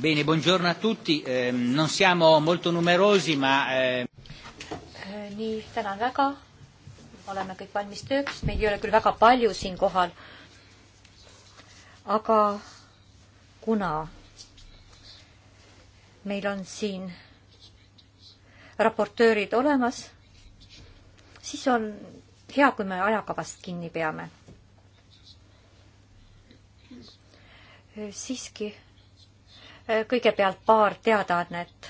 Bene, buongiorno a tutti. Eh, non siamo molto numerosi, ma... Ehm, eh... Nii, tänan väga. Oleme kõik valmis tööks. Meid ei ole küll väga palju siin kohal. Aga kuna meil on siin raportöörid olemas, siis on hea, kui me ajakavast kinni peame. Siiski kõigepealt paar teadaannet.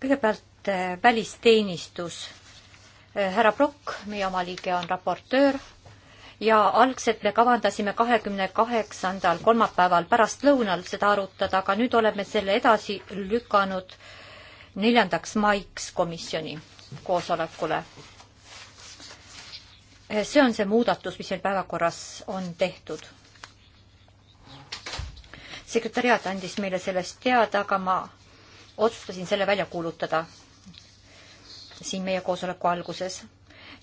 kõigepealt eh, välisteenistus. Eh, härra Prokk, meie oma liige, on raportöör ja algselt me kavandasime kahekümne kaheksandal kolmapäeval pärastlõunal seda arutada, aga nüüd oleme selle edasi lükanud neljandaks maiks komisjoni koosolekule. Eh, see on see muudatus, mis meil päevakorras on tehtud sekretäriaat andis meile sellest teada, aga ma otsustasin selle välja kuulutada siin meie koosoleku alguses.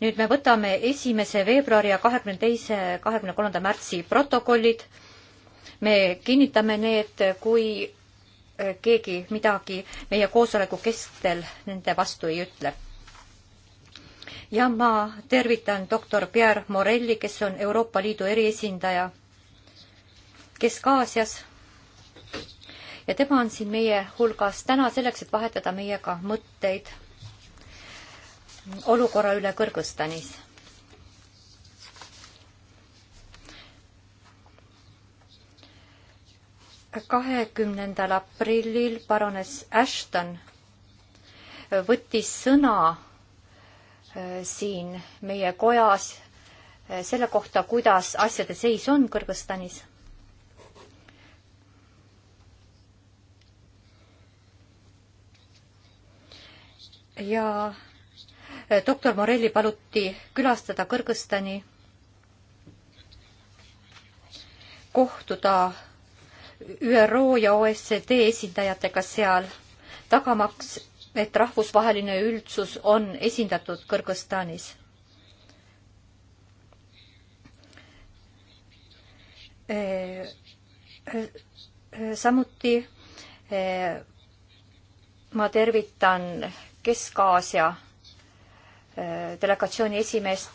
nüüd me võtame esimese veebruari ja kahekümne teise, kahekümne kolmanda märtsi protokollid. me kinnitame need, kui eh, keegi midagi meie koosoleku kestel nende vastu ei ütle. ja ma tervitan doktor Pierre Morelli, kes on Euroopa Liidu eriesindaja Kesk-Aasias ja tema on siin meie hulgas täna selleks, et vahetada meiega mõtteid olukorra üle Kõrgõzstanis kahekümnendal aprillil baroness Ashton võttis sõna äh, siin meie kojas äh, selle kohta, kuidas asjade seis on Kõrgõzstanis. ja eh, doktor Morelli paluti külastada Kõrgõzstani, kohtuda ÜRO ja OSCD esindajatega seal, tagamaks, et rahvusvaheline üldsus on esindatud Kõrgõzstanis eh, eh, samuti ma tervitan Kesk-Aasia äh, delegatsiooni esimeest.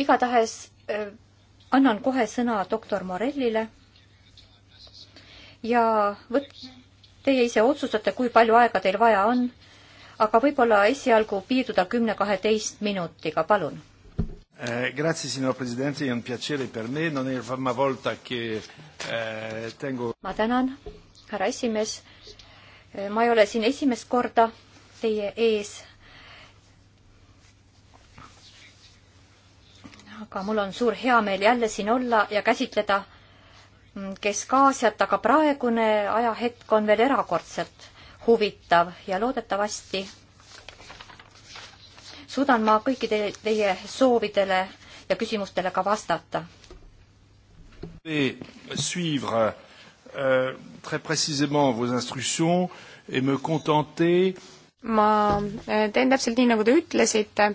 igatahes äh, annan kohe sõna doktor Morellile ja võt-, teie ise otsustate, kui palju aega teil vaja on, aga võib-olla esialgu piirduda kümne-kaheteist minutiga, palun Eh, grazie signor Presidente, è un piacere per me, non è la prima volta che eh, tengo... Ma tänan, härra esimees, ma ei ole siin esimest korda teie ees. aga mul on suur heameel jälle siin olla ja käsitleda mm, Kesk-Aasiat, aga praegune ajahetk on veel erakordselt huvitav ja loodetavasti suudan ma kõikidele teie soovidele ja küsimustele ka vastata. suivre euh, très précisément vos instructions et me contenter ma äh, teen täpselt nii, nagu te ütlesite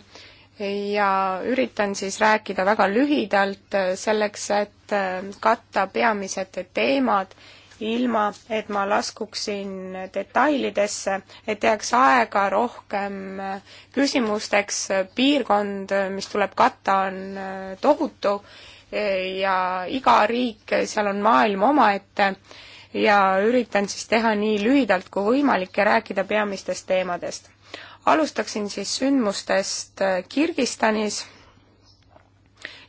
ja üritan siis rääkida väga lühidalt äh, selleks, et äh, katta peamised teemad, ilma et ma laskuksin detailidesse, et jääks aega rohkem küsimusteks, piirkond, mis tuleb katta, on tohutu ja iga riik, seal on maailm omaette ja üritan siis teha nii lühidalt kui võimalik ja rääkida peamistest teemadest. alustaksin siis sündmustest Kirgistanis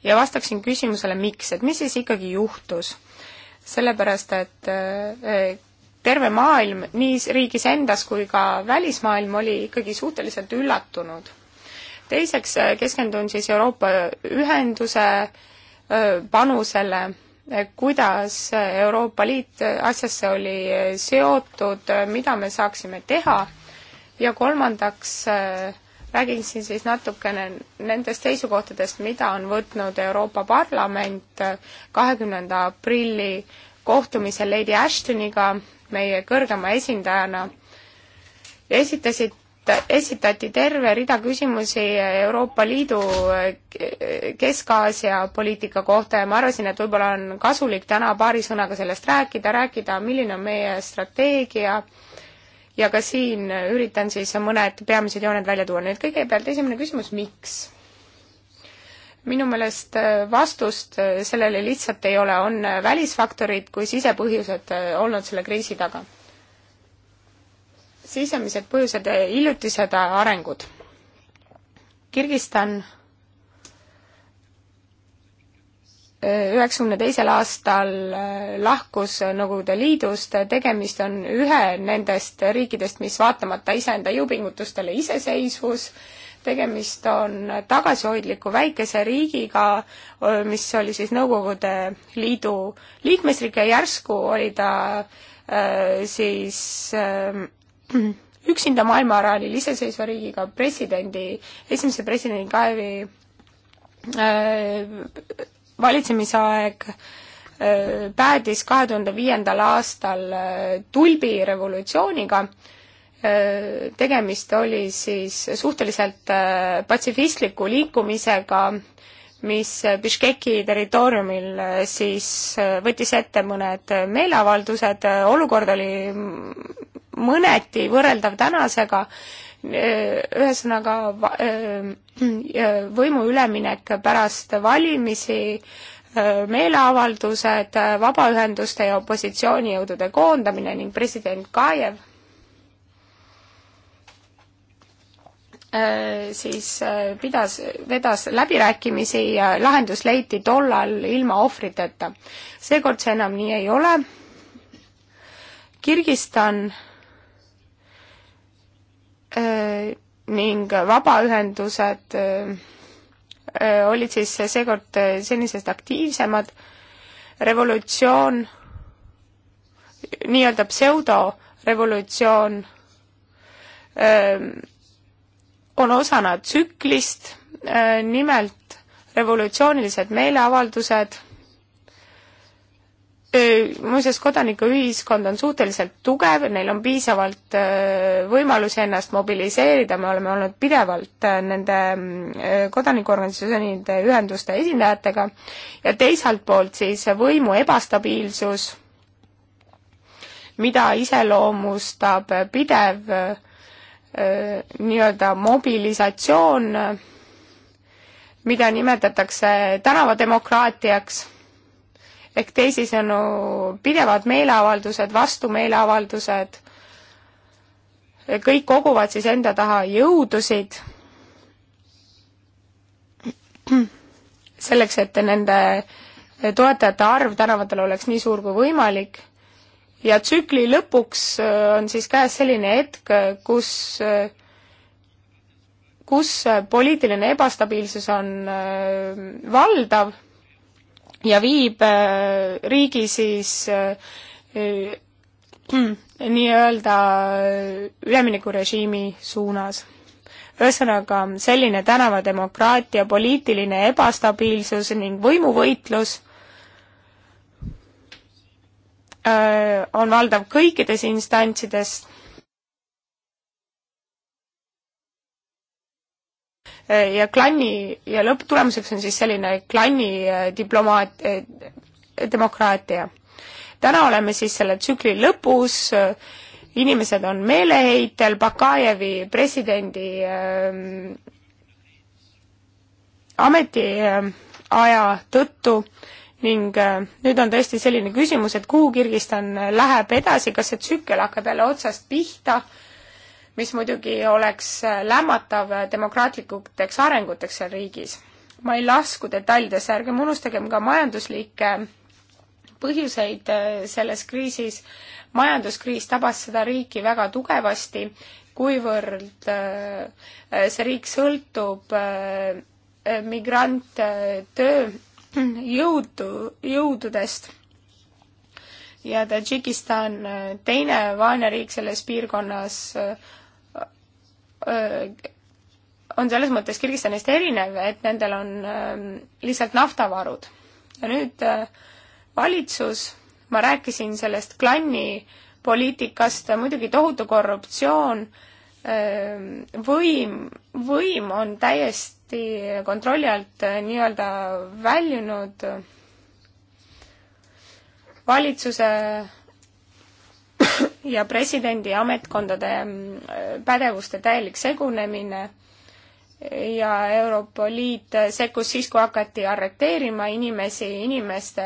ja vastaksin küsimusele, miks, et mis siis ikkagi juhtus. sellepärast, et eh, terve maailm, nii riigis endas kui ka välismaailm oli ikkagi suhteliselt üllatunud. teiseks eh, keskendun siis Euroopa ühenduse äh, Äh, panusele, äh, kuidas äh, Euroopa Liit asjasse oli seotud, mida me saaksime teha ja kolmandaks räägiksin siis natukene nendest seisukohtadest, mida on võtnud Euroopa Parlament kahekümnenda aprilli kohtumisel Lady Ashtoniga, meie kõrgema esindajana, ja esitasid esita-, esitati terve rida küsimusi Euroopa Liidu eh, Kesk-Aasia poliitika kohta ja ma arvasin, et võib-olla on kasulik täna paari sõnaga sellest rääkida, rääkida, milline on meie strateegia ja ka siin üritan siis mõned peamised jooned välja tuua. nüüd kõigepealt esimene küsimus, miks? minu meelest eh, vastust eh, sellele lihtsalt ei ole, on välisfaktorid kui sisepõhjused olnud selle kriisi taga sisemised põhjused ja hiljutised arengud. Kirgistan äh, üheksakümne teisel aastal äh, lahkus Nõukogude Liidust, tegemist on ühe nendest riikidest, mis vaatamata iseenda jõupingutustele iseseisvus, tegemist on tagasihoidliku väikese riigiga, mis oli siis Nõukogude Liidu liikmesriik ja järsku oli ta siis äh, üksinda maailmarallil iseseisva riigiga presidendi, esimese presidendi Kaevi äh, valitsemisaeg äh, päädis kahe tuhande viiendal aastal äh, tulbirevolutsiooniga, äh, tegemist oli siis suhteliselt äh, patsifistliku liikumisega, mis Biškeki territooriumil eh, siis eh, võttis ette mõned meeleavaldused, olukord oli mõneti võrreldav tänasega, eh, ühesõnaga võimu üleminek pärast valimisi, meeleavaldused, vabaühenduste ja opositsioonijõudude koondamine ning president Kajev Äh, siis äh, pidas, vedas läbirääkimisi ja lahendus leiti tollal ilma ohvriteta. seekord see enam nii ei ole. Kirgistan äh, ning vabaühendused olid siis seekord senisest aktiivsemad, revolutsioon, nii-öelda pseudorevolutsioon on osana tsüklist, äh, nimelt revolutsioonilised meeleavaldused, äh, muuseas, kodanikuühiskond on suhteliselt tugev, neil on piisavalt äh, võimalusi ennast mobiliseerida, me oleme olnud pidevalt nende kodanikuorganisatsioonide ühenduste esindajatega ja teiselt poolt siis võimu ebastabiilsus, mida iseloomustab pidev Äh, nii-öelda mobilisatsioon, mida nimetatakse tänavademokraatiaks, ehk teisisõnu pidevad meeleavaldused, vastumeeleavaldused, kõik koguvad siis enda taha jõudusid selleks, et nende toetajate arv tänavatel oleks nii suur kui võimalik ja tsükli lõpuks äh, on siis käes selline hetk, äh, kus, äh, kus poliitiline ebastabiilsus on valdav ja viib riigi siis nii-öelda üleminekurežiimi suunas. ühesõnaga, selline tänavademokraatia, poliitiline ebastabiilsus ning võimuvõitlus Äh, on valdav kõikides instantsides. Äh, ja klanni ja lõpptulemuseks on siis selline klanni äh, diplomaat, demokraatia. täna oleme siis selle tsükli lõpus, inimesed on meeleheitel, Bakajevi presidendi ähm, äh, ametiaja äh, tõttu äh, ning äh, nüüd on tõesti selline küsimus, et kuhu Kirgistan läheb edasi, kas see tsükkel hakkab jälle otsast pihta, mis muidugi oleks äh, lämmatav äh, demokraatlikuteks arenguteks seal riigis. ma ei lasku detailidesse, ärgem unustagem ka majanduslikke põhjuseid selles kriisis. majanduskriis tabas seda riiki väga tugevasti, kuivõrd see riik sõltub migranttöö jõudu, jõududest ja Tadžikistan, äh, teine vaene riik selles piirkonnas, äh, äh, on selles mõttes Kirgistanist erinev, et nendel on ähm, lihtsalt naftavarud. ja nüüd valitsus, ma rääkisin sellest klanni poliitikast, muidugi tohutu korruptsioon, Ehm, võim, võim on täiesti kontrolli alt eh, nii-öelda väljunud valitsuse ja presidendi ametkondade mm, pädevuste täielik segunemine ja Euroopa Liit sekkus siis, kui hakati arreteerima inimesi, inimeste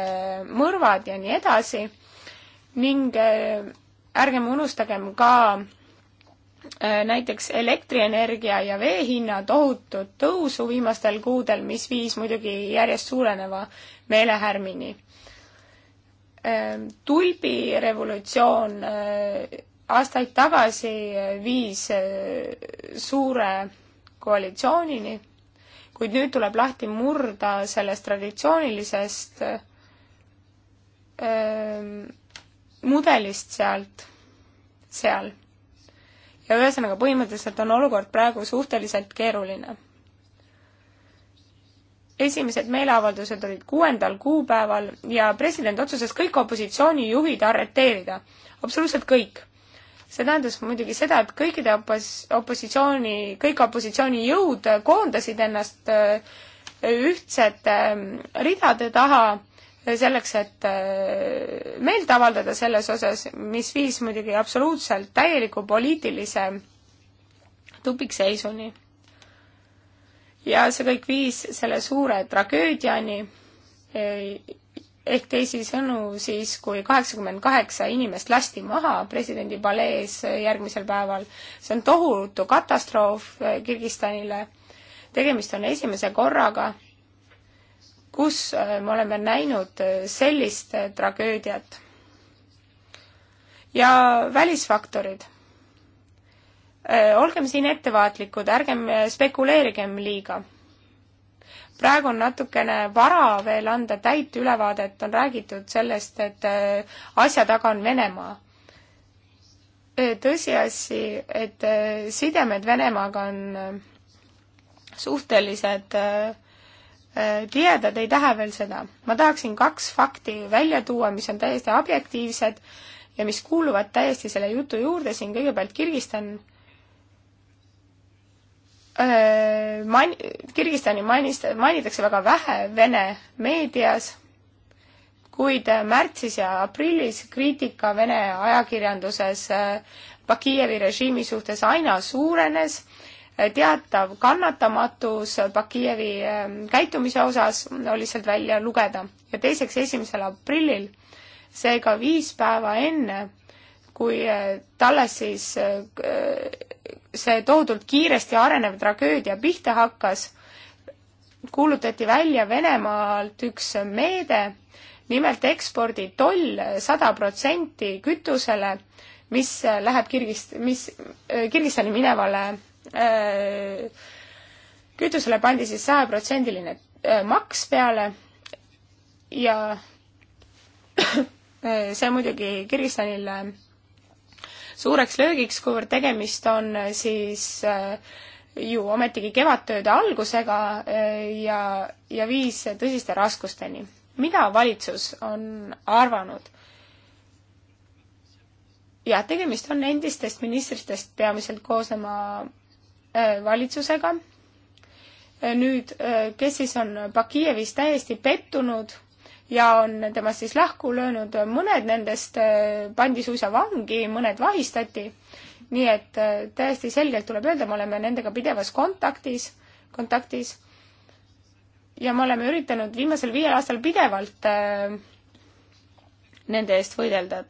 mõrvad ja nii edasi ning eh, ärgem unustagem ka Äh, näiteks elektrienergia ja vee hinna tohutut tõusu viimastel kuudel, mis viis muidugi järjest suureneva meelehärmini. Äh, tulbirevolutsioon äh, aastaid tagasi viis suure koalitsioonini, kuid nüüd tuleb lahti murda sellest traditsioonilisest öö, mudelist sealt, seal ja ühesõnaga, põhimõtteliselt on olukord praegu suhteliselt keeruline. esimesed meeleavaldused olid kuuendal kuupäeval ja president otsustas kõik opositsioonijuhid arreteerida. absoluutselt kõik. see tähendas muidugi seda, et kõikide opos-, opositsiooni, kõik opositsioonijõud koondasid ennast äh, ühtsete äh, ridade taha selleks, et äh, meelt avaldada selles osas, mis viis muidugi absoluutselt täieliku poliitilise tupikseisuni. ja see kõik viis selle suure tragöödiani, ehk teisisõnu siis, kui kaheksakümmend kaheksa inimest lasti maha presidendi palees järgmisel päeval, see on tohutu katastroof äh, Kirgistanile, tegemist on esimese korraga, kus äh, me oleme näinud äh, sellist äh, tragöödiat. ja välisfaktorid. olgem siin ettevaatlikud, ärgem spekuleerigem liiga. praegu on natukene vara veel anda täit ülevaadet, on räägitud sellest, et asja taga on Venemaa tõsiasi, et sidemed Venemaaga on suhteliselt äh, Äh, tihedad ei tähe veel seda. ma tahaksin kaks fakti välja tuua, mis on täiesti objektiivsed ja mis kuuluvad täiesti selle jutu juurde siin, kõigepealt Kirgistan öö, äh, main-, Kirgistani mainist-, mainitakse väga vähe Vene meedias, kuid märtsis ja aprillis kriitika Vene ajakirjanduses äh, Bakijevi režiimi suhtes aina suurenes teatav kannatamatus Bakijevi ähm, käitumise osas oli sealt välja lugeda. ja teiseks, esimesel aprillil, seega viis päeva enne, kui äh, talle siis äh, see tohutult kiiresti arenev tragöödia pihta hakkas, kuulutati välja Venemaalt üks meede, nimelt eksporditoll sada protsenti kütusele, mis läheb Kirgist-, mis äh, Kirgistani minevale Äh, kütusele pandi siis sajaprotsendiline äh, maks peale ja äh, see muidugi Kirgistanile suureks löögiks, kuivõrd tegemist on siis ju ometigi kevadtööde algusega ja, ja viis tõsiste raskusteni. mida valitsus on arvanud? jah, tegemist on endistest ministritest peamiselt koosneva Äh, valitsusega. Äh, nüüd, äh, kes siis on Bakijevis täiesti pettunud ja on temast siis lahku löönud, mõned nendest pandi suisa vangi, mõned vahistati. nii et täiesti selgelt tuleb öelda, me oleme nendega pidevas kontaktis, kontaktis ja me oleme üritanud viimasel viiel aastal pidevalt nende eest võidelda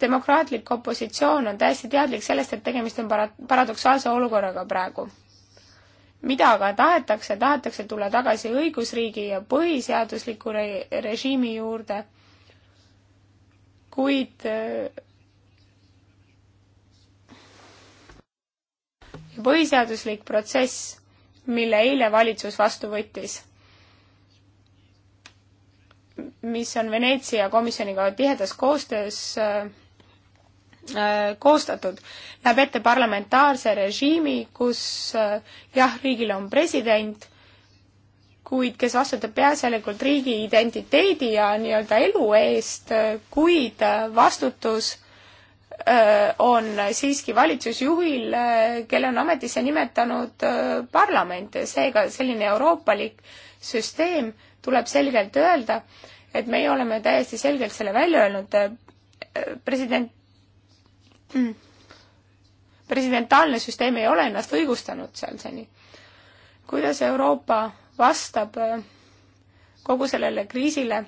demokraatlik opositsioon on täiesti teadlik sellest, et tegemist on para-, paradoksaalse olukorraga praegu. mida aga tahetakse, tahetakse tulla tagasi õigusriigi ja põhiseadusliku re-, režiimi juurde, kuid äh, põhiseaduslik protsess, mille eile valitsus vastu võttis, mis on Veneetsia komisjoniga tihedas koostöös äh, Äh, koostatud, näeb ette parlamentaarse režiimi, kus äh, jah, riigil on president, kuid kes vastutab peaasjalikult riigi identiteedi ja nii-öelda elu eest, äh, kuid vastutus on siiski valitsusjuhil, kelle on ametisse nimetanud parlament, seega selline euroopalik süsteem, tuleb selgelt öelda, et meie oleme täiesti selgelt selle välja öelnud, president Mm. presidentaalne süsteem ei ole ennast õigustanud seal seni. kuidas Euroopa vastab äh, kogu sellele kriisile?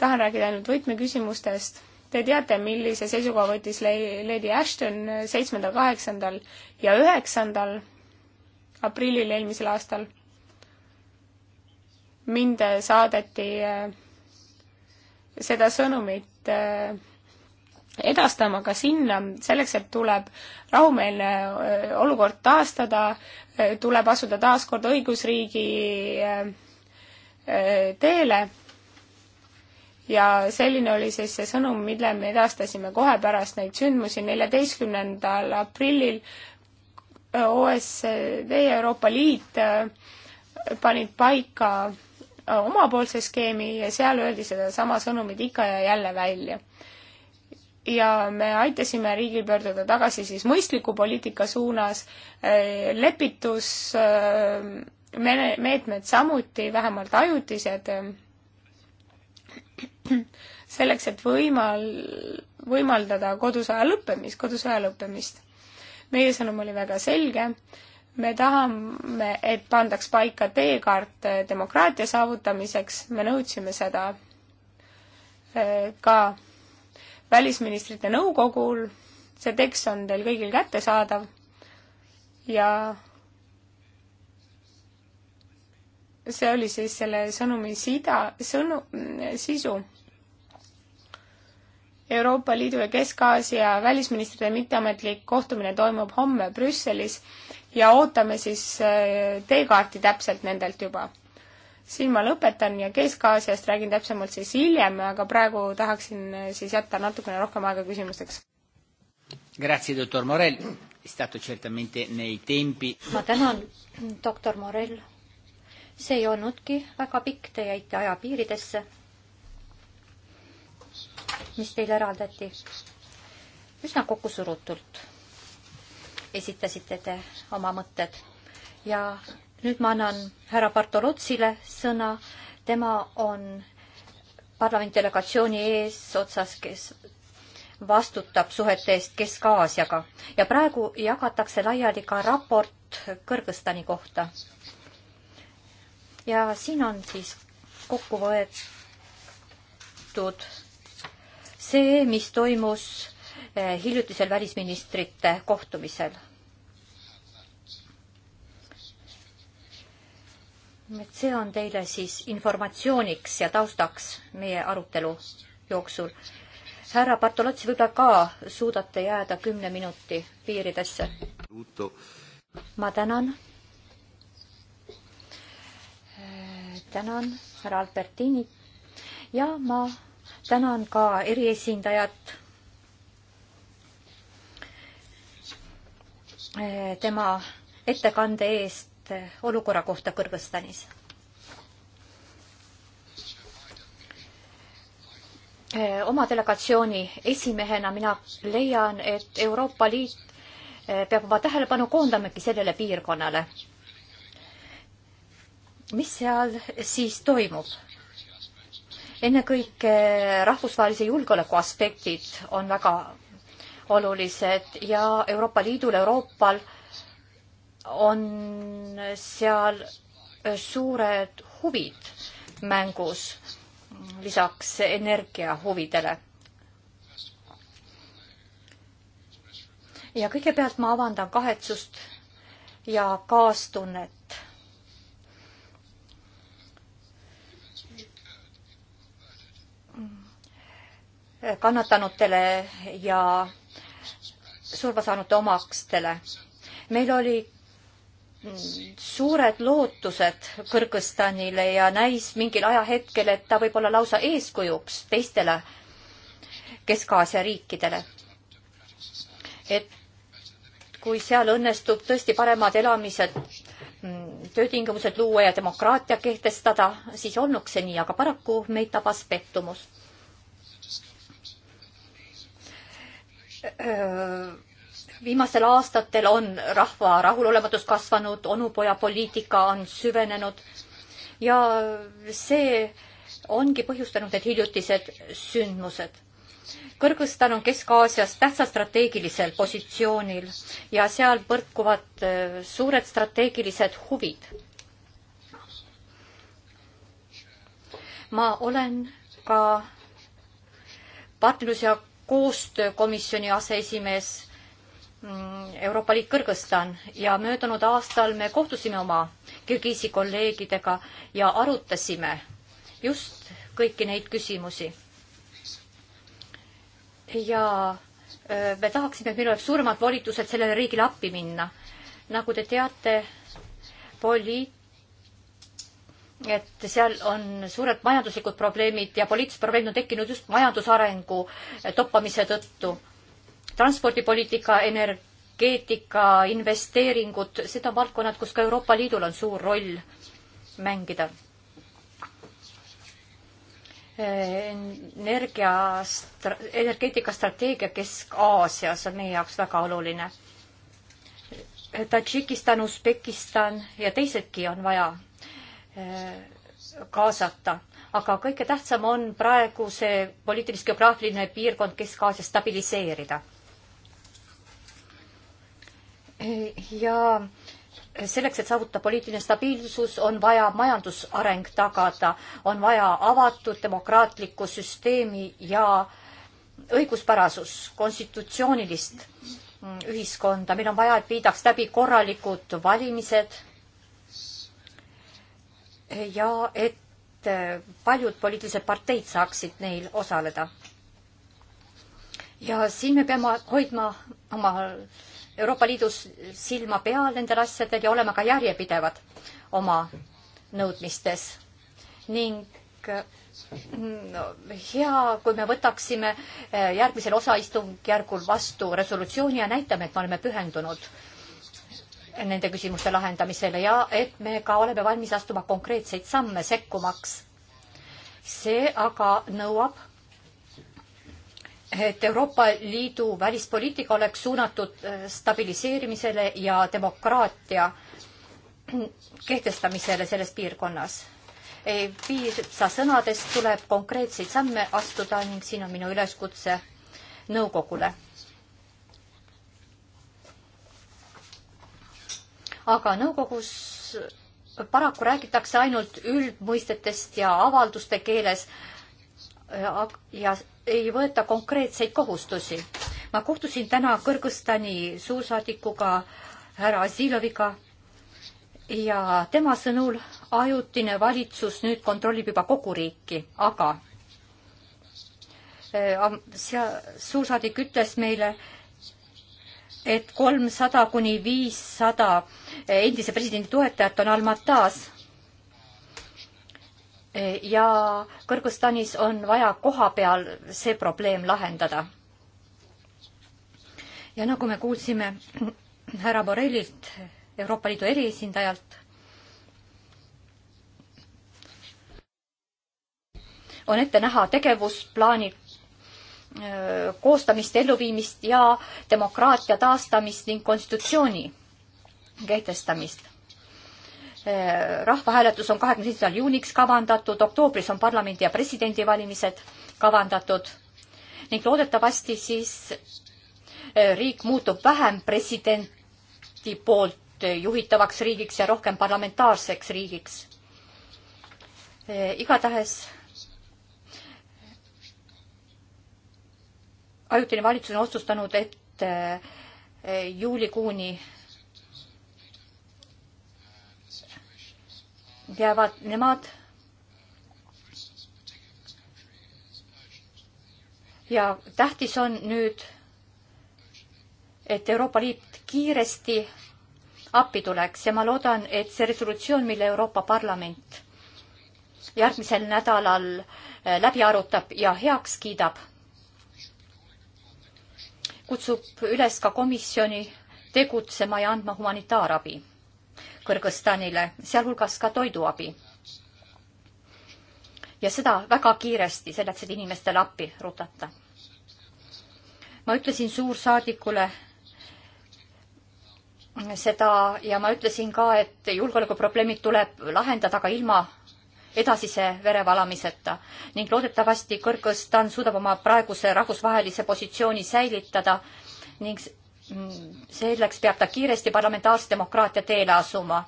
tahan rääkida ainult võtmeküsimustest. Te teate, millise seisukoha võttis Lady Ashton äh, seitsmendal, kaheksandal ja üheksandal aprillil eelmisel aastal. mind saadeti äh, seda sõnumit edastama ka sinna, selleks et tuleb rahumeelne olukord taastada, tuleb asuda taas kord õigusriigi teele ja selline oli siis see sõnum, mille me edastasime kohe pärast neid sündmusi, neljateistkümnendal aprillil OSCD ja Euroopa Liit panid paika omapoolse skeemi ja seal öeldi sedasama sõnumit ikka ja jälle välja ja me aitasime riigil pöörduda tagasi siis mõistliku poliitika suunas, eh, lepitusmeetmed eh, samuti, vähemalt ajutised, selleks, et võimal-, võimaldada kodusõja lõppemist, kodusõja lõppemist. meie sõnum oli väga selge, me tahame, et pandaks paika teekaart eh, demokraatia saavutamiseks, me nõudsime seda ka välisministrite nõukogul, see tekst on teil kõigil kättesaadav ja see oli siis selle sõnumi sida, sõnu, sisu. Euroopa Liidu ja Kesk-Aasia välisministrite mitteametlik kohtumine toimub homme Brüsselis ja ootame siis äh, teekaarti täpselt nendelt juba siin ma lõpetan ja Kesk-Aasiast räägin täpsemalt siis hiljem, aga praegu tahaksin äh, siis jätta natukene rohkem aega küsimusteks. Grazie, doktor Morell. Stato certamente nei tempi. ma tänan, doktor Morell. see ei olnudki väga pikk, te jäite ajapiiridesse, mis teile eraldati. üsna kokkusurutult esitasite te oma mõtted ja nüüd ma annan härra Bartolotsile sõna, tema on parlamendi delegatsiooni eesotsas, kes vastutab suhete eest Kesk-Aasiaga ja praegu jagatakse laiali ka raport Kõrgõzstani kohta. ja siin on siis kokku võetud see, mis toimus eh, hiljutisel välisministrite kohtumisel et see on teile siis informatsiooniks ja taustaks meie arutelu jooksul. härra Bartolotsi, võib-olla ka suudate jääda kümne minuti piiridesse? ma tänan. tänan härra Albertini ja ma tänan ka eriesindajat eh, tema ettekande eest räägite olukorra kohta Kõrgõzstanis? oma delegatsiooni esimehena mina leian, et Euroopa Liit eh, peab oma tähelepanu koondamegi sellele piirkonnale. mis seal siis toimub? ennekõike rahvusvahelise julgeoleku aspektid on väga olulised ja Euroopa Liidul, Euroopal äh, on seal suured huvid mängus, lisaks energiahuvidele. ja kõigepealt ma avaldan kahetsust ja kaastunnet. kannatanutele ja surma saanute omakstele. meil oli suured lootused Kõrgõzstanile ja näis mingil ajahetkel, et ta võib olla lausa eeskujuks teistele Kesk-Aasia riikidele. et kui seal õnnestub tõesti paremad elamised, mm, töötingimused luua ja demokraatia kehtestada, siis olnuks see nii, aga paraku meid tabas pettumus öö viimastel aastatel on rahva rahulolematus kasvanud, onupojapoliitika on süvenenud ja see ongi põhjustanud need hiljutised sündmused. Kõrgõzstan on Kesk-Aasias tähtsal strateegilisel positsioonil ja seal põrkuvad äh, suured strateegilised huvid. ma olen ka partnerlus- ja koostöökomisjoni aseesimees Mm, Euroopa Liit Kõrgõzstan ja möödunud aastal me kohtusime oma Kirgiisi kolleegidega ja arutasime just kõiki neid küsimusi. ja me tahaksime, et meil oleks suuremad volitused sellele riigile appi minna. nagu te teate, poliit-, et seal on suured majanduslikud probleemid ja poliitilised probleemid on tekkinud just majandusarengu toppamise tõttu transpordipoliitika, energeetika, investeeringud, need on valdkonnad, kus ka Euroopa Liidul on suur roll mängida. energia, energeetikastrateegia Kesk-Aasias on meie jaoks väga oluline. Tadžikistan, Usbekistan ja teisedki on vaja äh, kaasata aga kõige tähtsam on praegu see poliitilis-geograafiline piirkond Kesk-Aasias stabiliseerida ja selleks, et saavutada poliitiline stabiilsus, on vaja majandusareng tagada, on vaja avatud demokraatlikku süsteemi ja õiguspärasus, konstitutsioonilist mm, ühiskonda, meil on vaja, et viidaks läbi korralikud valimised ja et eh, paljud poliitilised parteid saaksid neil osaleda. ja siin me peame hoidma oma Euroopa Liidus silma peal nendel asjadel ja olema ka järjepidevad oma nõudmistes ning hea, kui me võtaksime eh, järgmisel osaistungjärgul vastu resolutsiooni ja näitame, et me oleme pühendunud nende küsimuste lahendamisele ja et me ka oleme valmis astuma konkreetseid samme sekkumaks. see aga nõuab et Euroopa Liidu välispoliitika oleks suunatud äh, stabiliseerimisele ja demokraatia kehtestamisele selles piirkonnas. ei piisa sõnadest, tuleb konkreetseid samme astuda ning siin on minu üleskutse nõukogule. aga nõukogus paraku räägitakse ainult üldmõistetest ja avalduste keeles äh, Äh, ja ei võeta konkreetseid kohustusi. ma kohtusin täna Kõrgõzstani suursaadikuga härra Asiloviga ja tema sõnul ajutine valitsus nüüd kontrollib juba kogu riiki, aga äh, seal suursaadik ütles meile, et kolmsada kuni viissada endise presidendi toetajat on Almatas ja Kõrgõzstanis on vaja kohapeal see probleem lahendada. ja nagu me kuulsime härra Borrellilt, Euroopa Liidu eriesindajalt, on ette näha tegevusplaani äh, koostamist, elluviimist ja demokraatia taastamist ning konstitutsiooni kehtestamist rahvahääletus on kahekümne seitsmendal juuniks kavandatud, oktoobris on parlamendi ja presidendivalimised kavandatud ning loodetavasti siis e, riik muutub vähem presidendi poolt juhitavaks riigiks ja rohkem parlamentaarseks riigiks. E, igatahes ajutine valitsus on otsustanud, et e, juulikuuni peavad nemad ja tähtis on nüüd, et Euroopa Liit kiiresti appi tuleks ja ma loodan, et see resolutsioon, mille Euroopa Parlament järgmisel nädalal eh, läbi arutab ja heaks kiidab, kutsub üles ka komisjoni tegutsema ja andma humanitaarabi Kõrgõzstanile, sealhulgas ka toiduabi. ja seda väga kiiresti, selleks, et inimestele appi rutata. ma ütlesin suursaadikule seda ja ma ütlesin ka, et julgeolekuprobleemid tuleb lahendada ka ilma edasise verevalamiseta ning loodetavasti Kõrgõzstan suudab oma praeguse rahvusvahelise positsiooni säilitada ning selleks peab ta kiiresti parlamentaarse demokraatia teele asuma.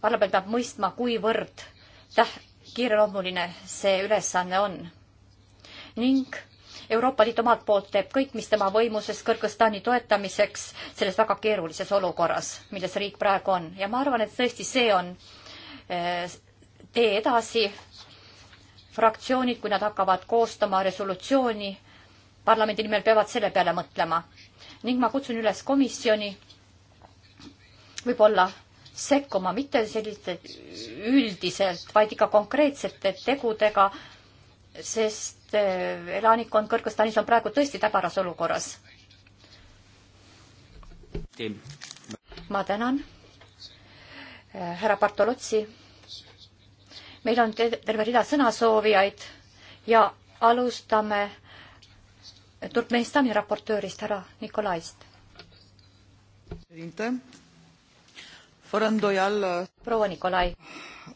parlament peab mõistma, kuivõrd täh-, kiireloomuline see ülesanne on. ning Euroopa Liit omalt poolt teeb kõik, mis tema võimuses Kõrgõzstani toetamiseks selles väga keerulises olukorras, milles riik praegu on ja ma arvan, et tõesti see on eh, tee edasi. fraktsioonid, kui nad hakkavad koostama resolutsiooni, parlamendi nimel peavad selle peale mõtlema. ning ma kutsun üles komisjoni võib-olla sekkuma mitte selliste üldiselt, vaid ikka konkreetsete tegudega, sest eh, elanikkond Kõrgõzstanis on praegu tõesti täbaras olukorras. ma tänan, eh, härra Bartolotsi. meil on terve rida sõnasoovijaid ja alustame Turkmenistani raportöörist, härra Nikolaist. Uh, proua Nikolai.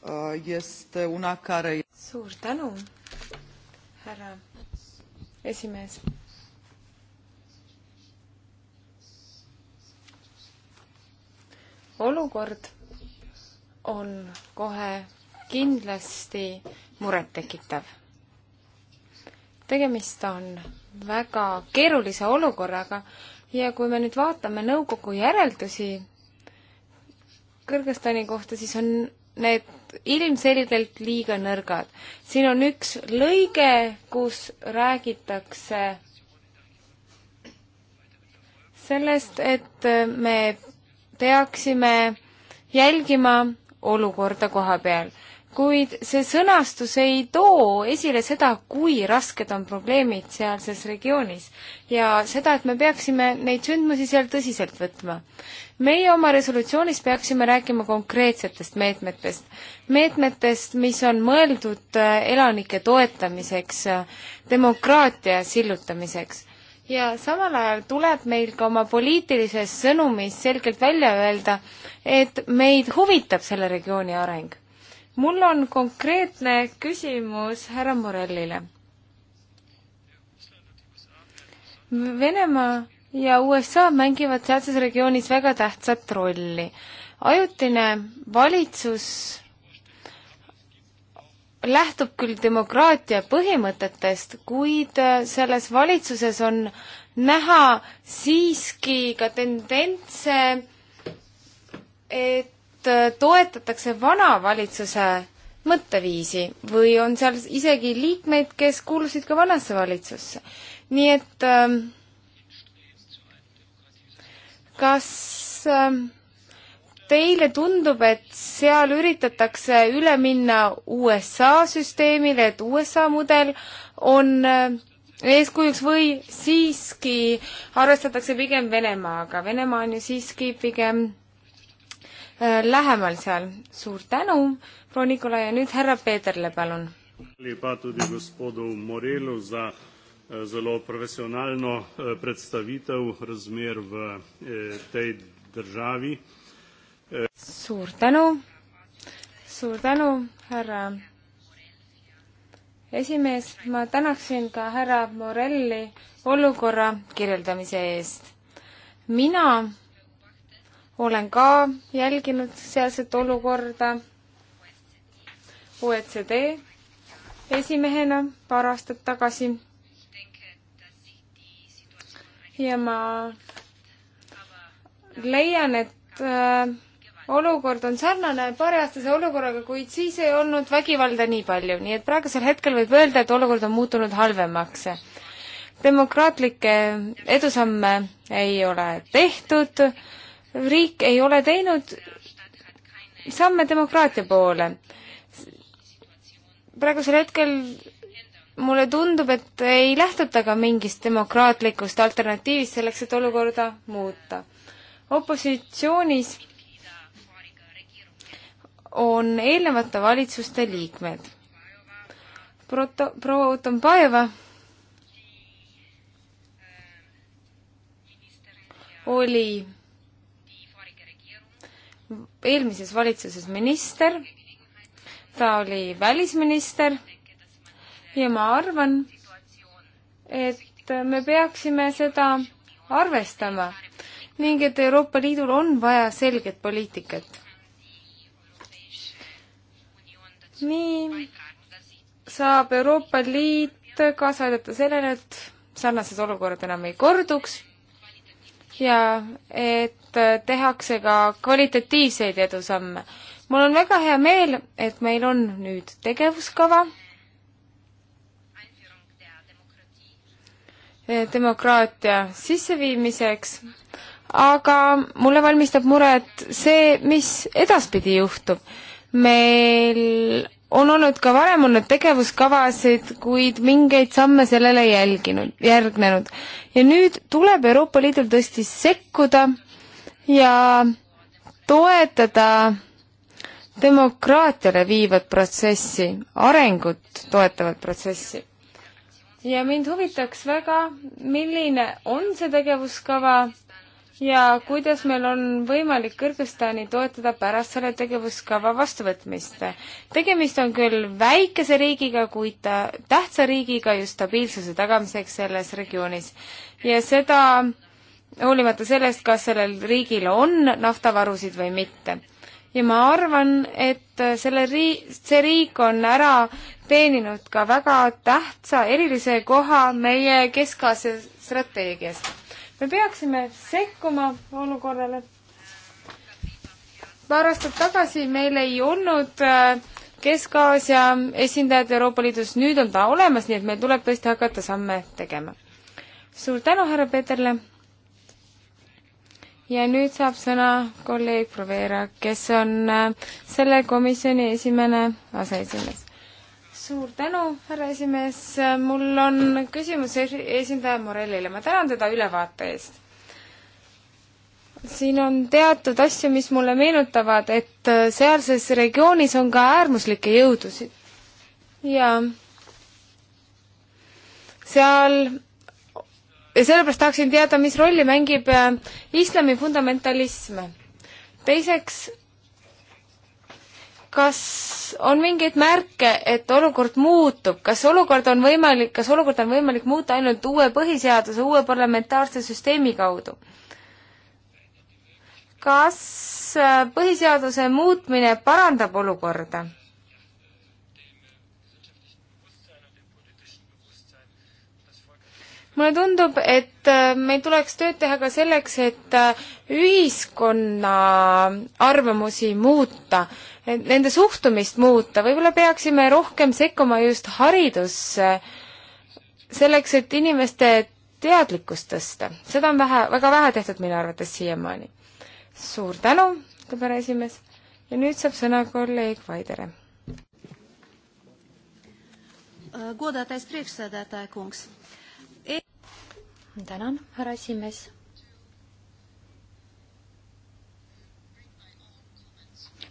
Uh, e- suur tänu, härra esimees olukord on kohe kindlasti murettekitav. tegemist on väga keerulise olukorraga ja kui me nüüd vaatame nõukogu järeldusi Kõrgõzstani kohta, siis on need ilmselgelt liiga nõrgad. siin on üks lõige, kus räägitakse sellest, et me peaksime jälgima olukorda koha peal kuid see sõnastus ei too esile seda, kui rasked on probleemid sealses regioonis ja seda, et me peaksime neid sündmusi seal tõsiselt võtma. meie oma resolutsioonis peaksime rääkima konkreetsetest meetmetest, meetmetest, mis on mõeldud äh, elanike toetamiseks, äh, demokraatia sillutamiseks ja samal ajal tuleb meil ka oma poliitilises sõnumis selgelt välja öelda, et meid huvitab selle regiooni areng mul on konkreetne küsimus härra Morellile. Venemaa ja USA mängivad sealses regioonis väga tähtsat rolli. ajutine valitsus lähtub küll demokraatia põhimõtetest, kuid selles valitsuses on näha siiski ka tendentse, et Äh, toetatakse vana valitsuse mõtteviisi või on seal isegi liikmeid, kes kuulusid ka vanasse valitsusse. nii et ähm, kas ähm, teile tundub, et seal üritatakse üle minna USA süsteemile, et USA mudel on äh, eeskujuks või siiski arvestatakse pigem Venemaaga, Venemaa on ju siiski pigem Äh, lähemal seal. suur tänu, proua Nikolai ja nüüd härra Peeterle, palun. Eh, zelo profesionalno eh, predstavitev razmer v eh, tej državi. suur tänu, suur tänu, härra esimees, ma tänaksin ka härra Morelli olukorra kirjeldamise eest. mina olen ka jälginud sealset olukorda OECD esimehena paar aastat tagasi. ja ma leian, et äh, olukord on sarnane paariaastase olukorraga, kuid siis ei olnud vägivalda nii palju, nii et praegusel hetkel võib öelda, et olukord on muutunud halvemaks. demokraatlikke edusamme ei ole tehtud, riik ei ole teinud samme demokraatia poole. praegusel hetkel mulle tundub, et ei lähtuta ka mingist demokraatlikust alternatiivist selleks, et olukorda muuta. opositsioonis on eelnevate valitsuste liikmed. Proto-, proua Utombajeva oli eelmises valitsuses minister, ta oli välisminister ja ma arvan, et me peaksime seda arvestama ning et Euroopa Liidul on vaja selget poliitikat. nii saab Euroopa Liit kaasa aidata sellele, et sarnased olukorrad enam ei korduks ja et et äh, tehakse ka kvalitatiivseid edusamme. mul on väga hea meel, et meil on nüüd tegevuskava äh, demokraatia sisseviimiseks, aga mulle valmistab muret see, mis edaspidi juhtub. meil on olnud ka varem olnud tegevuskavasid, kuid mingeid samme sellele jälginud, järgnenud. ja nüüd tuleb Euroopa Liidul tõesti sekkuda ja toetada demokraatiale viivat protsessi, arengut toetavat protsessi. ja mind huvitaks väga, milline on see tegevuskava ja kuidas meil on võimalik Kõrgõzstani toetada pärast selle tegevuskava vastuvõtmist. tegemist on küll väikese riigiga, kuid ta tähtsa riigiga just stabiilsuse tagamiseks selles regioonis ja seda hoolimata sellest, kas sellel riigil on naftavarusid või mitte. ja ma arvan, et selle rii-, see riik on ära teeninud ka väga tähtsa erilise koha meie Kesk-Aasia strateegias. me peaksime sekkuma olukorrale. paar aastat tagasi meil ei olnud äh, Kesk-Aasia esindajad Euroopa Liidus, nüüd on ta olemas, nii et meil tuleb tõesti hakata samme tegema. suur tänu, härra Peeterle! ja nüüd saab sõna kolleeg Provera, kes on äh, selle komisjoni esimene aseesimees. suur tänu, härra esimees, mul on küsimus esindaja Morellile, ma tänan teda ülevaate eest. siin on teatud asju, mis mulle meenutavad, et äh, sealses regioonis on ka äärmuslikke jõudusid ja seal ja sellepärast tahaksin teada, mis rolli mängib äh, islami fundamentalism. teiseks, kas on mingeid märke, et olukord muutub, kas olukord on võimalik, kas olukord on võimalik muuta ainult uue põhiseaduse, uue parlamentaarse süsteemi kaudu? kas äh, põhiseaduse muutmine parandab olukorda? mulle tundub, et äh, meil tuleks tööd teha ka selleks, et äh, ühiskonna arvamusi muuta, nende suhtumist muuta, võib-olla peaksime rohkem sekkuma just haridusse, selleks, et inimeste teadlikkust tõsta. seda on vähe, väga vähe tehtud minu arvates siiamaani. suur tänu, ütleb härra esimees ja nüüd saab sõna kolleeg Vaidere. Godātais priekšsēdētāja kungs, tänan, härra esimees.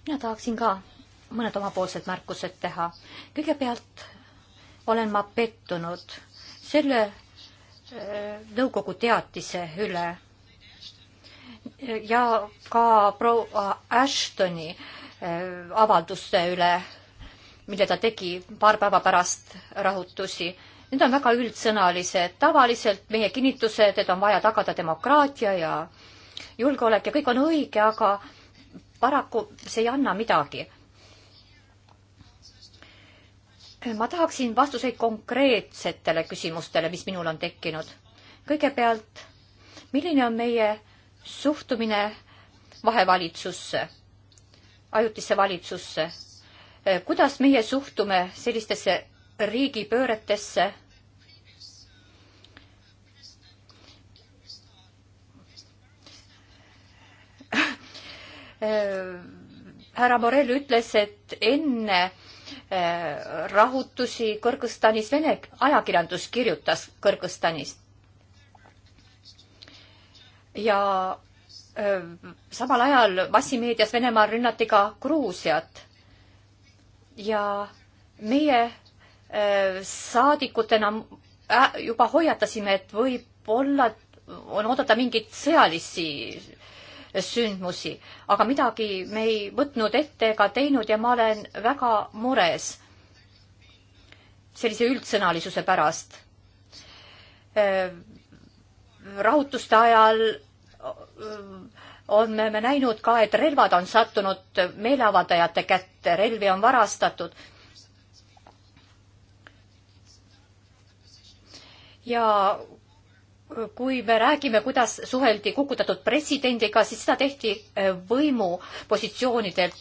mina tahaksin ka mõned omapoolsed märkused teha. kõigepealt olen ma pettunud selle äh, nõukogu teatise üle ja ka proua Ashtoni äh, avalduste üle, mille ta tegi paar päeva pärast rahutusi Need on väga üldsõnalised, tavaliselt meie kinnitused, et on vaja tagada demokraatia ja julgeolek ja kõik on õige, aga paraku see ei anna midagi. ma tahaksin vastuseid konkreetsetele küsimustele, mis minul on tekkinud. kõigepealt, milline on meie suhtumine vahevalitsusse, ajutisse valitsusse? kuidas meie suhtume sellistesse riigipööretesse. härra Morell ütles, et enne eh, rahutusi Kõrgõzstanis Vene ajakirjandus kirjutas Kõrgõzstanist. ja eh, samal ajal massimeedias Venemaal rünnati ka Gruusiat. ja meie Äh, saadikutena äh, juba hoiatasime, et võib-olla on oodata mingeid sõjalisi sündmusi, aga midagi me ei võtnud ette ega teinud ja ma olen väga mures sellise üldsõnalisuse pärast. Äh, rahutuste ajal on me, me näinud ka, et relvad on sattunud meeleavaldajate kätte, relvi on varastatud ja kui me räägime, kuidas suheldi kukutatud presidendiga, siis seda tehti eh, võimu positsioonidelt.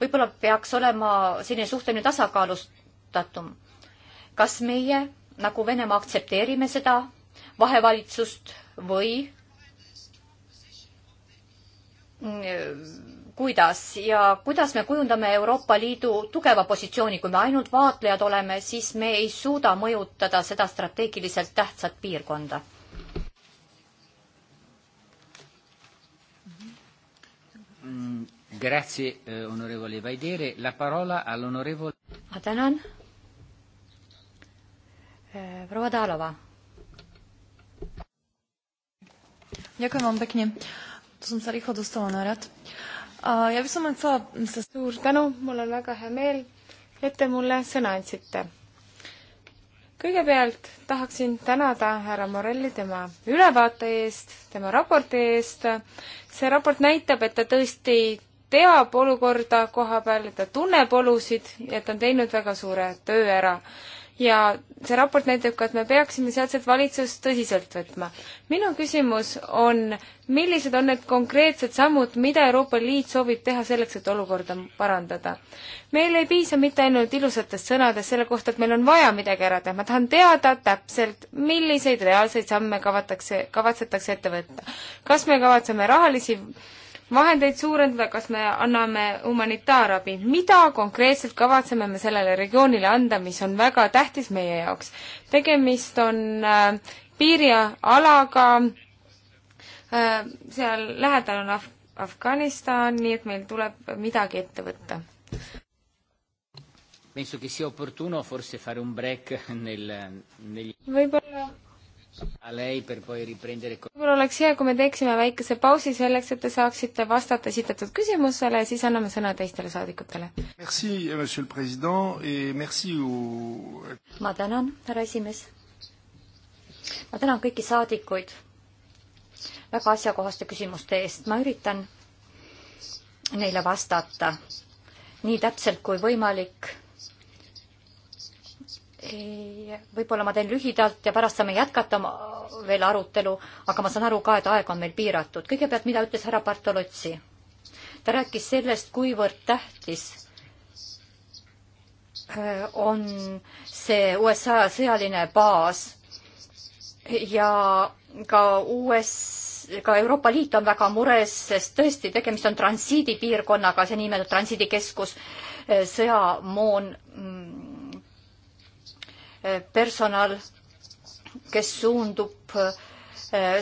võib-olla peaks olema selline suhteline tasakaalustatum. kas meie nagu Venemaa aktsepteerime seda vahevalitsust või mm, eh, kuidas ja kuidas me kujundame Euroopa Liidu tugeva positsiooni, kui me ainult vaatlejad oleme, siis me ei suuda mõjutada seda strateegiliselt tähtsat piirkonda. Mm, grazie, eh, onorevole Vaidere, la parola all'onorevole. ma tänan. Eh, proua Taalova. Ďakujem vám pekne. To som sa rýchlo dostala na rad. Uh, Äh, ja mis on saab, suur tänu, mul on väga hea meel, et te mulle sõna andsite. kõigepealt tahaksin tänada härra Morelli tema ülevaate eest, tema raporti eest. see raport näitab, et ta tõesti teab olukorda koha peal, et ta tunneb olusid ja et ta on teinud väga suure töö ära ja see raport näitab ka, et me peaksime sealset valitsust tõsiselt võtma. minu küsimus on, millised on need konkreetsed sammud, mida Euroopa Liit soovib teha selleks, et olukorda parandada? meil ei piisa mitte ainult ilusatest sõnadest selle kohta, et meil on vaja midagi ära teha, ma tahan teada täpselt, milliseid reaalseid samme kavatakse, kavatsetakse ette võtta. kas me kavatseme rahalisi vahendeid suurendada, kas me anname humanitaarabi, mida konkreetselt kavatseme me sellele regioonile anda, mis on väga tähtis meie jaoks. tegemist on äh, piirialaga äh,, seal lähedal on Af-, Afganistan, nii et meil tuleb midagi ette võtta. penso che sia opportuno forse fare un break nel, negli võib-olla võib-olla oleks hea, kui me teeksime väikese pausi selleks, et te saaksite vastata esitatud küsimusele ja siis anname sõna teistele saadikutele. ma tänan, härra esimees. ma tänan kõiki saadikuid väga asjakohaste küsimuste eest. ma üritan neile vastata nii täpselt kui võimalik võib-olla ma teen lühidalt ja pärast saame jätkata veel arutelu, aga ma saan aru ka, et aeg on meil piiratud. kõigepealt, mida ütles härra Bartolotsi? ta rääkis sellest, kuivõrd tähtis äh, on see USA sõjaline baas ja ka US, ka Euroopa Liit on väga mures, sest tõesti, tegemist on transiidipiirkonnaga, see niinimetatud transiidikeskus, äh, sõjamoon mm, personal, kes suundub äh,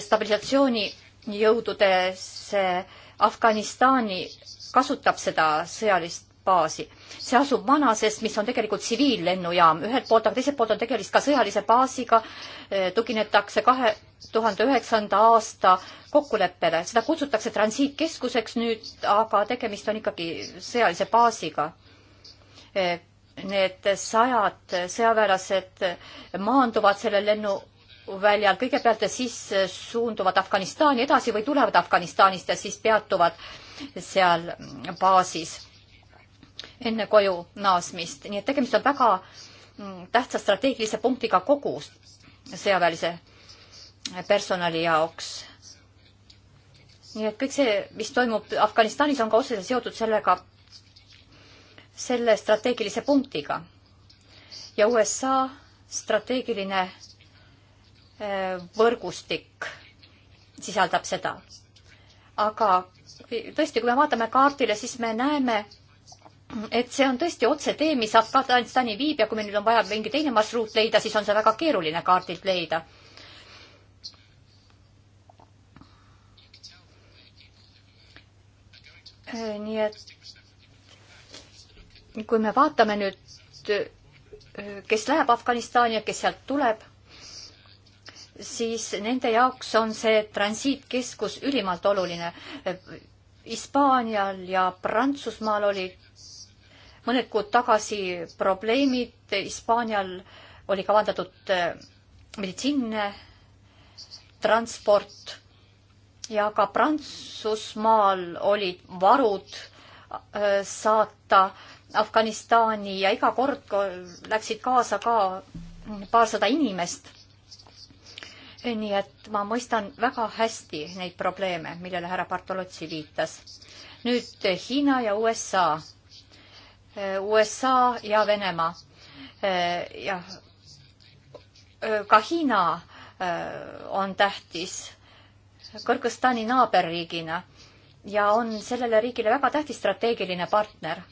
stabilisatsioonijõududesse Afganistani, kasutab seda sõjalist baasi. see asub Manases, mis on tegelikult tsiviillennujaam ühelt poolt, aga teiselt poolt on tegemist ka sõjalise baasiga, äh, tuginetakse kahe tuhande üheksanda aasta kokkuleppele, seda kutsutakse transiitkeskuseks nüüd, aga tegemist on ikkagi sõjalise baasiga äh, need sajad sõjaväelased maanduvad sellel lennuväljal, kõigepealt ja siis suunduvad Afganistani edasi või tulevad Afganistanist ja siis peatuvad seal baasis enne koju naasmist. nii et tegemist on väga mm, tähtsa strateegilise punktiga kogu sõjaväelise personali jaoks. nii et kõik see, mis toimub Afganistanis, on ka otseselt seotud sellega, selle strateegilise punktiga. ja USA strateegiline äh, võrgustik sisaldab seda. aga tõesti, kui me vaatame kaardile, siis me näeme, et see on tõesti otsetee, mis Afganistani viib ja kui meil nüüd on vaja mingi teine marsruut leida, siis on see väga keeruline kaardilt leida. Äh, nii et kui me vaatame nüüd, kes läheb Afganistani ja kes sealt tuleb, siis nende jaoks on see transiitkeskus ülimalt oluline. Hispaanial ja Prantsusmaal olid mõned kuud tagasi probleemid, Hispaanial oli kavandatud äh, meditsiinne transport ja ka Prantsusmaal olid varud äh, saata äh, Afganistani ja iga kord läksid kaasa ka paarsada inimest. nii et ma mõistan väga hästi neid probleeme, millele härra Bartolotsi viitas. nüüd Hiina ja USA. USA ja Venemaa. jah, ka Hiina äh, on tähtis Kõrgõzstani naaberriigina ja on sellele riigile väga tähtis strateegiline partner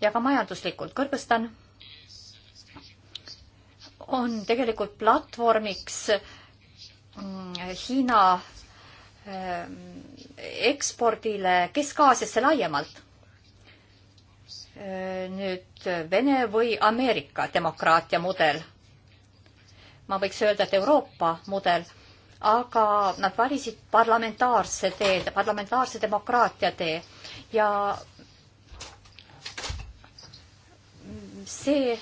ja ka majanduslikult. Kõrgõzstan on tegelikult platvormiks mm, Hiina eh, ekspordile Kesk-Aasiasse laiemalt. Eh, nüüd Vene või Ameerika demokraatia mudel. ma võiks öelda, et Euroopa mudel, aga nad valisid parlamentaarse tee, parlamentaarse demokraatia tee ja see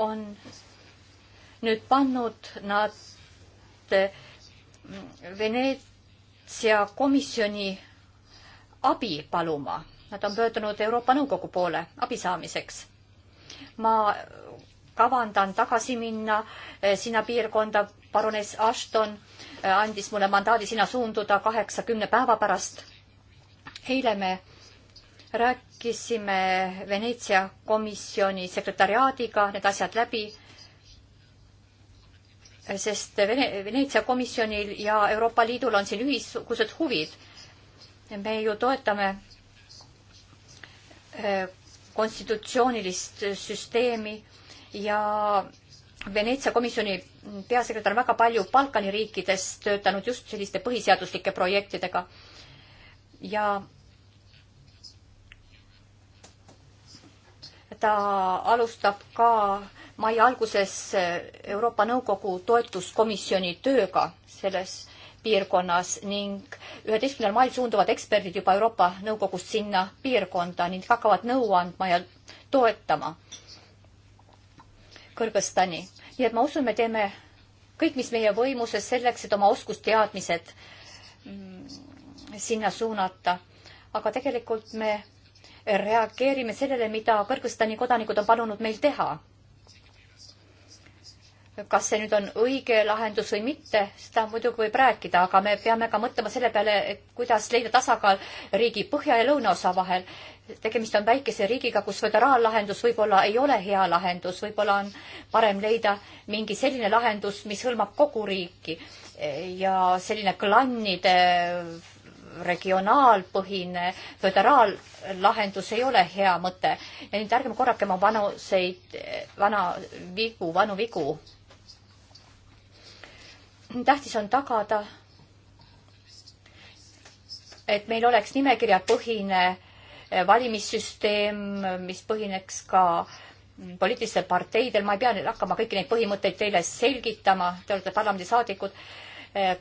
on nüüd pannud nad äh, Veneetsia komisjoni abi paluma. Nad on pöördunud Euroopa Nõukogu poole abi saamiseks. ma kavandan tagasi minna äh, sinna piirkonda. parunes Ashton äh, andis mulle mandaadi sinna suunduda kaheksakümne päeva pärast. eile me rääkisime rääkisime Veneetsia komisjoni sekretariaadiga need asjad läbi, sest Vene-, Veneetsia komisjonil ja Euroopa Liidul on siin ühisugused huvid. me ju toetame äh, konstitutsioonilist süsteemi ja Veneetsia komisjoni peasekretär on väga palju Balkani riikides töötanud just selliste põhiseaduslike projektidega ja ta alustab ka mai alguses Euroopa Nõukogu toetuskomisjoni tööga selles piirkonnas ning üheteistkümnendal mail suunduvad eksperdid juba Euroopa Nõukogust sinna piirkonda ning hakkavad nõu andma ja toetama Kõrgõzstani. nii et ma usun, me teeme kõik, mis meie võimuses selleks, et oma oskusteadmised mm, sinna suunata. aga tegelikult me reageerime sellele, mida Kõrgõzstani kodanikud on palunud meil teha. kas see nüüd on õige lahendus või mitte, seda muidugi võib rääkida, aga me peame ka mõtlema selle peale, et kuidas leida tasakaal riigi põhja ja lõunaosa vahel. tegemist on väikese riigiga, kus föderaallahendus võib-olla ei ole hea lahendus, võib-olla on parem leida mingi selline lahendus, mis hõlmab kogu riiki ja selline klannide regionaalpõhine föderaallahendus ei ole hea mõte. ja nüüd ärgem korrakem oma vanuseid, vana vigu, vanu vigu. tähtis on tagada, et meil oleks nimekirjapõhine valimissüsteem, mis põhineks ka poliitilistel parteidel, ma ei pea nüüd hakkama kõiki neid põhimõtteid teile selgitama, te olete parlamendisaadikud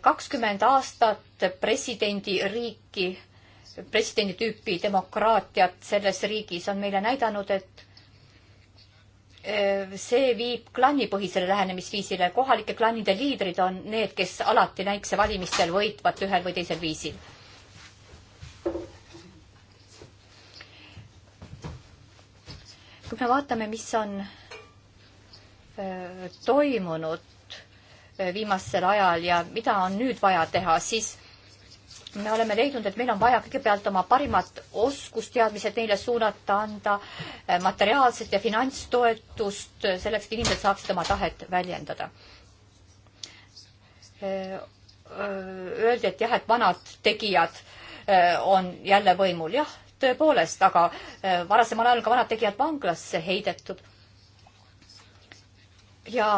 kakskümmend aastat presidendiriiki, presidendi tüüpi demokraatiat selles riigis on meile näidanud, et eh, see viib klannipõhisele lähenemisviisile. kohalike klannide liidrid on need, kes alati näikse valimistel võitvat ühel või teisel viisil. kui me vaatame, mis on eh, toimunud Äh, viimasel ajal ja mida on nüüd vaja teha, siis me oleme leidnud, et meil on vaja kõigepealt oma parimad oskusteadmised neile suunata, anda äh, materiaalset ja finantstoetust äh, selleks, et inimesed saaksid oma tahet väljendada. Öeldi, et jah, et vanad tegijad on jälle võimul, jah, tõepoolest, aga varasemal ajal on ka vanad tegijad vanglasse heidetud. ja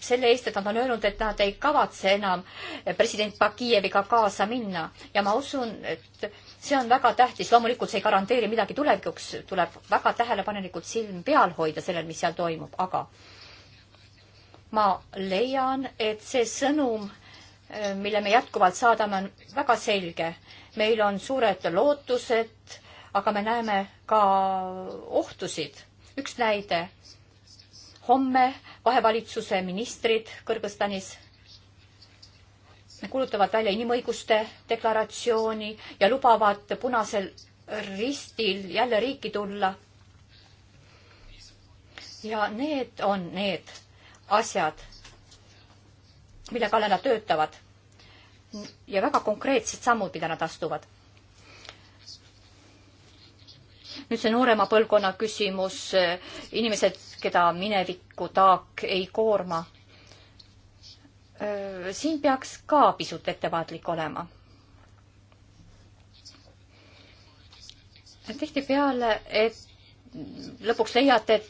selle eest, et nad on öelnud, et nad ei kavatse enam president Bakijeviga kaasa minna ja ma usun, et see on väga tähtis, loomulikult see ei garanteeri midagi tulevikuks, tuleb väga tähelepanelikult silm peal hoida sellel, mis seal toimub, aga ma leian, et see sõnum, mille me jätkuvalt saadame, on väga selge. meil on suured lootused, aga me näeme ka ohtusid. üks näide homme vahevalitsuse ministrid Kõrgõzstanis kuulutavad välja inimõiguste deklaratsiooni ja lubavad Punasel Ristil jälle riiki tulla. ja need on need asjad, mille kallal nad töötavad ja väga konkreetsed sammud, mida nad astuvad. nüüd see noorema põlvkonna küsimus, inimesed keda mineviku taak ei koorma. siin peaks ka pisut ettevaatlik olema. tihtipeale, et lõpuks leiate,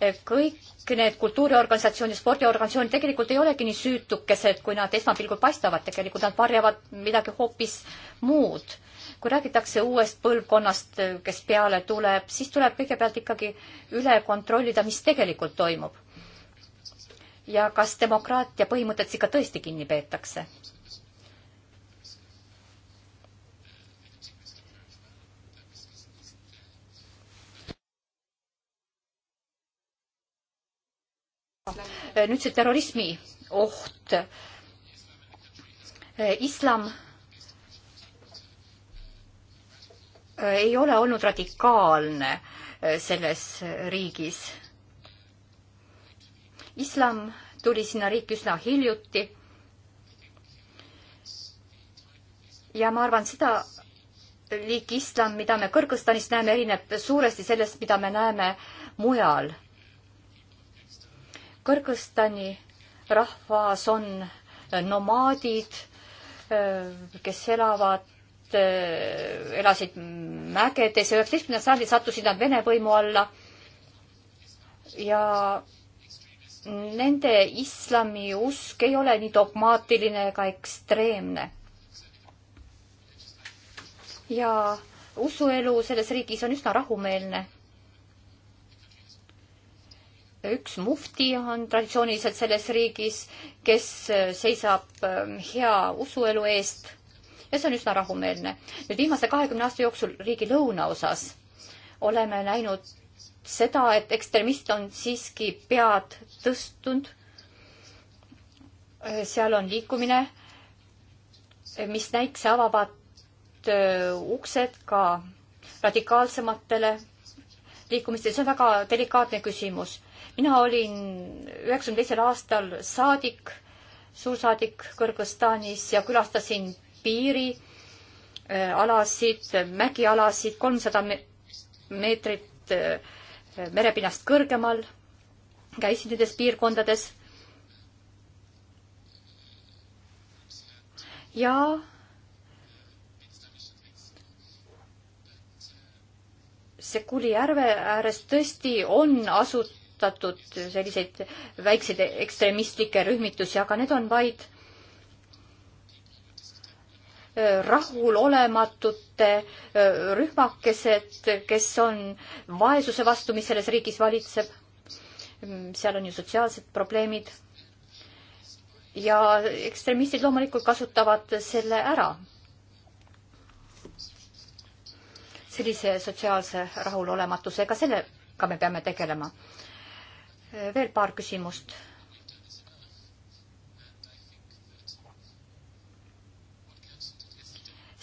et kõik need kultuuriorganisatsioonid, spordiorganisatsioonid tegelikult ei olegi nii süütukesed, kui nad esmapilgul paistavad, tegelikult nad varjavad midagi hoopis muud kui räägitakse uuest põlvkonnast, kes peale tuleb, siis tuleb kõigepealt ikkagi üle kontrollida, mis tegelikult toimub. ja kas demokraatia põhimõtetest ikka tõesti kinni peetakse nüüd see terrorismi oht. islam ei ole olnud radikaalne äh, selles riigis. islam tuli sinna riiki üsna hiljuti. ja ma arvan, seda liiki islam, mida me Kõrgõzstanis näeme, erineb suuresti sellest, mida me näeme mujal. Kõrgõzstani rahvas on nomaadid, äh, kes elavad Äh, elasid mägedes ja üheksateistkümnendal sajandil sattusid nad Vene võimu alla. ja nende islamiusk ei ole nii dogmaatiline ega ekstreemne. ja usuelu selles riigis on üsna rahumeelne. üks mufti on traditsiooniliselt selles riigis, kes seisab ähm, hea usuelu eest ja see on üsna rahumeelne. nüüd viimase kahekümne aasta jooksul riigi lõunaosas oleme näinud seda, et ekstremist on siiski pead tõstnud. seal on liikumine, mis näikse avavad äh, uksed ka radikaalsematele liikumistele, see on väga delikaatne küsimus. mina olin üheksakümne teisel aastal saadik, suursaadik Kõrgõzstanis ja külastasin piirialasid, äh, mägialasid kolmsada meetrit äh, merepinnast kõrgemal, käisin nendes piirkondades. ja Sekuli järve ääres tõesti on asutatud selliseid väikseid ekstremistlikke rühmitusi, aga need on vaid äh, Äh, rahulolematute äh, rühmakesed, kes on vaesuse vastu, mis selles riigis valitseb. Mm, seal on ju sotsiaalsed probleemid. ja ekstremistid loomulikult kasutavad selle ära. sellise sotsiaalse rahulolematusega, sellega me peame tegelema. Äh, veel paar küsimust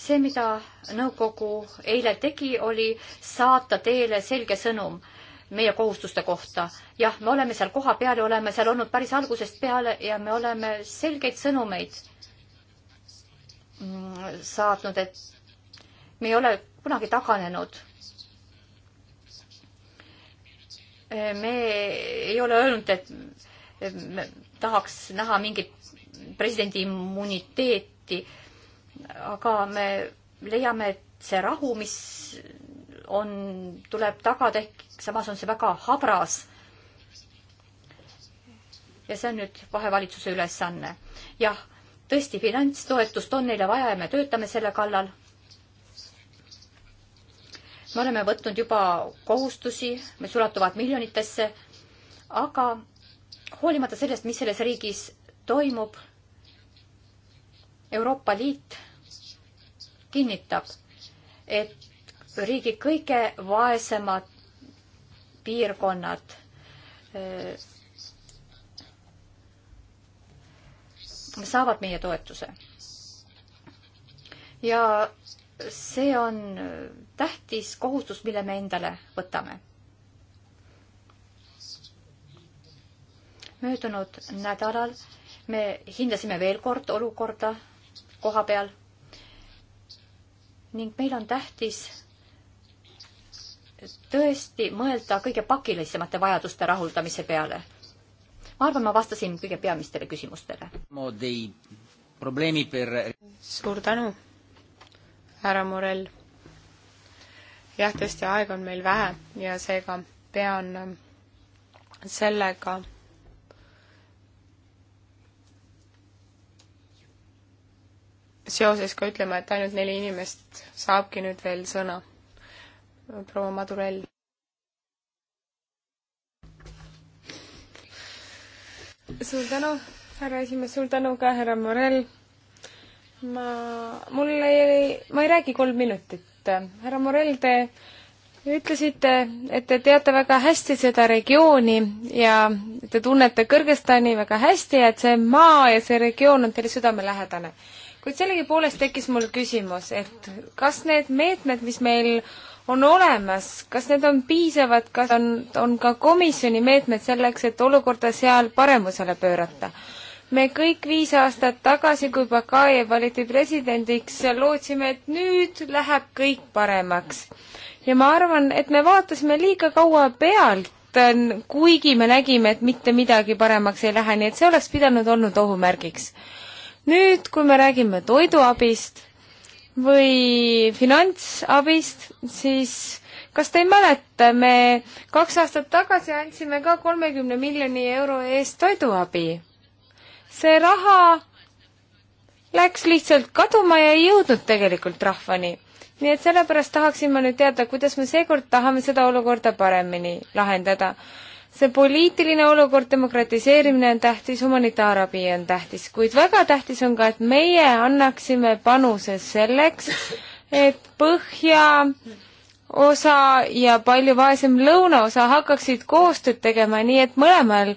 see, mida nõukogu eile tegi, oli saata teile selge sõnum meie kohustuste kohta. jah, me oleme seal kohapeal ja oleme seal olnud päris algusest peale ja me oleme selgeid sõnumeid mm, saatnud, et me ei ole kunagi taganenud. me ei ole öelnud, et tahaks näha mingit presidendi immuniteeti äh, aga me leiame, et see rahu, mis on, tuleb tagada, ehk samas on see väga habras. ja see on nüüd vahevalitsuse ülesanne. jah, tõesti, finantstoetust on neile vaja ja me töötame selle kallal. me oleme võtnud juba kohustusi, mis ulatuvad miljonitesse, aga hoolimata sellest, mis selles riigis toimub Euroopa Liit kinnitab, et riigi kõige vaesemad piirkonnad äh, saavad meie toetuse. ja see on tähtis kohustus, mille me endale võtame. möödunud nädalal me hindasime veel kord olukorda koha peal. ning meil on tähtis tõesti mõelda kõige pakilisemate vajaduste rahuldamise peale. ma arvan, ma vastasin kõige peamistele küsimustele. Per... suur tänu, härra Morell. jah, tõesti, aega on meil vähe ja seega pean sellega seoses ka ütlema, et ainult neli inimest saabki nüüd veel sõna. proua Madurell. suur tänu, härra esimees, suur tänu ka, härra Morell. ma, mul ei, ma ei räägi kolm minutit. härra Morell, te ütlesite, et te teate väga hästi seda regiooni ja te tunnete Kõrgõzstani väga hästi ja et see maa ja see regioon on teile südamelähedane kuid sellegipoolest tekkis mul küsimus, et kas need meetmed, mis meil on olemas, kas need on piisavad, kas on, on ka komisjoni meetmed selleks, et olukorda seal paremusele pöörata? me kõik viis aastat tagasi, kui Bakajev valiti presidendiks, lootsime, et nüüd läheb kõik paremaks. ja ma arvan, et me vaatasime liiga kaua pealt, kuigi me nägime, et mitte midagi paremaks ei lähe, nii et see oleks pidanud olnud ohumärgiks nüüd, kui me räägime toiduabist või finantsabist, siis kas te ei mäleta, me kaks aastat tagasi andsime ka kolmekümne miljoni euro eest toiduabi. see raha läks lihtsalt kaduma ja ei jõudnud tegelikult rahvani. nii et sellepärast tahaksin ma nüüd teada, kuidas me seekord tahame seda olukorda paremini lahendada see poliitiline olukord, demokratiseerimine on tähtis, humanitaarabi on tähtis, kuid väga tähtis on ka, et meie annaksime panuse selleks, et põhjaosa ja palju vaesem lõunaosa hakkaksid koostööd tegema, nii et mõlemal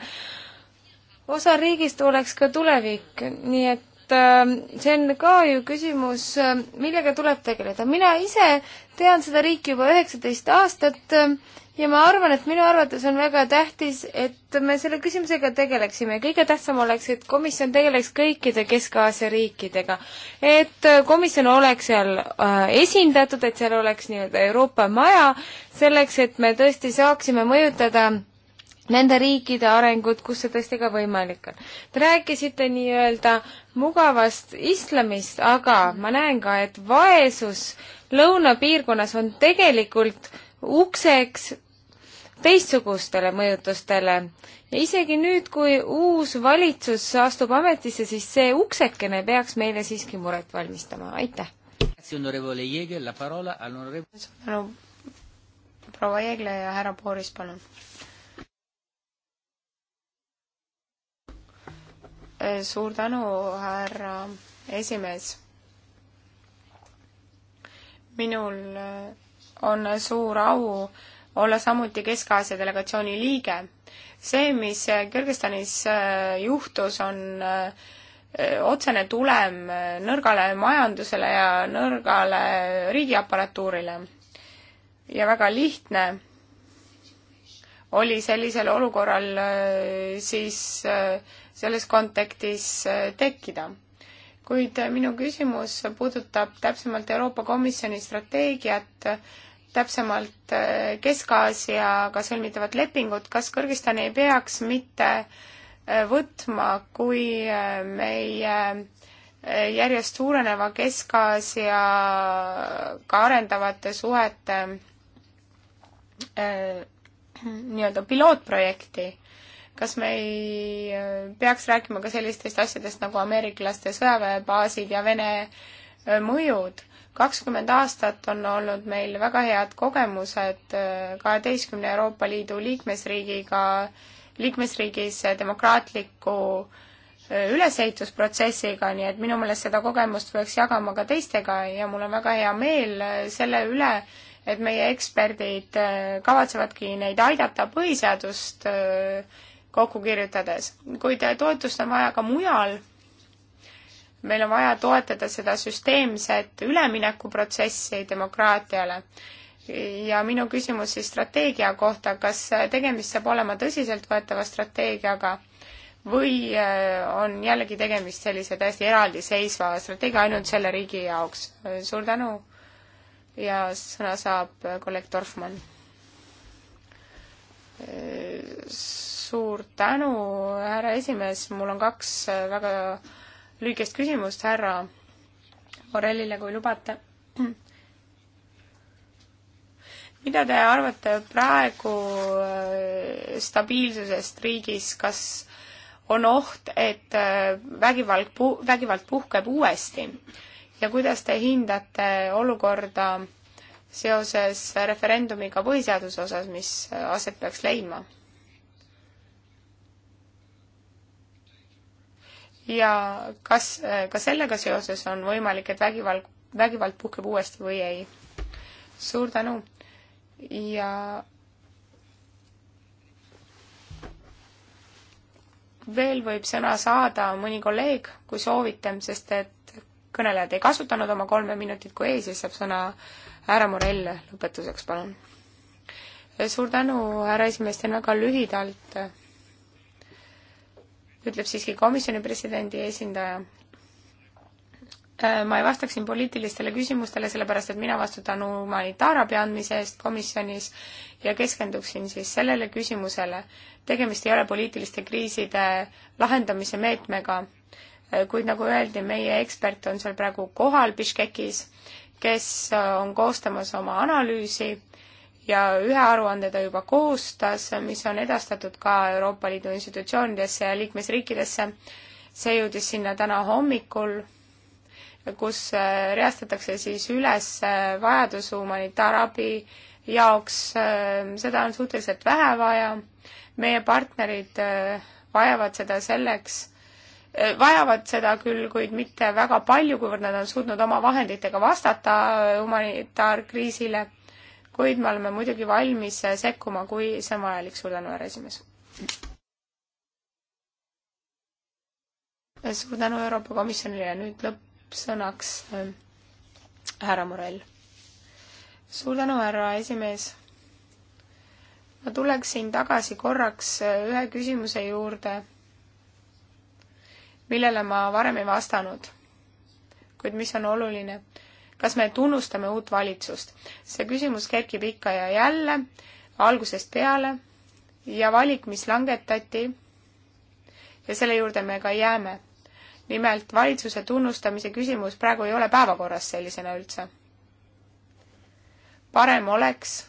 osariigist oleks ka tulevik, nii et ähm, see on ka ju küsimus, ähm, millega tuleb tegeleda. mina ise tean seda riiki juba üheksateist aastat ähm, ja ma arvan, et minu arvates on väga tähtis, et me selle küsimusega tegeleksime. kõige tähtsam oleks, et komisjon tegeleks kõikide Kesk-Aasia riikidega. et komisjon oleks seal äh, esindatud, et seal oleks nii-öelda Euroopa maja, selleks et me tõesti saaksime mõjutada nende riikide arengut, kus see tõesti ka võimalik on. Te rääkisite nii-öelda mugavast islamist, aga ma näen ka, et vaesus lõunapiirkonnas on tegelikult ukseks teistsugustele mõjutustele ja isegi nüüd, kui uus valitsus astub ametisse, siis see uksekene peaks meile siiski muret valmistama, aitäh. no proua Jeegla ja härra Boris, palun. suur tänu, härra esimees. minul on suur au olla samuti Kesk-Aasia delegatsiooni liige. see, mis Kõrgõzstanis äh, juhtus, on äh, otsene tulem äh, nõrgale majandusele ja nõrgale riigiaparatuurile. ja väga lihtne oli sellisel olukorral siis selles kontekstis tekkida. kuid minu küsimus puudutab täpsemalt Euroopa Komisjoni strateegiat täpsemalt eh, Kesk-Aasiaga sõlmitavat lepingut, kas Kõrgõzstan ei peaks mitte eh, võtma kui eh, meie järjest suureneva Kesk-Aasiaga arendavate suhete äh, nii-öelda pilootprojekti, kas me ei peaks rääkima ka sellistest asjadest nagu ameeriklaste sõjaväebaasid ja Vene mõjud? kakskümmend aastat on olnud meil väga head kogemused äh, kaheteistkümne Euroopa Liidu liikmesriigiga, liikmesriigis demokraatliku äh, ülesehitusprotsessiga, nii et minu meelest seda kogemust peaks jagama ka teistega ja mul on väga hea meel äh, selle üle, et meie eksperdid kavatsevadki neid aidata põhiseadust kokku kirjutades. kuid toetust on vaja ka mujal meil on vaja toetada seda süsteemset üleminekuprotsessi demokraatiale. ja minu küsimus siis strateegia kohta, kas tegemist saab olema tõsiseltvõetava strateegiaga või äh, on jällegi tegemist sellise täiesti eraldiseisva strateegia ainult selle riigi jaoks? suur tänu ja sõna saab kolleeg Dorfmann. Äh, suur tänu, härra esimees, mul on kaks väga lühikest küsimust härra Morellile, kui lubate. mida te arvate praegu äh, stabiilsusest riigis, kas on oht, et äh, vägivald puh-, vägivald puhkeb uuesti ja kuidas te hindate olukorda seoses referendumiga põhiseaduse osas, mis äh, aset peaks leidma? ja kas eh, ka sellega seoses on võimalik, et vägivald, vägivald puhkeb uuesti või ei? suur tänu ja veel võib sõna saada mõni kolleeg, kui soovite, sest et kõnelejad ei kasutanud oma kolme minutit, kui ei, siis saab sõna härra Morell lõpetuseks, palun. suur tänu, härra esimees, teen väga lühidalt ütleb siiski komisjoni presidendi esindaja. Äh, ma ei vastaks siin poliitilistele küsimustele, sellepärast et mina vastutan humanitaarabi andmise eest komisjonis ja keskenduksin siis sellele küsimusele. tegemist ei ole poliitiliste kriiside lahendamise meetmega, äh, kuid nagu öeldi, meie ekspert on seal praegu kohal Biškekis, kes äh, on koostamas oma analüüsi ja ühe aruande ta juba koostas, mis on edastatud ka Euroopa Liidu institutsioonidesse ja liikmesriikidesse. see jõudis sinna täna hommikul, kus äh, reastatakse siis üles äh, vajadus humanitaarabi jaoks, äh, seda on suhteliselt vähe vaja, meie partnerid vajavad seda selleks, vajavad seda küll, kuid mitte väga palju, kuivõrd nad on suutnud oma vahenditega vastata humanitaarkriisile kuid me oleme muidugi valmis sekkuma, kui see on vajalik. suur tänu, härra esimees! suur tänu Euroopa Komisjonile ja nüüd lõppsõnaks äh, härra Morell. suur tänu, härra esimees! ma tuleksin tagasi korraks äh, ühe küsimuse juurde, millele ma varem ei vastanud, kuid mis on oluline kas me tunnustame uut valitsust? see küsimus kerkib ikka ja jälle, algusest peale, ja valik, mis langetati, ja selle juurde me ka jääme. nimelt valitsuse tunnustamise küsimus praegu ei ole päevakorras sellisena üldse. parem oleks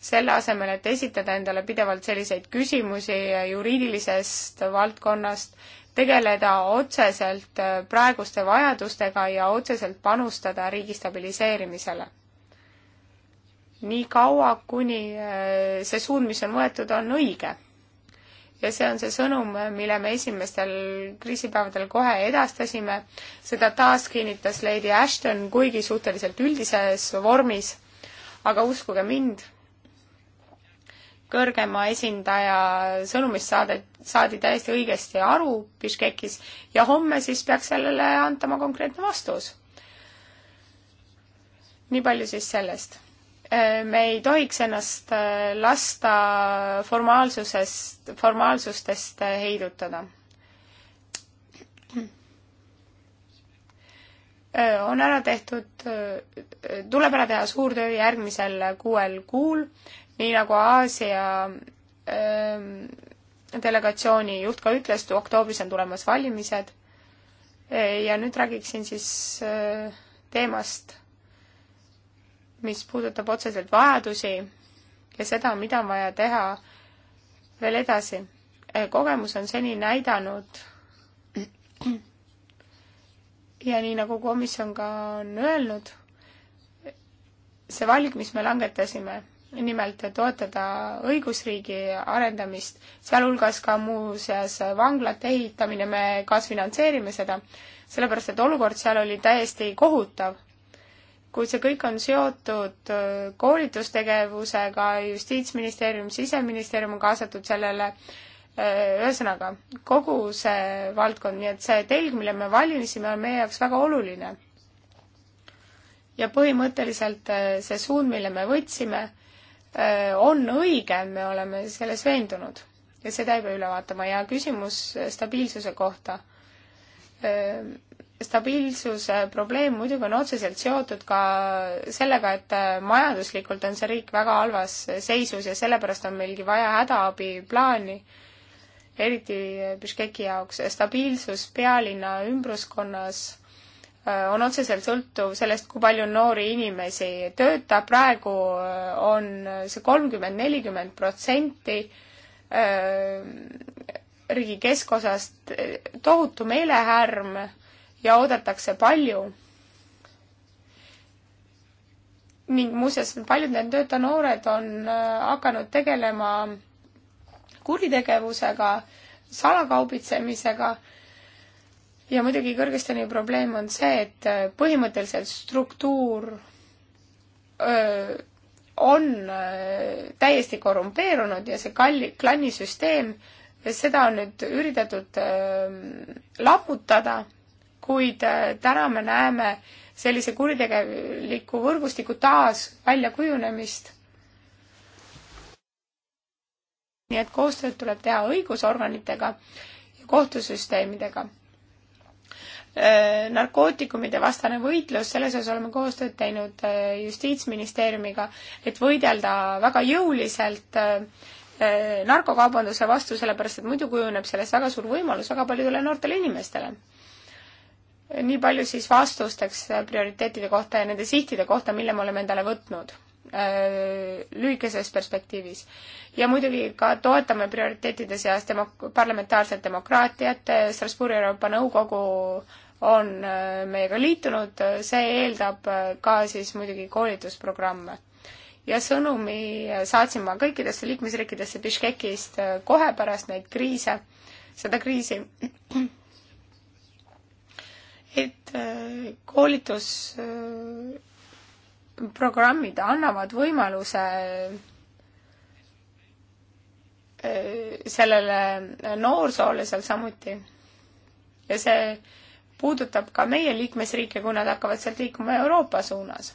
selle asemel, et esitada endale pidevalt selliseid küsimusi juriidilisest valdkonnast tegeleda otseselt äh, praeguste vajadustega ja otseselt panustada riigi stabiliseerimisele. nii kaua, kuni äh, see suund, mis on võetud, on õige. ja see on see sõnum, mille me esimestel kriisipäevadel kohe edastasime, seda taaskinnitas Lady Ashton, kuigi suhteliselt üldises vormis, aga uskuge mind, kõrgema esindaja sõnumist saade, saadi täiesti õigesti aru Biškekis ja homme siis peaks sellele antama konkreetne vastus. nii palju siis sellest. Äh, me ei tohiks ennast äh, lasta formaalsusest, formaalsustest äh, heidutada on ära tehtud, tuleb ära teha suur töö järgmisel kuuel kuul, nii nagu Aasia delegatsiooni juht ka ütles, oktoobris on tulemas valimised. ja nüüd räägiksin siis teemast, mis puudutab otseselt vajadusi ja seda, mida on vaja teha veel edasi. kogemus on seni näidanud, ja nii nagu komisjon ka on öelnud, see valik, mis me langetasime, nimelt toetada õigusriigi arendamist, sealhulgas ka muuseas vanglate ehitamine, me kaasfinantseerime seda, sellepärast et olukord seal oli täiesti kohutav. kuid see kõik on seotud äh, koolitustegevusega, Justiitsministeerium, Siseministeerium on kaasatud sellele äh, Äh, ühesõnaga, kogu see valdkond, nii et see telg, mille me valisime, on meie jaoks väga oluline. ja põhimõtteliselt äh, see suund, mille me võtsime, äh, on õige, me oleme selles veendunud ja seda ei pea üle vaatama ja küsimus stabiilsuse kohta. stabiilsuse probleem muidugi on otseselt seotud ka sellega, et majanduslikult on see riik väga halvas seisus ja sellepärast on meilgi vaja hädaabiplaani eriti Biškeki jaoks. stabiilsus pealinna ümbruskonnas äh, on otseselt sõltuv sellest, kui palju noori inimesi töötab, praegu äh, on see kolmkümmend, nelikümmend protsenti äh, riigi keskosast, tohutu meelehärm ja oodatakse palju. ning muuseas, paljud need tööta noored on hakanud tegelema kuritegevusega, salakaubitsemisega ja muidugi Kõrgõzstani probleem on see, et äh, põhimõtteliselt struktuur öö, on öö, äh, täiesti korrumpeerunud ja see kalli, klannisüsteem, seda on nüüd üritatud öö, lammutada, kuid öö, äh, täna me näeme sellise kuritegeliku võrgustiku taas väljakujunemist nii et koostööd tuleb teha õigusorganitega ja kohtusüsteemidega. Äh, narkootikumide vastane võitlus, selles osas oleme koostööd teinud äh, Justiitsministeeriumiga, et võidelda väga jõuliselt äh, narkokaubanduse vastu, sellepärast et muidu kujuneb sellest väga suur võimalus väga paljudele noortele inimestele nii palju siis vastusteks prioriteetide kohta ja nende sihtide kohta, mille me oleme endale võtnud. Äh, lühikeses perspektiivis. ja muidugi ka toetame prioriteetide seas demok-, parlamentaarset demokraatiat, Strasbourgi Euroopa Nõukogu on äh, meiega liitunud, see eeldab äh, ka siis muidugi koolitusprogramme. ja sõnumi saatsin ma kõikidesse liikmesriikidesse Biškekist kohe pärast neid kriise, seda kriisi, et koolitus programmid annavad võimaluse eh, sellele noorsoole seal samuti. ja see puudutab ka meie liikmesriike, kui nad hakkavad sealt liikuma Euroopa suunas.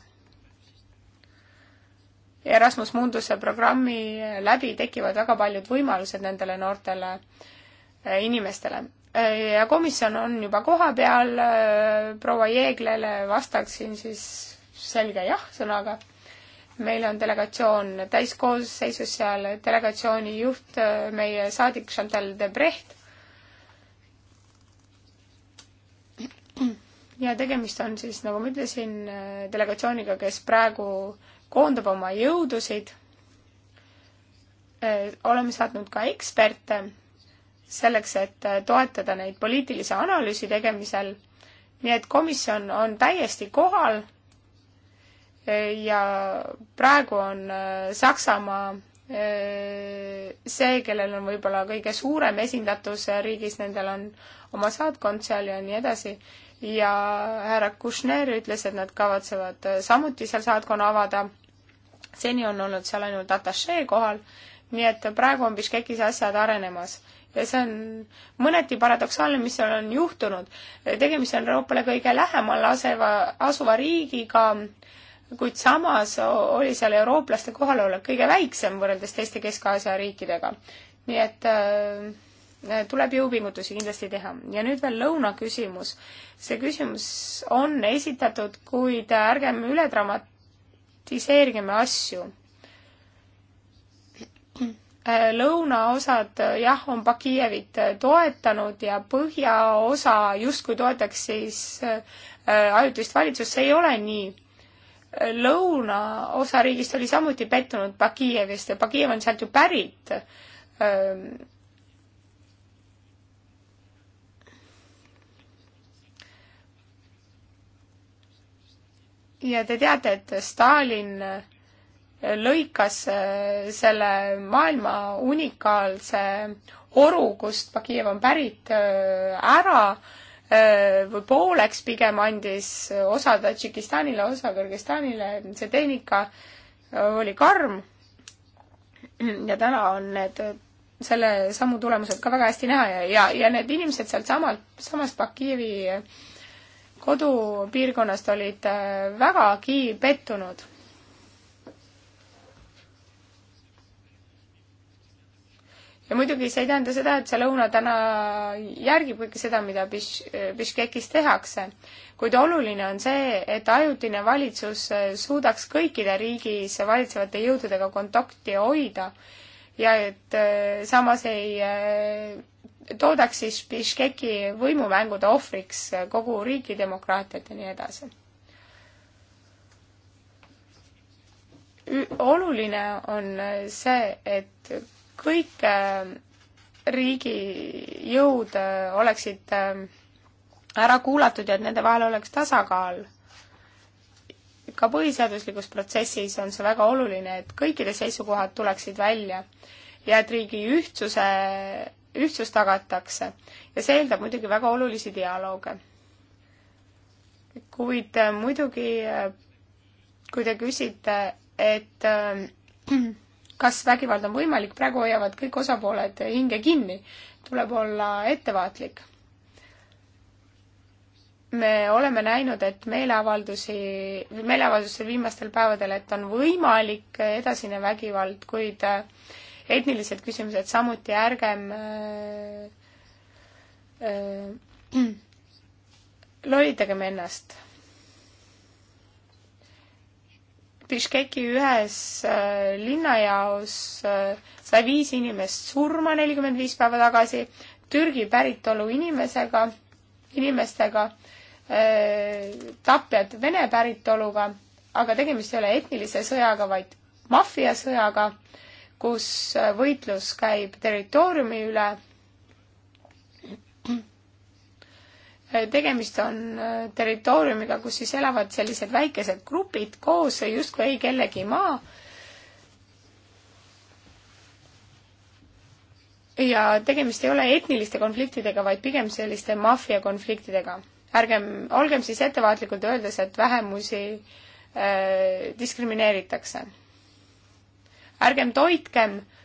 Erasmus Munduse programmi läbi tekivad väga paljud võimalused nendele noortele eh, inimestele. Eh, ja komisjon on juba koha peal, proua Jeeglele vastaksin siis selge jah-sõnaga. meil on delegatsioon täiskoosseisus seal, delegatsiooni juht, äh, meie saadik Chantal de Brecht. ja tegemist on siis, nagu ma ütlesin, äh, delegatsiooniga, kes praegu koondab oma jõudusid. Äh, oleme saatnud ka eksperte selleks, et toetada neid poliitilise analüüsi tegemisel. nii et komisjon on täiesti kohal ja praegu on äh, Saksamaa äh, see, kellel on võib-olla kõige suurem esindatus riigis, nendel on oma saatkond seal ja nii edasi, ja härra Kushner ütles, et nad kavatsevad äh, samuti seal saatkonna avada, seni on olnud seal ainult atašee kohal, nii et praegu on Biškekis asjad arenemas. ja see on mõneti paradoksaalne, mis seal on juhtunud. tegemist on Euroopale kõige lähemal aseva, asuva riigiga, kuid samas oli seal eurooplaste kohalolek kõige väiksem võrreldes teiste Kesk-Aasia riikidega. nii et äh, tuleb jõupingutusi kindlasti teha. ja nüüd veel lõuna küsimus. see küsimus on esitatud, kuid ärgem üle dramatiseerigem asju. Äh, lõunaosad jah, on Bakijevit toetanud ja põhjaosa justkui toetaks siis äh, ajutist valitsust, see ei ole nii lõunaosa riigist oli samuti pettunud Bagijevist ja Bagijev on sealt ju pärit. ja te teate, et Stalin lõikas äh, selle maailma unikaalse oru, kust Bagijev on pärit, äh, ära Äh, pooleks pigem andis osa Tadžikistanile, osa Kõrgõzstanile, see tehnika oli karm. ja täna on need, selle sammu tulemused ka väga hästi näha ja, ja, ja need inimesed sealtsamalt, samast Bakivi kodupiirkonnast olid äh, vägagi pettunud ja muidugi see ei tähenda seda, et see lõuna täna järgib kõike seda, mida Bish-, Bishkekis tehakse. kuid oluline on see, et ajutine valitsus äh, suudaks kõikide riigis valitsevate jõududega kontakti hoida ja et äh, samas ei äh, toodaks siis Bishkeki võimumängude ohvriks kogu riigi demokraatiat ja nii edasi. oluline on see, et kõik äh, riigijõud äh, oleksid äh, ära kuulatud ja et nende vahel oleks tasakaal. ka põhiseaduslikus protsessis on see väga oluline, et kõikide seisukohad tuleksid välja ja et riigi ühtsuse, ühtsus tagatakse. ja see eeldab muidugi väga olulisi dialoogi. kuid muidugi, kui te küsite, et äh, kas vägivald on võimalik, praegu hoiavad kõik osapooled hinge kinni. tuleb olla ettevaatlik. me oleme näinud, et meeleavaldusi, meeleavaldustel viimastel päevadel, et on võimalik edasine vägivald, kuid äh, etnilised küsimused samuti, ärgem äh, äh, lollitagem ennast Bishkeki ühes äh, linnajaos äh, sai viis inimest surma nelikümmend viis päeva tagasi Türgi päritolu inimesega, inimestega, äh, tapjad Vene päritoluga, aga tegemist ei ole etnilise sõjaga, vaid maffiasõjaga, kus võitlus käib territooriumi üle Äh, tegemist on äh, territooriumiga, kus siis elavad sellised väikesed grupid koos, justkui ei kellegi maa. ja tegemist ei ole etniliste konfliktidega, vaid pigem selliste maffiakonfliktidega. ärgem, olgem siis ettevaatlikud öeldes, et vähemusi äh, diskrimineeritakse. ärgem toitkem äh,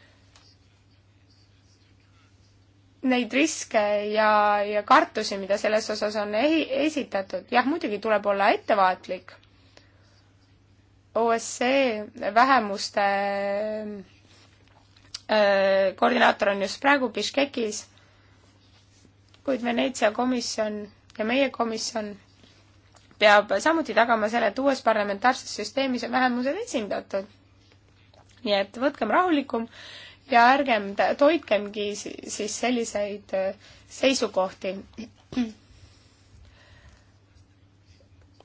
neid riske ja, ja kartusi, mida selles osas on ehi-, esitatud, jah, muidugi tuleb olla ettevaatlik. OSCE vähemuste öö, äh, koordinaator on just praegu Biškekis, kuid Veneetsia komisjon ja meie komisjon peab samuti tagama selle, et uues parlamentaarses süsteemis on vähemused esindatud. nii et võtkem rahulikum ja ärgem toitkemgi siis selliseid äh, seisukohti.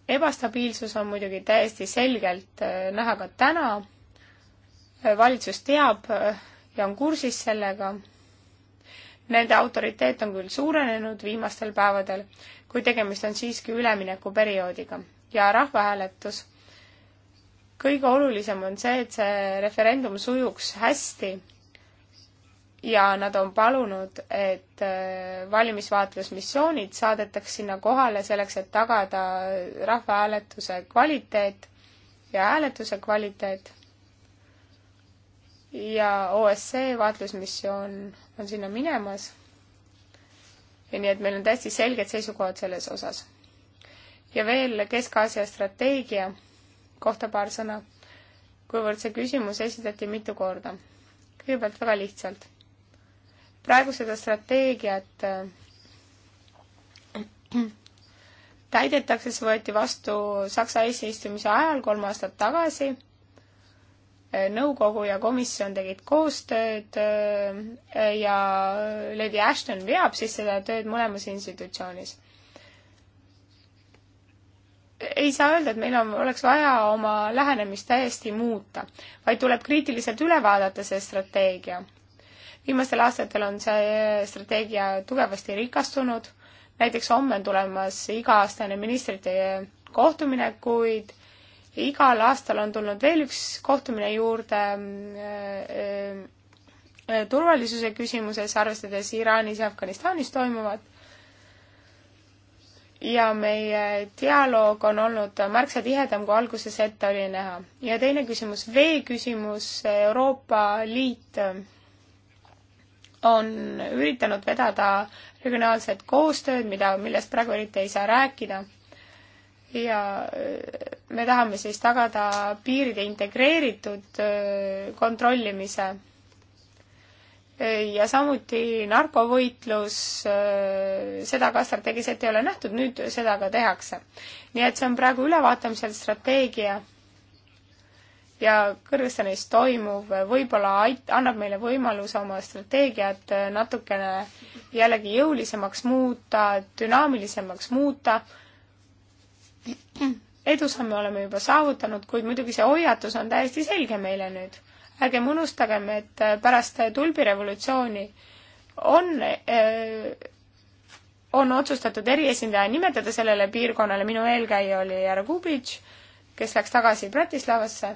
ebastabiilsus on muidugi täiesti selgelt äh, näha ka täna. Äh, valitsus teab ja on kursis sellega. Nende autoriteet on küll suurenenud viimastel päevadel, kuid tegemist on siiski üleminekuperioodiga ja rahvahääletus. kõige olulisem on see, et see referendum sujuks hästi ja nad on palunud, et äh, valimisvaatlusmissioonid saadetaks sinna kohale selleks, et tagada rahvahääletuse kvaliteet ja hääletuse kvaliteet. ja OSCE vaatlusmissioon on sinna minemas. ja nii, et meil on täiesti selged seisukohad selles osas. ja veel Kesk-Aasia strateegia kohta paar sõna, kuivõrd see küsimus esitati mitu korda. kõigepealt väga lihtsalt praegu seda strateegiat äh, täidetakse, see võeti vastu Saksa eesistumise ajal kolm aastat tagasi. Äh, nõukogu ja komisjon tegid koostööd äh, ja Lady Ashton veab siis seda tööd mõlemas institutsioonis. ei saa öelda, et meil on, oleks vaja oma lähenemist täiesti muuta, vaid tuleb kriitiliselt üle vaadata see strateegia viimastel aastatel on see strateegia tugevasti rikastunud, näiteks homme on tulemas iga-aastane ministrite kohtumine, kuid igal aastal on tulnud veel üks kohtumine juurde äh, äh, turvalisuse küsimuses, arvestades Iraanis ja Afganistanis toimuvat. ja meie dialoog on olnud märksa tihedam, kui alguses ette oli näha. ja teine küsimus, vee küsimus, Euroopa Liit on üritanud vedada regionaalset koostööd, mida, millest praegu eriti ei saa rääkida. ja äh, me tahame siis tagada piiride integreeritud äh, kontrollimise. Äh, ja samuti narkovõitlus, seda ka strateegiliselt ei ole nähtud, nüüd seda ka tehakse. nii et see on praegu ülevaatamisel strateegia ja Kõrgõzstanis toimuv võib-olla ait-, annab meile võimaluse oma strateegiat natukene jällegi jõulisemaks muuta, dünaamilisemaks muuta. edusamme oleme juba saavutanud, kuid muidugi see hoiatus on täiesti selge meile nüüd. ärgem unustagem, et pärast tulbirevolutsiooni on öö, eh, on otsustatud eriesindaja nimetada sellele piirkonnale, minu eelkäija oli härra Kubitš, kes läks tagasi Bratislavasse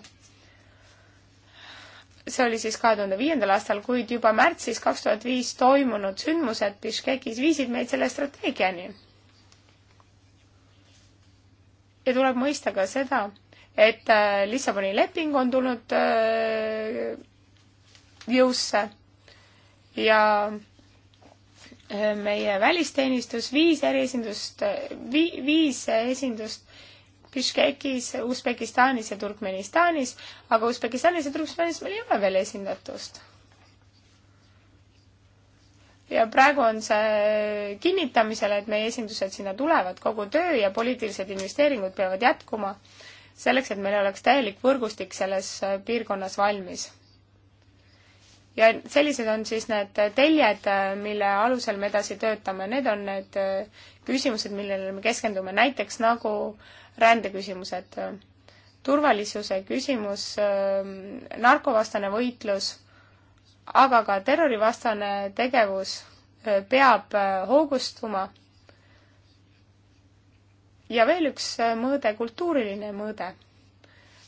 see oli siis kahe tuhande viiendal aastal, kuid juba märtsis kaks tuhat viis toimunud sündmused Biškekis viisid meid selle strateegiani. ja tuleb mõista ka seda, et äh, Lissaboni leping on tulnud äh, jõusse ja äh, meie välisteenistus viis eriesindust vi,, viis esindust Bishkekis, Usbekistanis ja Turkmenistanis, aga Usbekistanis ja Turkmenistanis meil ei ole veel esindatust. ja praegu on see kinnitamisel, et meie esindused sinna tulevad, kogu töö ja poliitilised investeeringud peavad jätkuma selleks, et meil oleks täielik võrgustik selles piirkonnas valmis ja sellised on siis need teljed, mille alusel me edasi töötame, need on need küsimused, millele me keskendume, näiteks nagu äh, rändeküsimused, turvalisuse küsimus, ähm, narkovastane võitlus, aga ka terrorivastane tegevus äh, peab äh, hoogustuma. ja veel üks äh, mõõde, kultuuriline mõõde.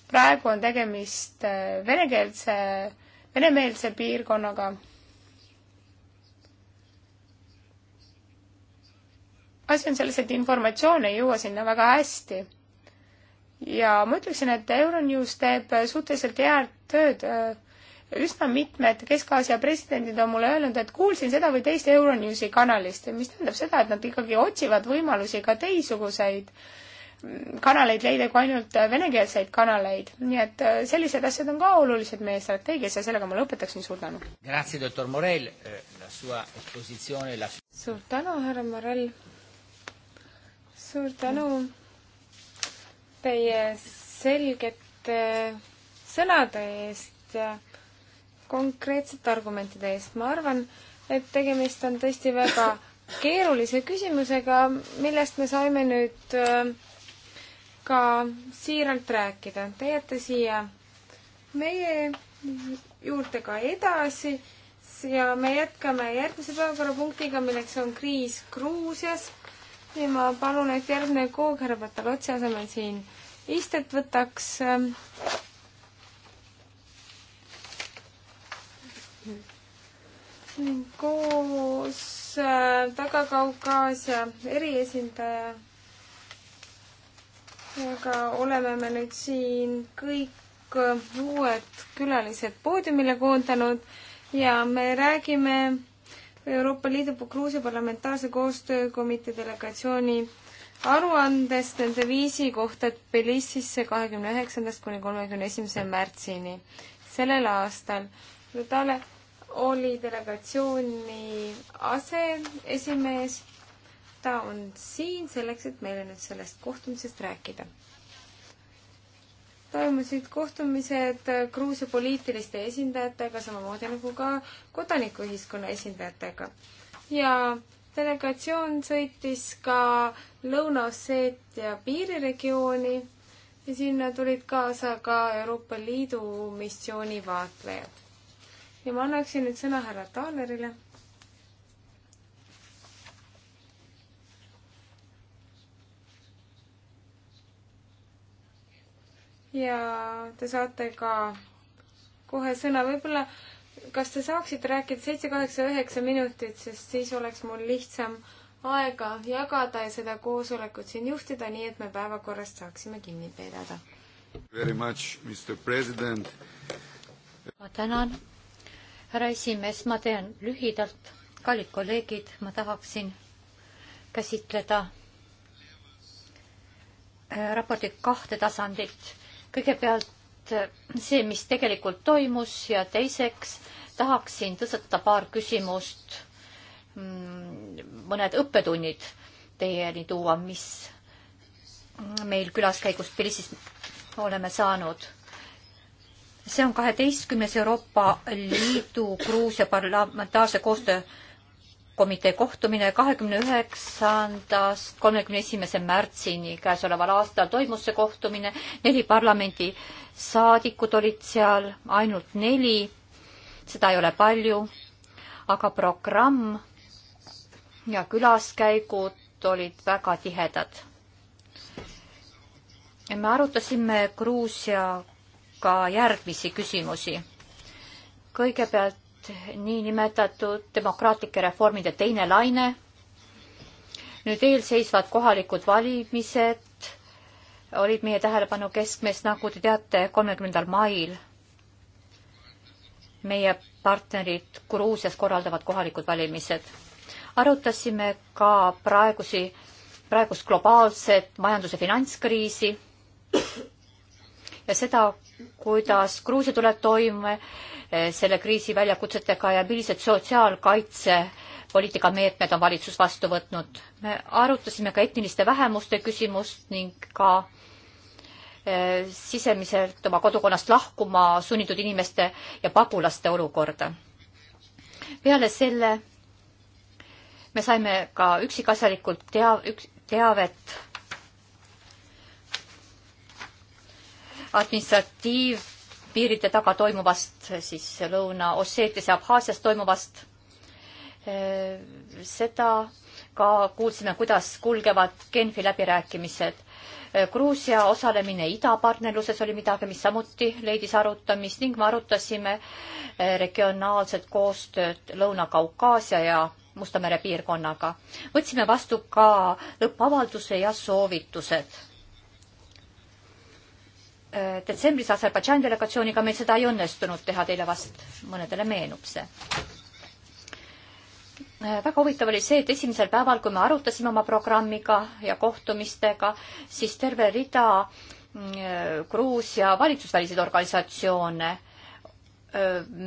praegu on tegemist venekeelse, venemeelse piirkonnaga asi on selles, et informatsioon ei jõua sinna väga hästi. ja ma ütleksin, et Euronews teeb suhteliselt head tööd. üsna mitmed Kesk-Aasia presidendid on mulle öelnud, et kuulsin seda või teist Euronewsi kanalist, mis tähendab seda, et nad ikkagi otsivad võimalusi ka teistsuguseid kanaleid leida kui ainult venekeelseid kanaleid. nii et äh, sellised asjad on ka olulised meie strateegias ja sellega ma lõpetaksin, suur tänu. Äh, suur tänu, härra Morell suur tänu teie selgete sõnade eest ja konkreetsete argumentide eest. ma arvan, et tegemist on tõesti väga keerulise küsimusega, millest me saime nüüd äh, ka siiralt rääkida. Te jääte siia meie juurde ka edasi ja me jätkame järgmise päevakorrapunktiga, milleks on kriis Gruusias ja ma palun, et järgmine koog härra Patalotsi asemel siin istet võtaks. koos äh, Taga-Kaukaasia eriesindaja aga oleme me nüüd siin kõik äh, uued külalised poodiumile koondanud ja me räägime Euroopa Liidu Gruusia Parlamentaarse Koostöökomitee delegatsiooni aruandest nende viisi kohta Tbilisisse kahekümne üheksandast kuni kolmekümne esimese märtsini sellel aastal. Tale oli delegatsiooni aseesimees. ta on siin selleks, et meile nüüd sellest kohtumisest rääkida toimusid kohtumised Gruusia poliitiliste esindajatega, samamoodi nagu ka kodanikuühiskonna esindajatega. ja delegatsioon sõitis ka Lõuna-Osseetia piiriregiooni ja sinna tulid kaasa ka Euroopa Liidu missiooni vaatlejad. ja ma annaksin nüüd sõna härra Taalerile ja te saate ka kohe sõna, võib-olla kas te saaksite rääkida seitse, kaheksa, üheksa minutit, sest siis oleks mul lihtsam aega jagada ja seda koosolekut siin juhtida, nii et me päevakorrast saaksime kinni pidada. ma tänan, härra esimees, ma teen lühidalt, kallid kolleegid, ma tahaksin käsitleda äh, raporti kahte tasandit kõigepealt eh, see, mis tegelikult toimus ja teiseks tahaksin tõstatada paar küsimust, mm, mõned õppetunnid teieni tuua, mis meil külaskäigust Pariisis oleme saanud. see on kaheteistkümnes Euroopa Liidu Gruusia parlamentaarse koostöö komitee kohtumine kahekümne üheksandast kolmekümne esimese märtsini käesoleval aastal toimus see kohtumine. neli parlamendi saadikut olid seal, ainult neli. seda ei ole palju, aga programm ja külaskäigud olid väga tihedad. me arutasime Gruusiaga järgmisi küsimusi. kõigepealt nüüd niinimetatud demokraatlike reformide teine laine. nüüd eelseisvad kohalikud valimised olid meie tähelepanu keskmes, nagu te teate, kolmekümnendal mail. meie partnerid Gruusias korraldavad kohalikud valimised. arutasime ka praegusi, praegust globaalset majandus- ja finantskriisi ja seda, kuidas Gruusia tuleb toime Eh, selle kriisi väljakutsetega ja millised sotsiaalkaitsepoliitika meetmed on valitsus vastu võtnud. me arutasime ka etniliste vähemuste küsimust ning ka eh, sisemiselt oma kodukonnast lahkuma sunnitud inimeste ja pagulaste olukorda. peale selle me saime ka üksikasjalikult tea-, üks, teavet administratiiv piiride taga toimuvast, siis Lõuna-Osseetias ja Abhaasias toimuvast. seda ka kuulsime, kuidas kulgevad Genfi läbirääkimised. Gruusia osalemine idapartnerluses oli midagi, mis samuti leidis arutamist ning me arutasime eh, regionaalset koostööd Lõuna-Kaukaasia ja Musta mere piirkonnaga. võtsime vastu ka lõppavalduse ja soovitused Äh, detsembris Aserbaidžaani delegatsiooniga meil seda ei õnnestunud teha, teile vast mõnedele meenub see. Äh, väga huvitav oli see, et esimesel päeval, kui me arutasime oma programmiga ja kohtumistega, siis terve rida mm, äh, Gruusia valitsusväliseid organisatsioone,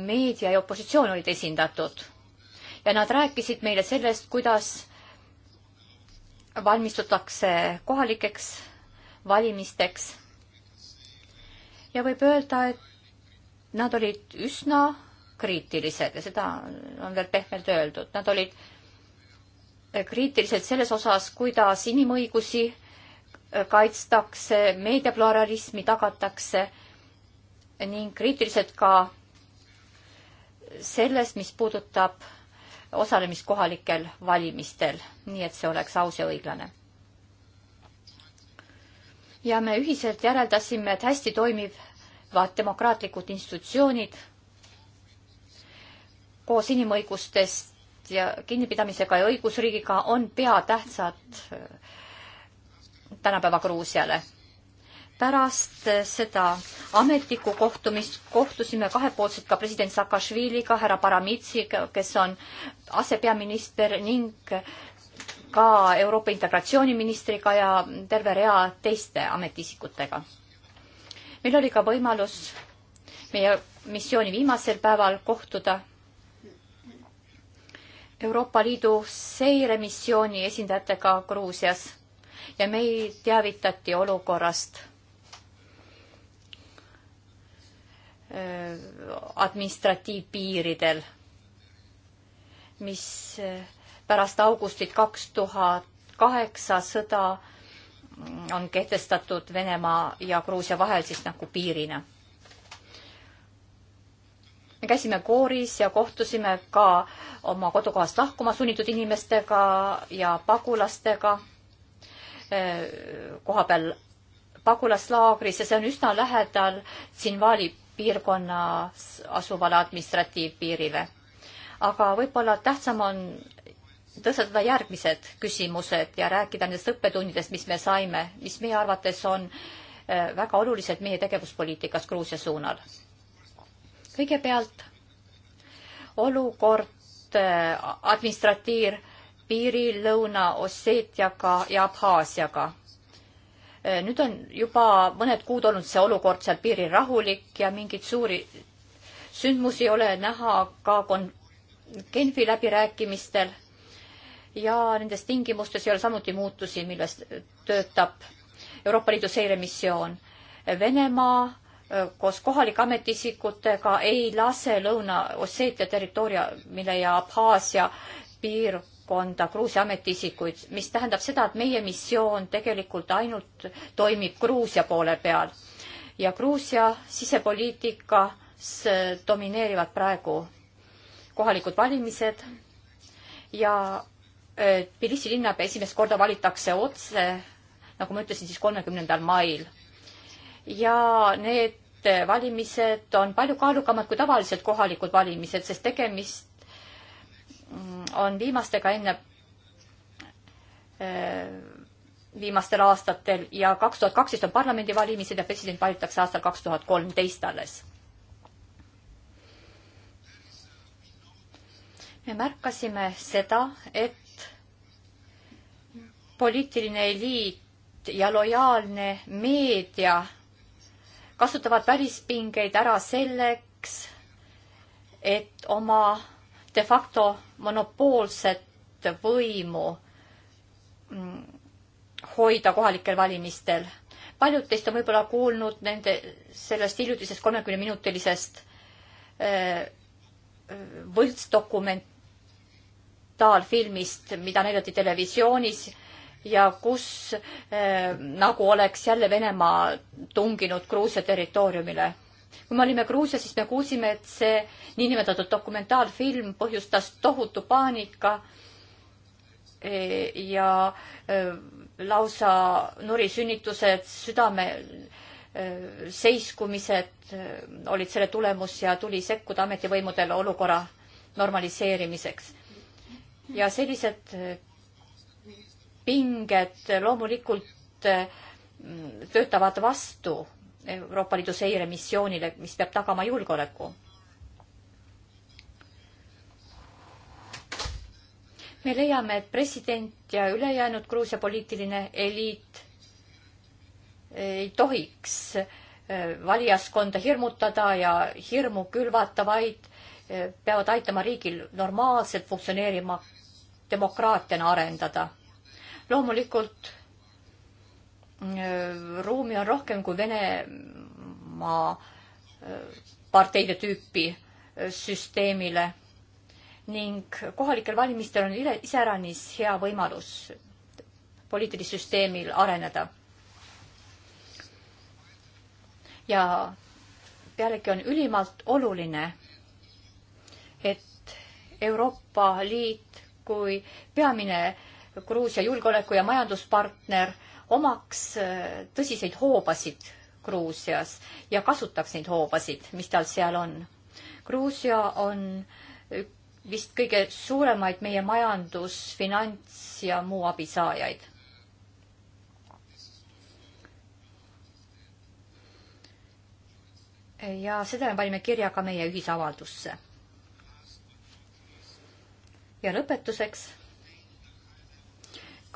meedia ja opositsioon olid esindatud. ja nad rääkisid meile sellest, kuidas valmistutakse kohalikeks valimisteks ja võib öelda, et nad olid üsna kriitilised ja seda on veel pehmelt öeldud, nad olid eh, kriitilised selles osas, kuidas inimõigusi eh, kaitstakse, meediapluralismi tagatakse ning kriitilised ka selles, mis puudutab osalemist kohalikel valimistel, nii et see oleks aus ja õiglane ja me ühiselt järeldasime, et hästi toimivad demokraatlikud institutsioonid koos inimõigustest ja kinnipidamisega ja õigusriigiga on peatähtsad äh, tänapäeva Gruusiale. pärast seda ametlikku kohtumist kohtusime kahepoolselt ka president Saakašviliga, härra Paramitsiga, kes on asepeaminister ning ka Euroopa integratsiooniministriga ja terve rea teiste ametiisikutega. meil oli ka võimalus meie missiooni viimasel päeval kohtuda Euroopa Liidu seiremissiooni esindajatega Gruusias ja meid teavitati olukorrast äh, administratiivpiiridel, mis äh, pärast augustit kaks tuhat kaheksa sõda mm, on kehtestatud Venemaa ja Gruusia vahel siis nagu piirina. me käisime kooris ja kohtusime ka oma kodukohast lahkuma sunnitud inimestega ja pagulastega eh, kohapeal pagulaslaagris ja see on üsna lähedal Tsinvali piirkonnas asuvale administratiivpiirile. aga võib-olla tähtsam on tõstatada järgmised küsimused ja rääkida nendest õppetundidest, mis me saime, mis meie arvates on äh, väga olulised meie tegevuspoliitikas Gruusia suunal. kõigepealt olukord äh, administratiir piiril Lõuna-Osseetiaga ja Abhaasiaga. Äh, nüüd on juba mõned kuud olnud see olukord seal piiril rahulik ja mingeid suuri sündmusi ei ole näha ka kon-, Genfi läbirääkimistel ja nendes tingimustes ei ole samuti muutusi, milles töötab Euroopa Liidu seiremissioon. Venemaa koos kohalike ametiisikutega ei lase Lõuna-Osseetia territooriumile ja Abhaasia piirkonda Gruusia ametiisikuid, mis tähendab seda, et meie missioon tegelikult ainult toimib Gruusia poole peal. ja Gruusia sisepoliitikas domineerivad praegu kohalikud valimised ja Tbilisi linnapea esimest korda valitakse otse, nagu ma ütlesin, siis kolmekümnendal mail. ja need valimised on palju kaalukamad kui tavaliselt kohalikud valimised, sest tegemist mm, on viimastega enne äh, viimastel aastatel ja kaks tuhat kaksteist on parlamendivalimised ja president valitakse aastal kaks tuhat kolmteist alles. me märkasime seda, et poliitiline eliit ja lojaalne meedia kasutavad välispingeid ära selleks, et oma de facto monopoolset võimu mm, hoida kohalikel valimistel. paljud teist on võib-olla kuulnud nende, sellest hiljutisest kolmekümneminutilisest äh, võltsdokumentaalfilmist, mida näidati televisioonis ja kus eh, nagu oleks jälle Venemaa tunginud Gruusia territooriumile. kui me olime Gruusias, siis me kuulsime, et see niinimetatud dokumentaalfilm põhjustas tohutu paanika eh, ja eh, lausa nurisünnitused, südame eh, seiskumised eh, olid selle tulemus ja tuli sekkuda ametivõimudel olukorra normaliseerimiseks. ja sellised eh, pinged loomulikult äh, töötavad vastu Euroopa Liidu seiremissioonile, mis peab tagama julgeoleku. me leiame, et president ja ülejäänud Gruusia poliitiline eliit ei tohiks äh, valijaskonda hirmutada ja hirmu külvata, vaid äh, peavad aitama riigil normaalselt funktsioneerima demokraatiana arendada loomulikult äh, ruumi on rohkem kui Venemaa äh, parteide tüüpi äh, süsteemile ning kohalikel valimistel on iseäranis hea võimalus poliitilissüsteemil areneda. ja pealegi on ülimalt oluline, et Euroopa Liit kui peamine Gruusia julgeoleku- ja majanduspartner omaks äh, tõsiseid hoobasid Gruusias ja kasutaks neid hoobasid, mis tal seal on. Gruusia on äh, vist kõige suuremaid meie majandus, finants ja muu abisaajaid. ja seda me panime kirja ka meie ühisavaldusse. ja lõpetuseks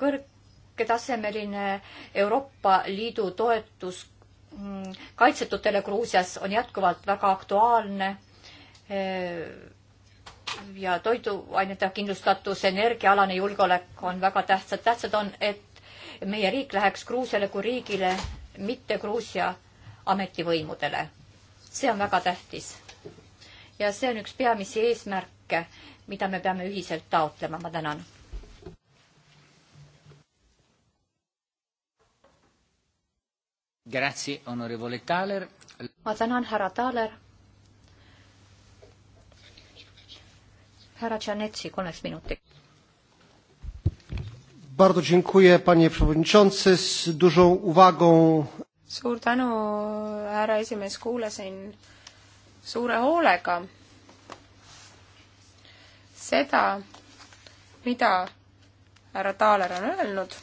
kõrgetasemeline Euroopa Liidu toetus mm, kaitsetutele Gruusias on jätkuvalt väga aktuaalne eh, ja toiduainete kindlustatus, energiaalane julgeolek on väga tähtsad. tähtsad on, et meie riik läheks Gruusiale kui riigile, mitte Gruusia ametivõimudele. see on väga tähtis. ja see on üks peamisi eesmärke, mida me peame ühiselt taotlema. ma tänan ma tänan, härra Thaler. härra Tšanetsi kolmeks minutiks. Bardzo dziękuję, panie przewodniczący, z dużą uwagą. suur tänu, härra esimees, kuulasin suure hoolega seda, mida härra Taaler on öelnud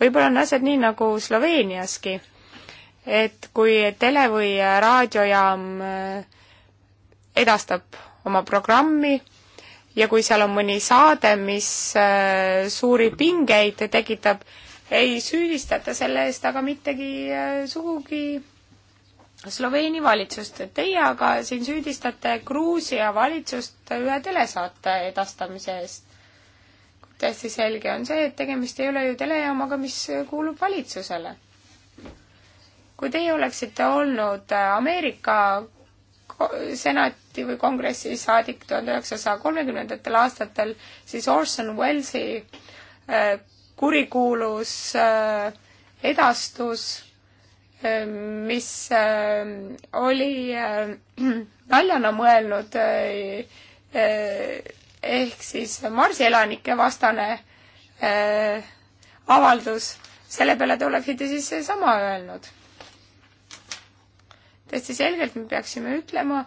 võib-olla on asjad nii, nagu Sloveeniaski, et kui tele- või raadiojaam äh, edastab oma programmi ja kui seal on mõni saade, mis äh, suuri pingeid tekitab, ei süüdistata selle eest aga mittegi äh, sugugi Sloveeni valitsust. Teie aga siin süüdistate Gruusia valitsust ühe telesaate edastamise eest täiesti selge on see, et tegemist ei ole ju telejaamaga, mis kuulub valitsusele. kui teie oleksite olnud Ameerika senati või kongressi saadik tuhande üheksasaja kolmekümnendatel aastatel, siis Orson Wellesi äh, kurikuulus äh, edastus, äh, mis oli naljana mõelnud ehk siis marsielanike vastane äh, avaldus, selle peale te oleksite siis sama öelnud. täiesti selgelt me peaksime ütlema,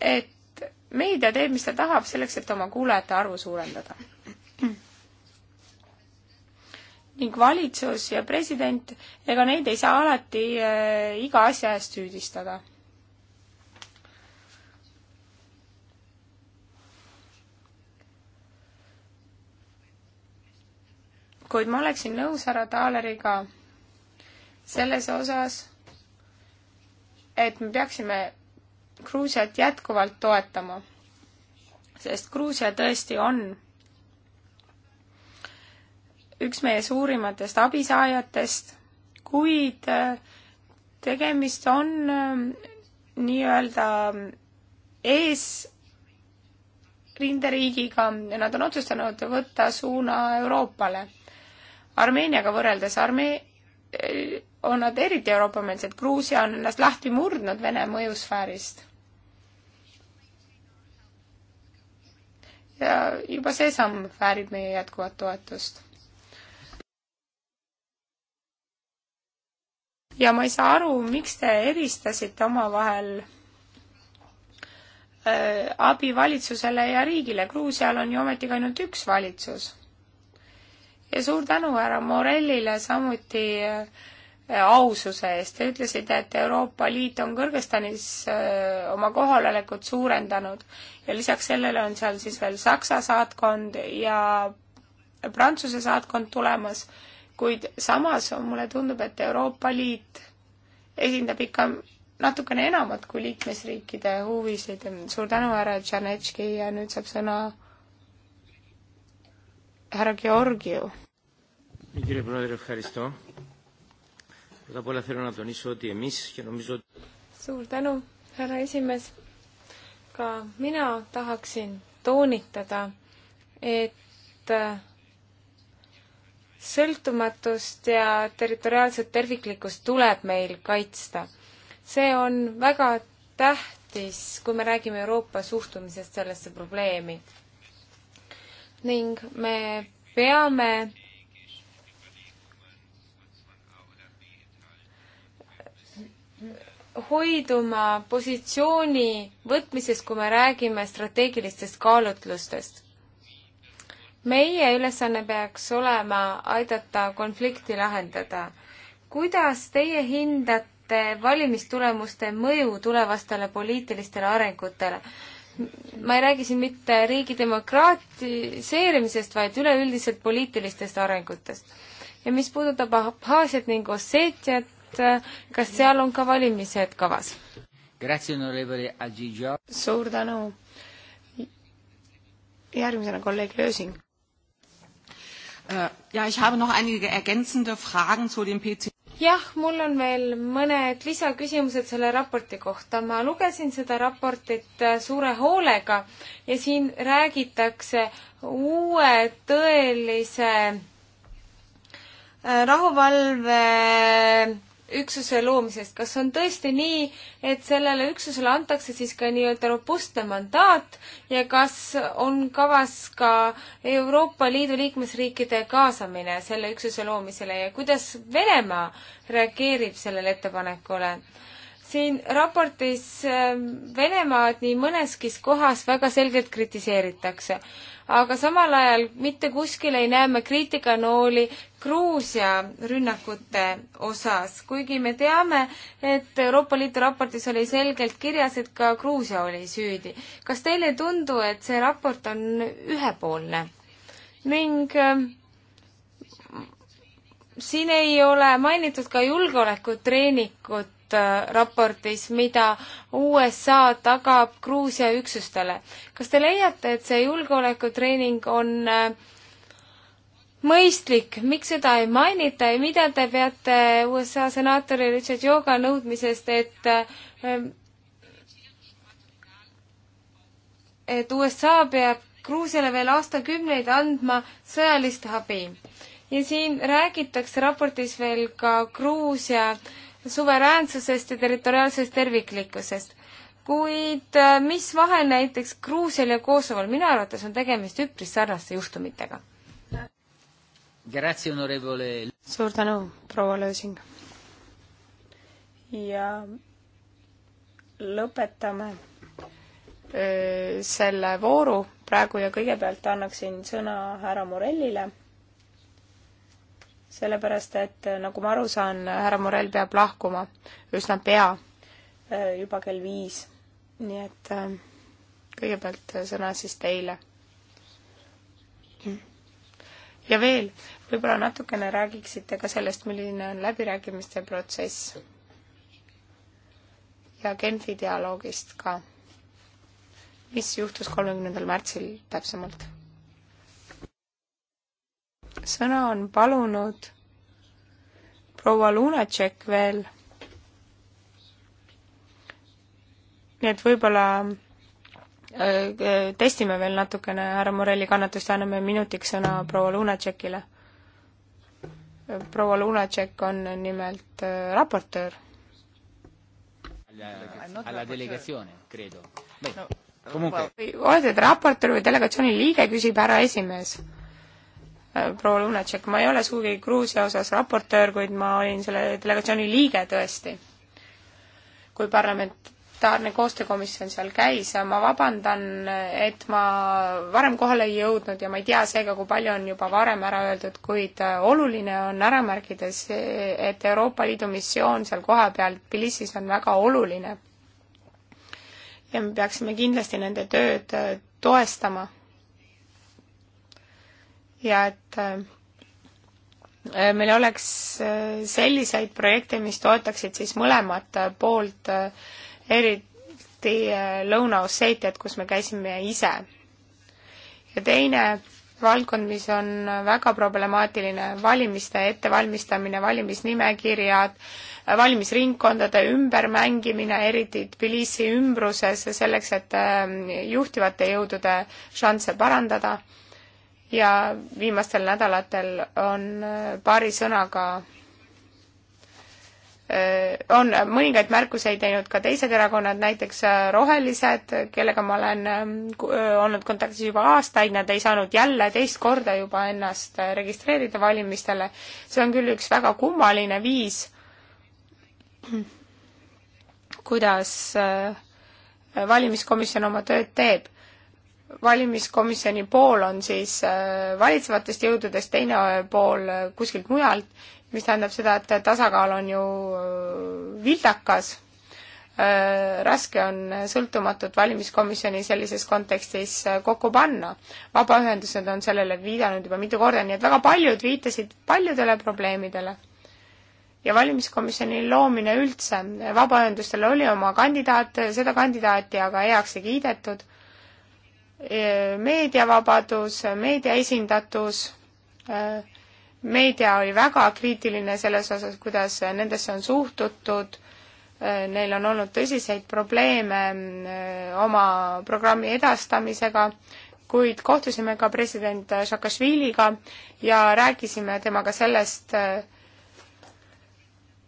et meedia teeb, mis ta tahab, selleks, et oma kuulajate arvu suurendada. ning valitsus ja president, ega neid ei saa alati äh, iga asja eest süüdistada kuid ma oleksin nõus härra Taaleriga selles osas, et me peaksime Gruusiat jätkuvalt toetama, sest Gruusia tõesti on üks meie suurimatest abisaajatest, kuid äh, tegemist on äh, nii-öelda äh, eesrinderiigiga, nad on otsustanud võtta suuna Euroopale Armeeniaga võrreldes armee eh, on nad eriti euroopameelsed, Gruusia on ennast lahti murdnud Vene mõjusfäärist. ja juba see samm väärib meie jätkuvat toetust. ja ma ei saa aru, miks te eristasite omavahel eh, abi valitsusele ja riigile, Gruusial on ju ometigi ainult üks valitsus ja suur tänu härra Morellile samuti äh, aususe eest. Te ütlesite, et Euroopa Liit on Kõrgõzstanis äh, oma kohalolekut suurendanud ja lisaks sellele on seal siis veel Saksa saatkond ja Prantsuse saatkond tulemas, kuid samas on, mulle tundub, et Euroopa Liit esindab ikka natukene enamat kui liikmesriikide huvisid. suur tänu, härra Tšernetški ja nüüd saab sõna härra Georgiev Κύριε Πρόεδρε, ευχαριστώ. Πρώτα απ' όλα θέλω να τονίσω ότι εμείς και νομίζω... Suur tänu, härra esimees. Ka mina tahaksin toonitada, et äh, sõltumatust ja territoriaalset terviklikkust tuleb meil kaitsta. see on väga tähtis, kui me räägime Euroopa suhtumisest sellesse probleemi. ning me peame hoiduma positsiooni võtmisest, kui me räägime strateegilistest kaalutlustest. meie ülesanne peaks olema aidata konflikti lahendada. kuidas teie hindate valimistulemuste mõju tulevastele poliitilistele arengutele? ma ei räägi siin mitte riigi demokraatiseerimisest, vaid üleüldiselt poliitilistest arengutest. ja mis puudutab Abhaasiat ning Osseetiat, et eh, kas seal on ka valimised kavas? suur tänu. järgmisena kolleeg Lösing. Äh, ja, ich habe noch einige ergänzende Fragen zu dem PC jah, mul on veel mõned lisaküsimused selle raporti kohta. ma lugesin seda raportit äh, suure hoolega ja siin räägitakse uue tõelise äh, rahuvalve üksuse loomisest. kas on tõesti nii, et sellele üksusele antakse siis ka nii-öelda robustne mandaat ja kas on kavas ka Euroopa Liidu liikmesriikide kaasamine selle üksuse loomisele ja kuidas Venemaa reageerib sellele ettepanekule? siin raportis äh, Venemaad nii mõneski kohas väga selgelt kritiseeritakse, aga samal ajal mitte kuskil ei näe me kriitikanooli Gruusia rünnakute osas, kuigi me teame, et Euroopa Liidu raportis oli selgelt kirjas, et ka Gruusia oli süüdi. kas teile ei tundu, et see raport on ühepoolne ning äh, siin ei ole mainitud ka julgeolekutreenikut, Äh, raportis, mida USA tagab Gruusia üksustele. kas te leiate, et see julgeolekutreening on äh, mõistlik, miks seda ei mainita ja mida te peate USA senaatori Richard Yoga nõudmisest, et äh, et USA peab Gruusiale veel aastakümneid andma sõjalist abi. ja siin räägitakse raportis veel ka Gruusia äh, suveräänsusest ja territoriaalsest terviklikkusest. kuid äh, mis vahe näiteks Gruusial ja Kosovol, minu arvates on tegemist üpris sarnaste juhtumitega. suur tänu, proua Lösing. ja lõpetame öö, äh, selle vooru praegu ja kõigepealt annaksin sõna härra Morellile sellepärast et äh, nagu ma aru saan, härra Morell peab lahkuma üsna pea, äh, juba kell viis. nii et äh, kõigepealt sõna siis teile. ja veel, võib-olla natukene räägiksite ka sellest, milline on läbirääkimiste protsess ja Genfi dialoogist ka. mis juhtus kolmekümnendal märtsil täpsemalt? sõna on palunud proua Lunatšek veel. nii et võib-olla äh, äh, testime veel natukene härra Morelli kannatust ja anname minutiks sõna proua Lunatšekile. proua Lunatšek on nimelt äh, raportöör. olete te raportöör või delegatsiooni liige, küsib härra esimees Äh, proua Lunatšek, ma ei ole sugugi Gruusia osas raportöör, kuid ma olin selle delegatsiooni liige tõesti. kui parlamentaarne koostöökomisjon seal käis, ma vabandan, et ma varem kohale ei jõudnud ja ma ei tea seega, kui palju on juba varem ära öeldud, kuid äh, oluline on ära märkida see, et Euroopa Liidu missioon seal kohapeal Tbilisis on väga oluline. ja me peaksime kindlasti nende tööd äh, toestama ja et äh, meil oleks äh, selliseid projekte, mis toetaksid siis mõlemat poolt, äh, eriti Lõuna-Osseetiat, kus me käisime ise. ja teine valdkond, mis on väga problemaatiline, valimiste ettevalmistamine, valimisnimekirjad, valimisringkondade ümbermängimine, eriti Tbilisi ümbruses, selleks, et juhtivate jõudude šansse parandada ja viimastel nädalatel on äh, paari sõnaga äh, on mõningaid märkuseid teinud ka teised erakonnad, näiteks äh, Rohelised, kellega ma olen ähm, olnud kontaktis juba aastaid, nad ei saanud jälle teist korda juba ennast registreerida valimistele. see on küll üks väga kummaline viis, kuidas valimiskomisjon oma tööd teeb valimiskomisjoni pool on siis äh, valitsevatest jõududest, teine pool äh, kuskilt mujalt, mis tähendab seda, et tasakaal on ju äh, vildakas. raske on sõltumatut valimiskomisjoni sellises kontekstis kokku panna. vabaühendused on sellele viidanud juba mitu korda, nii et väga paljud viitasid paljudele probleemidele ja valimiskomisjoni loomine üldse, vabaühendustel oli oma kandidaat, seda kandidaati aga heaks ei kiidetud meediavabadus, meedia esindatus, meedia oli väga kriitiline selles osas, kuidas nendesse on suhtutud, neil on olnud tõsiseid probleeme eh, oma programmi edastamisega, kuid kohtusime ka president Saakašviliga ja rääkisime temaga sellest, eh,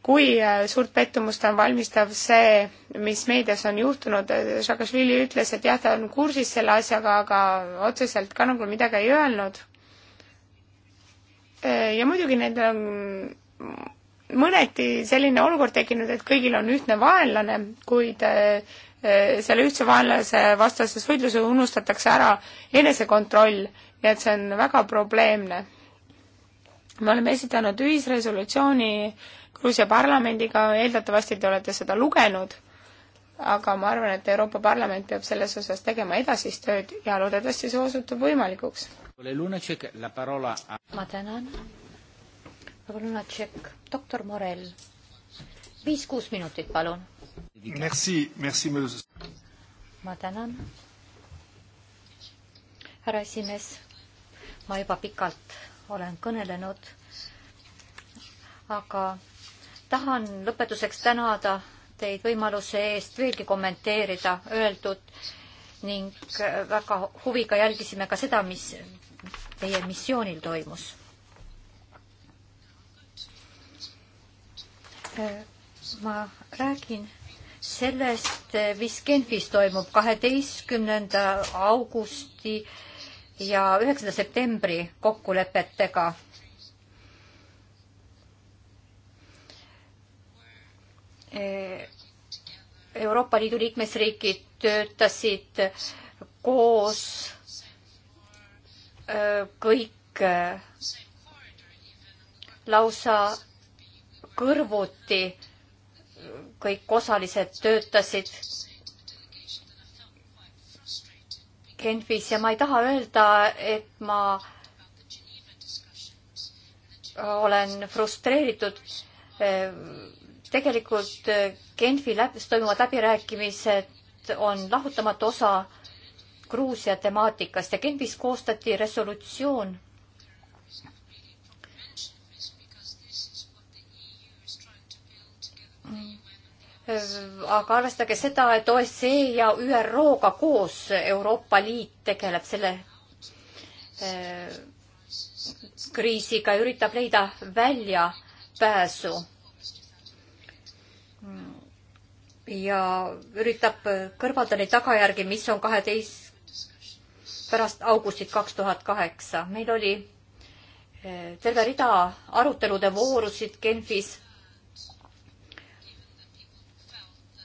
kui äh, suurt pettumust on valmistav see, mis meedias on juhtunud, Saakašvili ütles, et jah, ta on kursis selle asjaga, aga otseselt ka nagu midagi ei öelnud. Äh, ja muidugi nendel on mõneti selline olukord tekkinud, et kõigil on ühtne vaenlane, kuid äh, selle ühtse vaenlase vastases võidluses unustatakse ära enesekontroll, nii et see on väga probleemne. me oleme esitanud ühisresolutsiooni äh, Gruusia parlamendiga, eeldatavasti te olete seda lugenud, aga ma arvan, et Euroopa Parlament peab selles osas tegema edasist tööd ja loodetavasti see osutub võimalikuks. ma tänan. proua Lunatšek, doktor Morell, viis-kuus minutit, palun. Merci, merci, ma tänan. härra esimees, ma juba pikalt olen kõnelenud, aga tahan lõpetuseks tänada teid võimaluse eest veelgi kommenteerida öeldut ning väga huviga jälgisime ka seda, mis teie missioonil toimus. ma räägin sellest, mis Genfis toimub kaheteistkümnenda augusti ja üheksanda septembri kokkulepetega Euroopa Liidu liikmesriigid töötasid koos äh, kõik äh, lausa kõrvuti, kõik osalised töötasid Genfis ja ma ei taha öelda, et ma olen frustreeritud äh, tegelikult äh, Genfi läbis toimuvad läbirääkimised on lahutamatu osa Gruusia temaatikast ja Genfis koostati resolutsioon, aga arvestage seda, et OSCE ja ÜRO-ga koos Euroopa Liit tegeleb selle äh, kriisiga ja üritab leida väljapääsu ja üritab kõrvalda neid tagajärgi, mis on kaheteist, pärast augustit kaks tuhat kaheksa. meil oli eh, terve rida arutelude voorusid Genfis.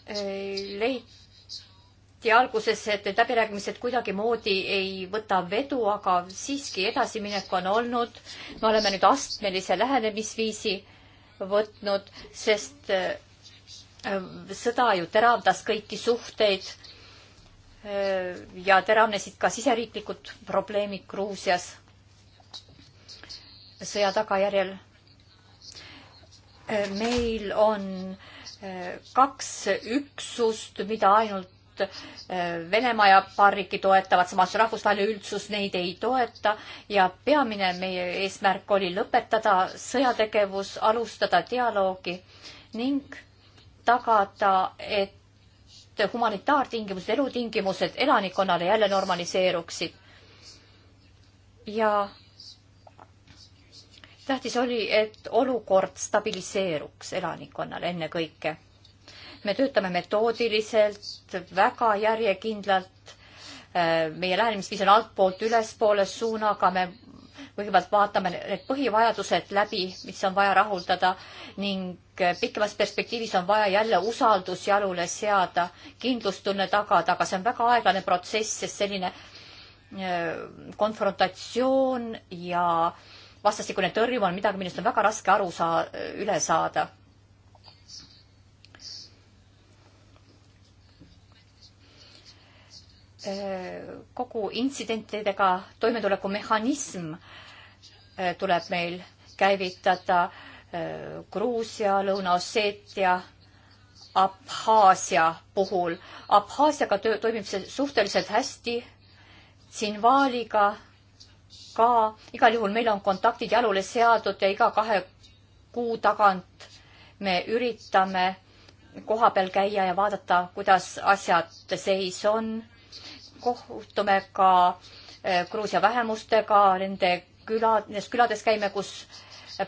Eh, leiti alguses, et need läbirääkimised kuidagimoodi ei võta vedu, aga siiski edasimineku on olnud. me oleme nüüd astmelise lähenemisviisi võtnud, sest eh, Äh, sõda ju teravdas kõiki suhteid äh, ja teravnesid ka siseriiklikud probleemid Gruusias sõja tagajärjel. Äh, meil on kaks üksust, mida ainult Venemaa ja Barriki toetavad, samas rahvusvaheline üldsus neid ei toeta ja peamine meie eesmärk oli lõpetada sõjategevus, alustada dialoogi ning tagada, et humanitaartingimused, elutingimused elanikkonnale jälle normaliseeruksid. ja tähtis oli, et olukord stabiliseeruks elanikkonnale ennekõike. me töötame metoodiliselt, väga järjekindlalt meie lähenemisviis on altpoolt ülespoole suunaga, me kõigepealt vaatame need põhivajadused läbi, mis on vaja rahuldada ning pikemas perspektiivis on vaja jälle usaldus jalule seada, kindlustunne tagada, aga see on väga aeglane protsess, sest selline äh, konfrontatsioon ja vastastikune tõrjum on midagi, millest on väga raske aru saa-, üle saada äh, kogu intsidentidega toimetuleku mehhanism tuleb meil käivitada äh, Gruusia, Lõuna-Osseetia, Abhaasia puhul. Abhaasiaga töö toimib see suhteliselt hästi, Tsinvaaliga ka, igal juhul meil on kontaktid jalule seadnud ja iga kahe kuu tagant me üritame koha peal käia ja vaadata, kuidas asjad seis on. kohtume ka äh, Gruusia vähemustega, nende külades, külades käime, kus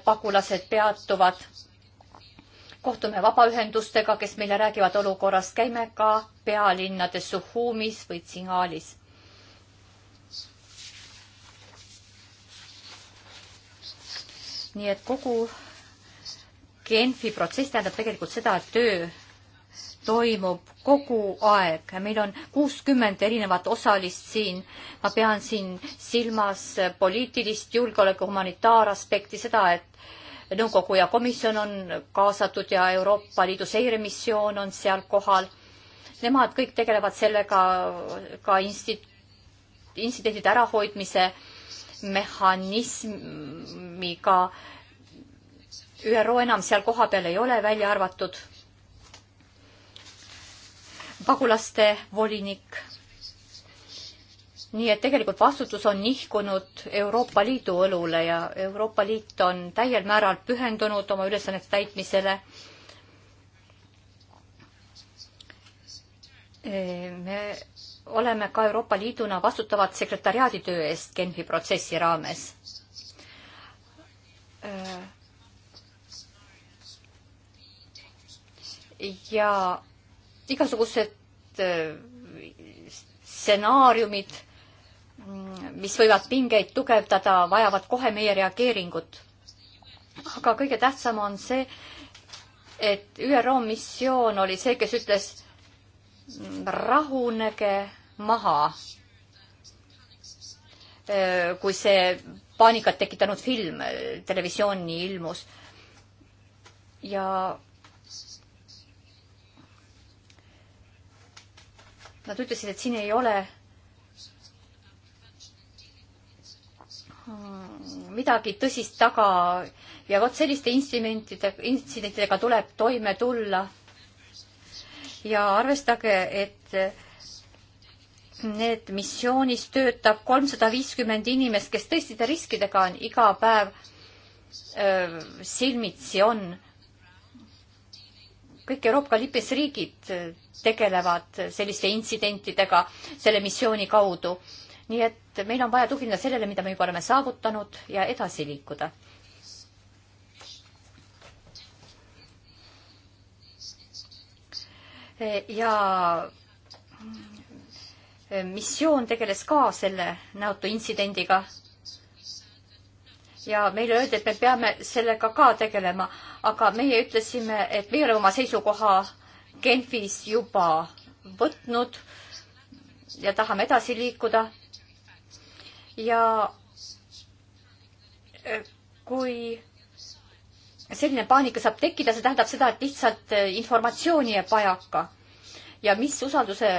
pagulased peatuvad. kohtume vabaühendustega, kes meile räägivad olukorrast, käime ka pealinnades Suhumis või Tsingalis. nii et kogu Genfi protsess tähendab tegelikult seda, et töö toimub kogu aeg. meil on kuuskümmend erinevat osalist siin. ma pean siin silmas poliitilist julgeoleku humanitaaraspekti, seda, et nõukogu ja komisjon on kaasatud ja Euroopa Liidu seiremissioon on seal kohal. Nemad kõik tegelevad sellega ka insti-, intsidentide ärahoidmise mehhanismiga. ÜRO enam seal kohapeal ei ole, välja arvatud pagulaste volinik. nii et tegelikult vastutus on nihkunud Euroopa Liidu õlule ja Euroopa Liit on täiel määral pühendunud oma ülesannete täitmisele. me oleme ka Euroopa Liiduna vastutavad sekretariaadi töö eest Genfi protsessi raames äh, ja igasugused äh, stsenaariumid, mm, mis võivad pingeid tugevdada, vajavad kohe meie reageeringut. aga kõige tähtsam on see, et ÜRO missioon oli see, kes ütles mm, rahunege maha, äh, kui see paanikat tekitanud film äh, televisiooni ilmus. ja Nad ütlesid, et siin ei ole hm, midagi tõsist taga ja vot selliste instrumentide, intsidentidega tuleb toime tulla. ja arvestage, et need missioonis töötab kolmsada viiskümmend inimest, kes tõesti riskidega on iga päev öö, silmitsi on kõik Euroopa liikmesriigid eh, tegelevad eh, selliste intsidentidega selle missiooni kaudu. nii et meil on vaja tugineda sellele, mida me juba oleme saavutanud ja edasi liikuda. Eh, ja missioon tegeles ka selle näotu intsidendiga ja meile öeldi, et me peame sellega ka tegelema, aga meie ütlesime, et meie oleme oma seisukoha Genfis juba võtnud ja tahame edasi liikuda. ja e, kui selline paanika saab tekkida, see tähendab seda, et lihtsalt e, informatsiooni jääb vajaka. ja mis usalduse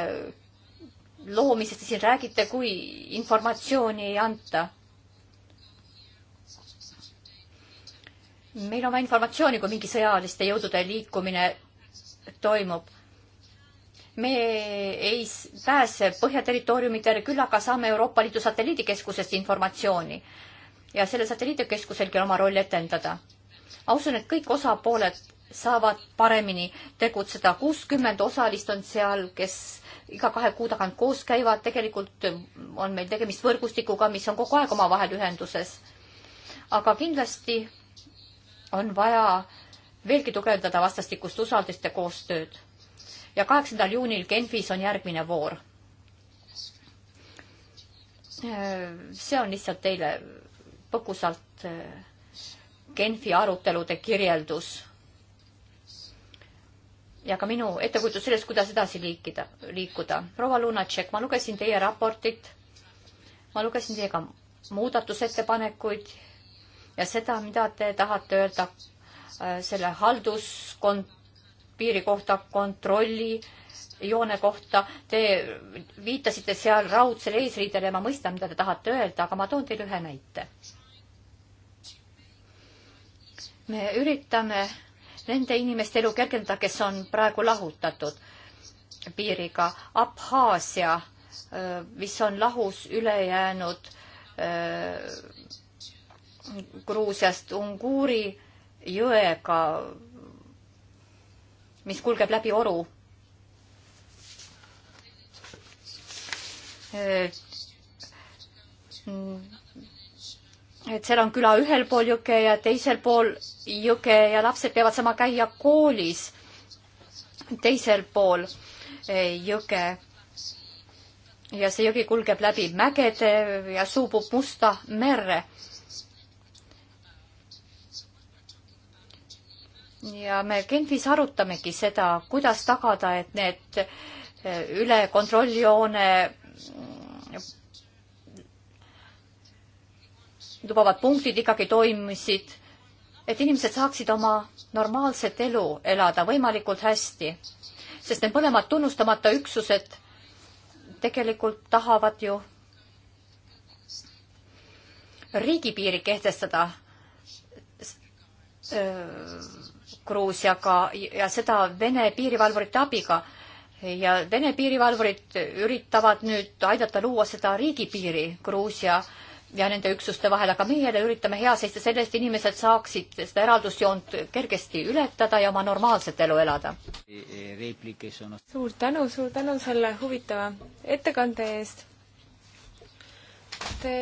loomisest te siin räägite, kui informatsiooni ei anta? meil on vaja informatsiooni, kui mingi sõjaliste jõudude liikumine toimub. me ei pääse Põhja territooriumidele, küll aga saame Euroopa Liidu satelliidikeskusest informatsiooni ja sellel satelliidikeskuselgi oma roll etendada. ma usun, et kõik osapooled saavad paremini tegutseda, kuuskümmend osalist on seal, kes iga kahe kuu tagant koos käivad, tegelikult on meil tegemist võrgustikuga, mis on kogu aeg omavahel ühenduses. aga kindlasti on vaja veelgi tugevdada vastastikust usaldust ja koostööd. ja kaheksandal juunil Genfis on järgmine voor. Äh, see on lihtsalt teile põgusalt äh, Genfi arutelude kirjeldus ja ka minu ettekujutus sellest, kuidas edasi liikida, liikuda. proua Lunatšek, ma lugesin teie raportit, ma lugesin teiega muudatusettepanekuid ja seda, mida te tahate öelda äh, selle halduskon-, piiri kohta, kontrolli joone kohta. Te viitasite seal raudsele eesriidele ja ma mõistan, mida te tahate öelda, aga ma toon teile ühe näite. me üritame nende inimeste elu kergendada, kes on praegu lahutatud piiriga. Abhaasia, äh, mis on lahus ülejäänud äh, Gruusiast Unguri jõega, mis kulgeb läbi Oru. et seal on küla ühel pool jõge ja teisel pool jõge ja lapsed peavad sama käia koolis teisel pool e, jõge ja see jõgi kulgeb läbi mägede ja suubub Musta merre. ja me Genfis arutamegi seda, kuidas tagada, et need eh, üle kontrolljoone mm, lubavad punktid ikkagi toimisid, et inimesed saaksid oma normaalset elu elada võimalikult hästi. sest need mõlemad tunnustamata üksused tegelikult tahavad ju riigipiiri kehtestada Gruusiaga ja seda Vene piirivalvurite abiga. ja Vene piirivalvurid üritavad nüüd aidata luua seda riigipiiri Gruusia ja nende üksuste vahel, aga meie jälle üritame hea seista selle eest, inimesed saaksid seda eraldusjoont kergesti ületada ja oma normaalset elu elada. suur tänu, suur tänu selle huvitava ettekande eest te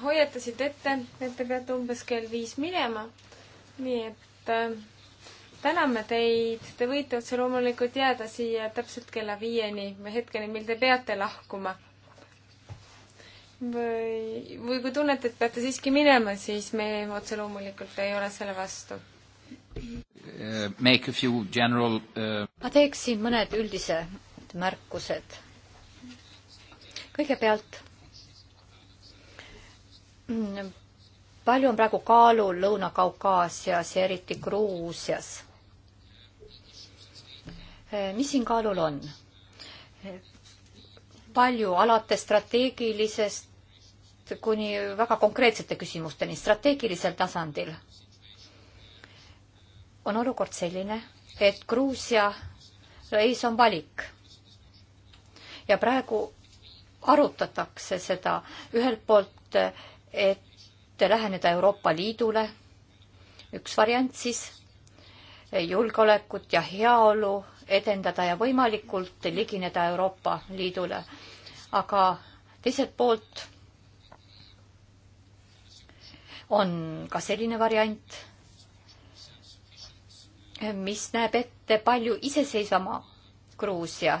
hoiatasite ette, et te peate umbes kell viis minema. nii et äh, täname teid, te võite otse loomulikult jääda siia täpselt kella viieni või hetkeni, mil te peate lahkuma. või, või kui tunnete, et peate siiski minema, siis me otse loomulikult ei ole selle vastu. Eh, make a few general uh... ma teeksin mõned üldised märkused. kõigepealt mm, palju on praegu kaalul Lõuna-Kaukaasias ja eriti Gruusias Eh, mis siin kaalul on? palju alates strateegilisest kuni väga konkreetsete küsimusteni strateegilisel tasandil on olukord selline, et Gruusia ees on valik. ja praegu arutatakse seda ühelt poolt, et läheneda Euroopa Liidule, üks variant siis, julgeolekut ja heaolu edendada ja võimalikult ligineda Euroopa Liidule. aga teiselt poolt on ka selline variant, mis näeb ette palju iseseisvama Gruusia,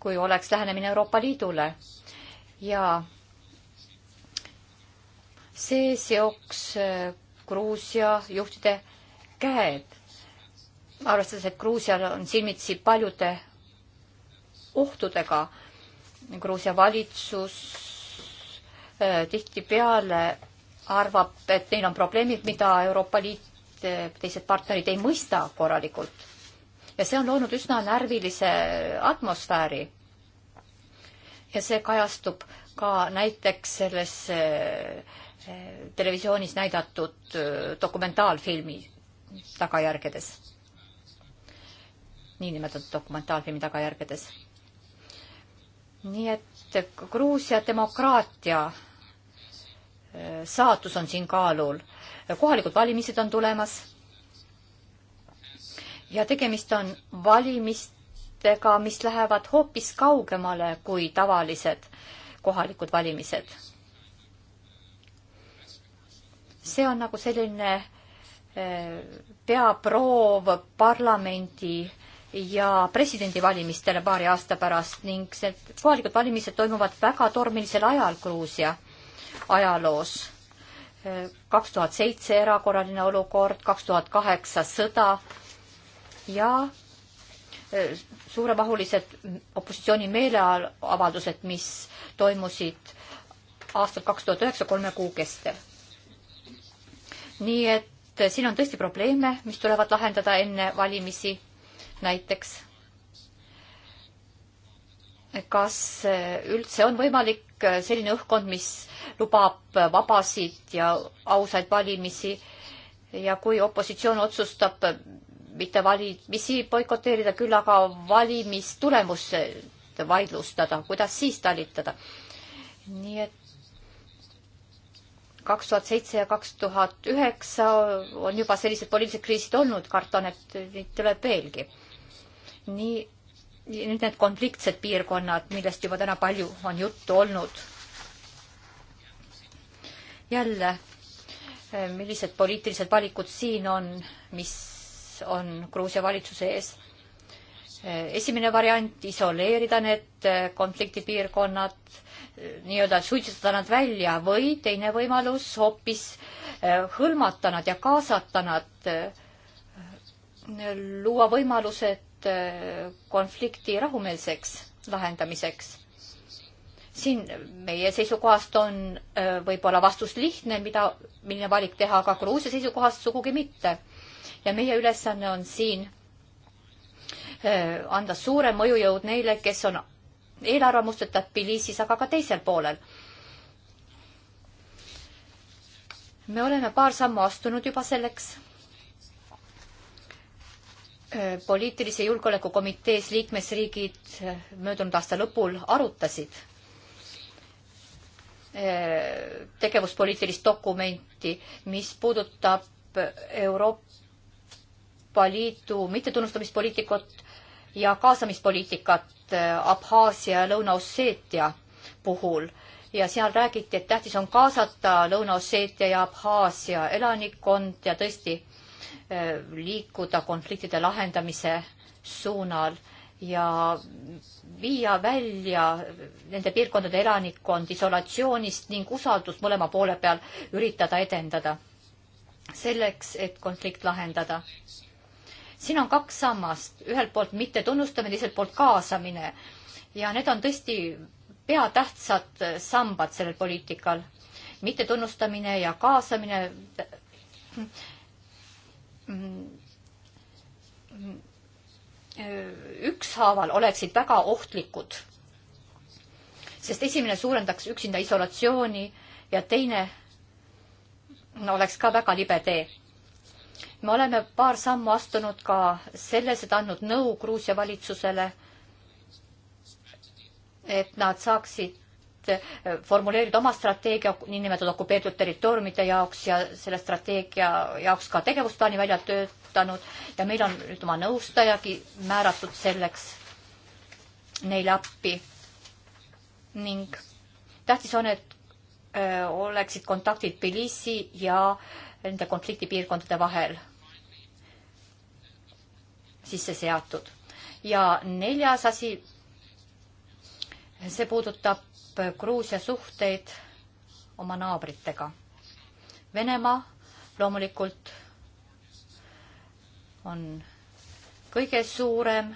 kui oleks lähenemine Euroopa Liidule ja see seoks Gruusia juhtide käed arvestades, et Gruusial on silmitsi paljude ohtudega. Gruusia valitsus äh, tihtipeale arvab, et neil on probleemid, mida Euroopa Liit, äh, teised partnerid ei mõista korralikult. ja see on loonud üsna närvilise atmosfääri. ja see kajastub ka näiteks selles äh, televisioonis näidatud dokumentaalfilmi tagajärgedes niinimetatud dokumentaalfilmi tagajärgedes. nii et Gruusia demokraatia äh, saatus on siin kaalul. kohalikud valimised on tulemas ja tegemist on valimistega, mis lähevad hoopis kaugemale kui tavalised kohalikud valimised. see on nagu selline äh, peaproov parlamendi äh, ja presidendivalimistele paari aasta pärast ning see, kohalikud valimised toimuvad väga tormilisel ajal Gruusia ajaloos. kaks tuhat seitse erakorraline olukord, kaks tuhat kaheksa sõda ja e, suuremahulised opositsiooni meeleavaldused, mis toimusid aastal kaks tuhat üheksa kolme kuu kestel. nii et siin on tõesti probleeme, mis tulevad lahendada enne valimisi näiteks. kas üldse on võimalik selline õhkkond, mis lubab vabasid ja ausaid valimisi ja kui opositsioon otsustab mitte valimisi boikoteerida, küll aga valimistulemust vaidlustada, kuidas siis talitada? nii et kaks tuhat seitse ja kaks tuhat üheksa on juba sellised poliitilised kriisid olnud, kardan, et neid tuleb veelgi nii, nüüd need konfliktsed piirkonnad, millest juba täna palju on juttu olnud. jälle, eh, millised poliitilised valikud siin on, mis on Gruusia valitsuse ees? Eh, esimene variant, isoleerida need eh, konfliktipiirkonnad, nii-öelda suitsetada nad välja või teine võimalus hoopis hõlmata nad ja kaasata nad, luua võimalused Äh, konflikti rahumeelseks lahendamiseks. siin meie seisukohast on äh, võib-olla vastus lihtne, mida, milline valik teha, aga Gruusia seisukohast sugugi mitte. ja meie ülesanne on siin äh, anda suurem mõjujõud neile, kes on eelarvamusteta Tbilisis, aga ka teisel poolel. me oleme paar sammu astunud juba selleks Äh, poliitilise julgeolekukomitees liikmesriigid äh, möödunud aasta lõpul arutasid äh, tegevuspoliitilist dokumenti, mis puudutab Euroopa Liidu mittetunnustamispoliitikat ja kaasamispoliitikat Abhaasia ja Lõuna-Osseetia puhul. ja seal räägiti, et tähtis on kaasata Lõuna-Osseetia ja Abhaasia elanikkond ja tõesti, Äh, liikuda konfliktide lahendamise suunal ja viia välja nende piirkondade elanikkond isolatsioonist ning usaldust mõlema poole peal üritada edendada. selleks, et konflikt lahendada. siin on kaks sammast, ühelt poolt mittetunnustamine, teiselt poolt kaasamine ja need on tõesti peatähtsad sambad sellel poliitikal. mittetunnustamine ja kaasamine Mm. ükshaaval oleksid väga ohtlikud. sest esimene suurendaks üksinda isolatsiooni ja teine no, oleks ka väga libe tee. me oleme paar sammu astunud ka selles, et andnud nõu Gruusia valitsusele, et nad saaksid Eh, formuleerida oma strateegia niinimetatud okupeeritud territooriumide jaoks ja selle strateegia jaoks ka tegevusplaani välja töötanud ja meil on nüüd oma nõustajagi määratud selleks neile appi. ning tähtis on, et öö, eh, oleksid kontaktid Tbilisi ja nende konfliktipiirkondade vahel sisse seatud. ja neljas asi see puudutab Gruusia suhteid oma naabritega. Venemaa loomulikult on kõige suurem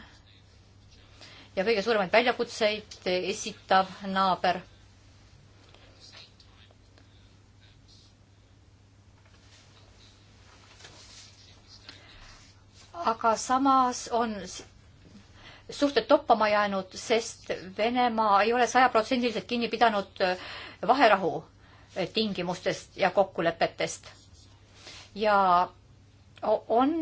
ja kõige suuremaid väljakutseid esitav naaber. aga samas on suhted toppama jäänud, sest Venemaa ei ole sajaprotsendiliselt kinni pidanud äh, vaherahu äh, tingimustest ja kokkulepetest. ja on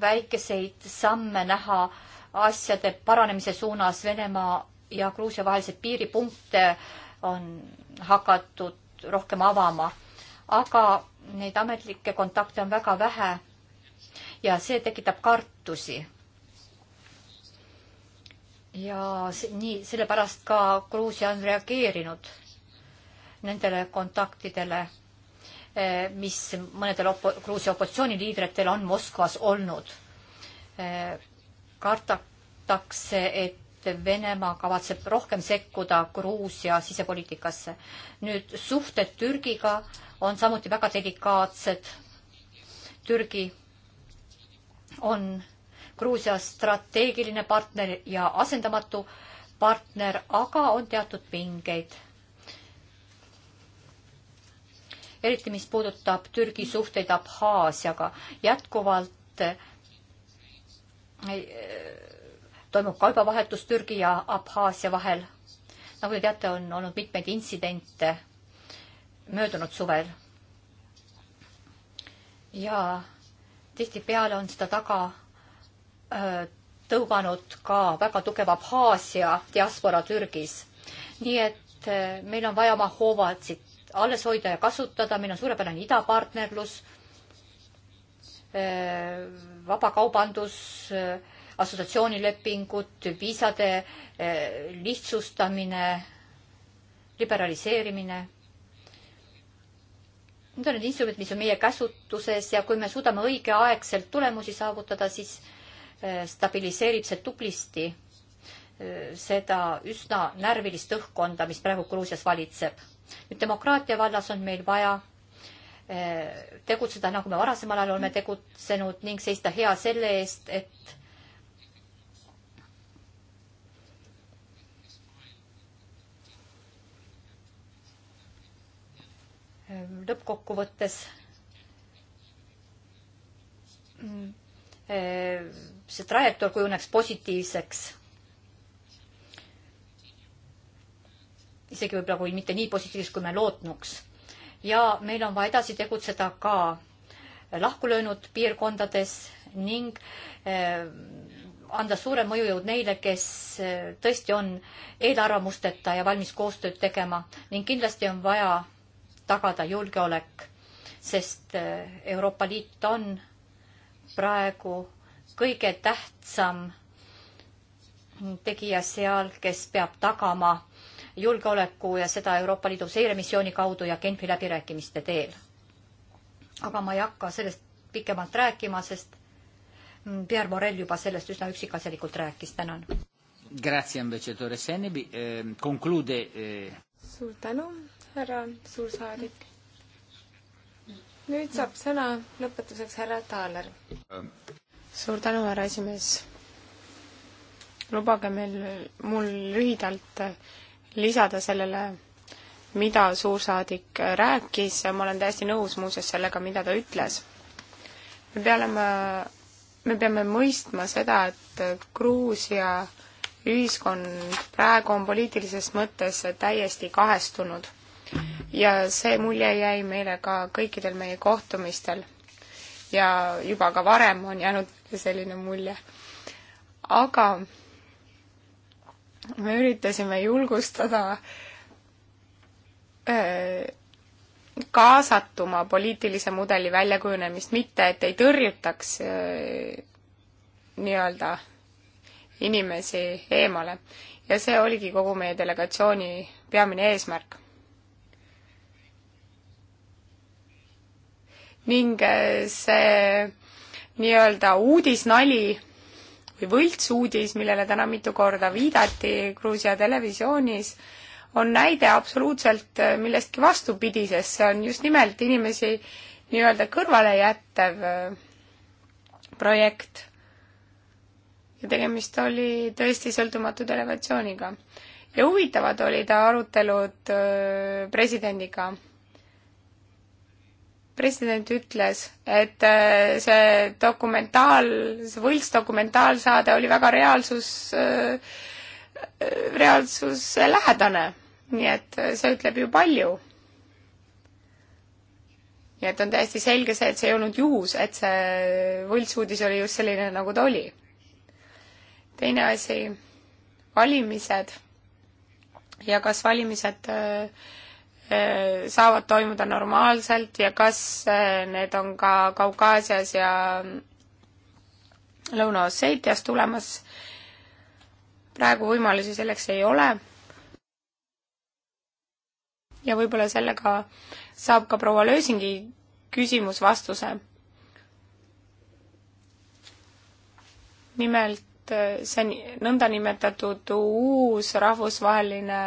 väikeseid samme näha asjade paranemise suunas Venemaa ja Gruusia vahelised piiripunkte on hakatud rohkem avama, aga neid ametlikke kontakte on väga vähe. ja see tekitab kartusi ja nii sellepärast ka Gruusia on reageerinud nendele kontaktidele, eh, mis mõnedel opo-, Gruusia opositsiooniliidritel on Moskvas olnud. Eh, kardetakse, et Venemaa kavatseb rohkem sekkuda Gruusia sisepoliitikasse. nüüd suhted Türgiga on samuti väga delikaatsed. Türgi on Gruusia strateegiline partner ja asendamatu partner, aga on teatud pingeid. eriti, mis puudutab Türgi suhteid Abhaasiaga, jätkuvalt äh, toimub kaubavahetus Türgi ja Abhaasia vahel. nagu te teate, on olnud mitmeid intsidente möödunud suvel. ja tihtipeale on seda taga tõuganud ka väga tugev Abhaasia diaspora Türgis. nii et äh, meil on vaja oma hoovasid alles hoida ja kasutada, meil on suurepärane idapartnerlus, äh, vabakaubandus, äh, assotsiatsioonilepingud, viisade lihtsustamine, liberaliseerimine. Need on need instrumendid, mis on meie käsutuses ja kui me suudame õigeaegselt tulemusi saavutada, siis stabiliseerib see tublisti seda üsna närvilist õhkkonda, mis praegu Gruusias valitseb. nüüd demokraatia vallas on meil vaja eh, tegutseda, nagu me varasemal ajal oleme tegutsenud ning seista hea selle eest, et lõppkokkuvõttes see trajektoor kujuneks positiivseks. isegi võib-olla kui mitte nii positiivseks, kui me lootnuks. ja meil on vaja edasi tegutseda ka lahkulöönud piirkondades ning eh, anda suurem mõjujõud neile, kes eh, tõesti on eelarvamusteta ja valmis koostööd tegema ning kindlasti on vaja tagada julgeolek, sest eh, Euroopa Liit on praegu kõige tähtsam tegija seal, kes peab tagama julgeoleku ja seda Euroopa Liidu seiremissiooni kaudu ja Genfi läbirääkimiste teel. aga ma ei hakka sellest pikemalt rääkima, sest Pierre Morel juba sellest üsna üksikasjalikult rääkis, tänan. Ehm, eh, suur tänu, härra suursaadik nüüd saab sõna lõpetuseks härra Taaler. Ähm. suur tänu, härra esimees. lubage meil, mul lühidalt lisada sellele, mida suursaadik rääkis, ma olen täiesti nõus muuseas sellega, mida ta ütles. me peame, me peame mõistma seda, et Gruusia ühiskond praegu on poliitilises mõttes täiesti kahestunud ja see mulje jäi meile ka kõikidel meie kohtumistel. ja juba ka varem on jäänud selline mulje. aga me üritasime julgustada äh, kaasatuma poliitilise mudeli väljakujunemist, mitte et ei tõrjutaks äh, nii-öelda inimesi eemale. ja see oligi kogu meie delegatsiooni peamine eesmärk ning äh, see nii-öelda uudisnali või võltsuudis, millele täna mitu korda viidati Gruusia televisioonis, on näide absoluutselt äh, millestki vastupidisest, see on just nimelt inimesi nii-öelda kõrvale jättev äh, projekt. ja tegemist oli tõesti sõltumatu delegatsiooniga. ja huvitavad olid arutelud presidendiga president ütles, et äh, see dokumentaal, see võltsdokumentaalsaade oli väga reaalsus, äh, äh, reaalsuslähedane. nii et see ütleb ju palju. nii et on täiesti selge see, et see ei olnud juhus, et see võltsuudis oli just selline, nagu ta oli. teine asi, valimised ja kas valimised äh, Äh, saavad toimuda normaalselt ja kas äh, need on ka Kaukaasias ja mm, Lõuna-Osseetias tulemas. praegu võimalusi selleks ei ole. ja võib-olla sellega saab ka proua Lösingi küsimus vastuse. nimelt äh, see nõndanimetatud uus rahvusvaheline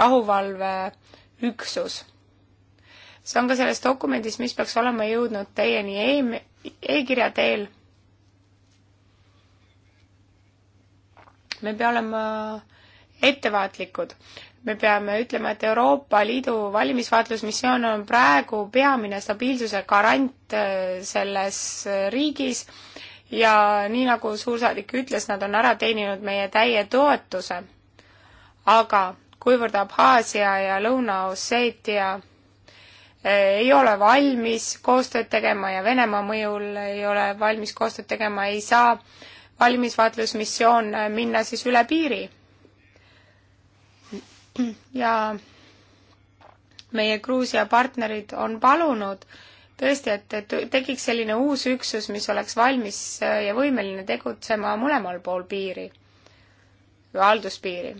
rahuvalve üksus. see on ka selles dokumendis, mis peaks olema jõudnud teieni e-, e-kirja e, e -kirja teel. me peame olema ettevaatlikud. me peame ütlema, et Euroopa Liidu valimisvaatlusmissioon on praegu peamine stabiilsuse garant äh, selles äh, riigis ja nii, nagu suursaadik ütles, nad on ära teeninud meie täie toetuse. aga kuivõrd Abhaasia ja Lõuna-Osseetia eh, ei ole valmis koostööd tegema ja Venemaa mõjul ei ole valmis koostööd tegema, ei saa valmisvaatlusmissioon eh, minna siis üle piiri. ja meie Gruusia partnerid on palunud tõesti, et tekiks selline uus üksus, mis oleks valmis eh, ja võimeline tegutsema mõlemal pool piiri, halduspiiri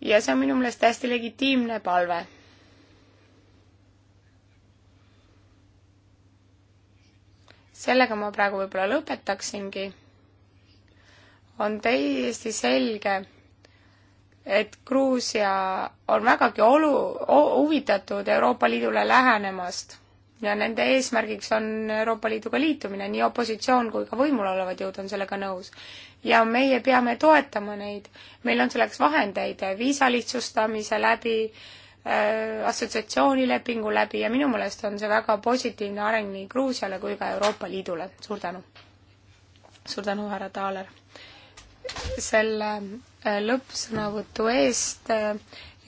ja see on minu meelest täiesti legitiimne palve. sellega ma praegu võib-olla lõpetaksingi. on täiesti selge, et Gruusia on vägagi olu-, huvitatud Euroopa Liidule lähenemast ja nende eesmärgiks on Euroopa Liiduga liitumine, nii opositsioon kui ka võimul olevad jõud on sellega nõus ja meie peame toetama neid. meil on selleks vahendeid viisa lihtsustamise läbi, äh, assotsiatsioonilepingu läbi ja minu meelest on see väga positiivne areng nii Gruusiale kui ka Euroopa Liidule. suur tänu! suur tänu, härra Taaler, selle äh, lõppsõnavõtu eest äh,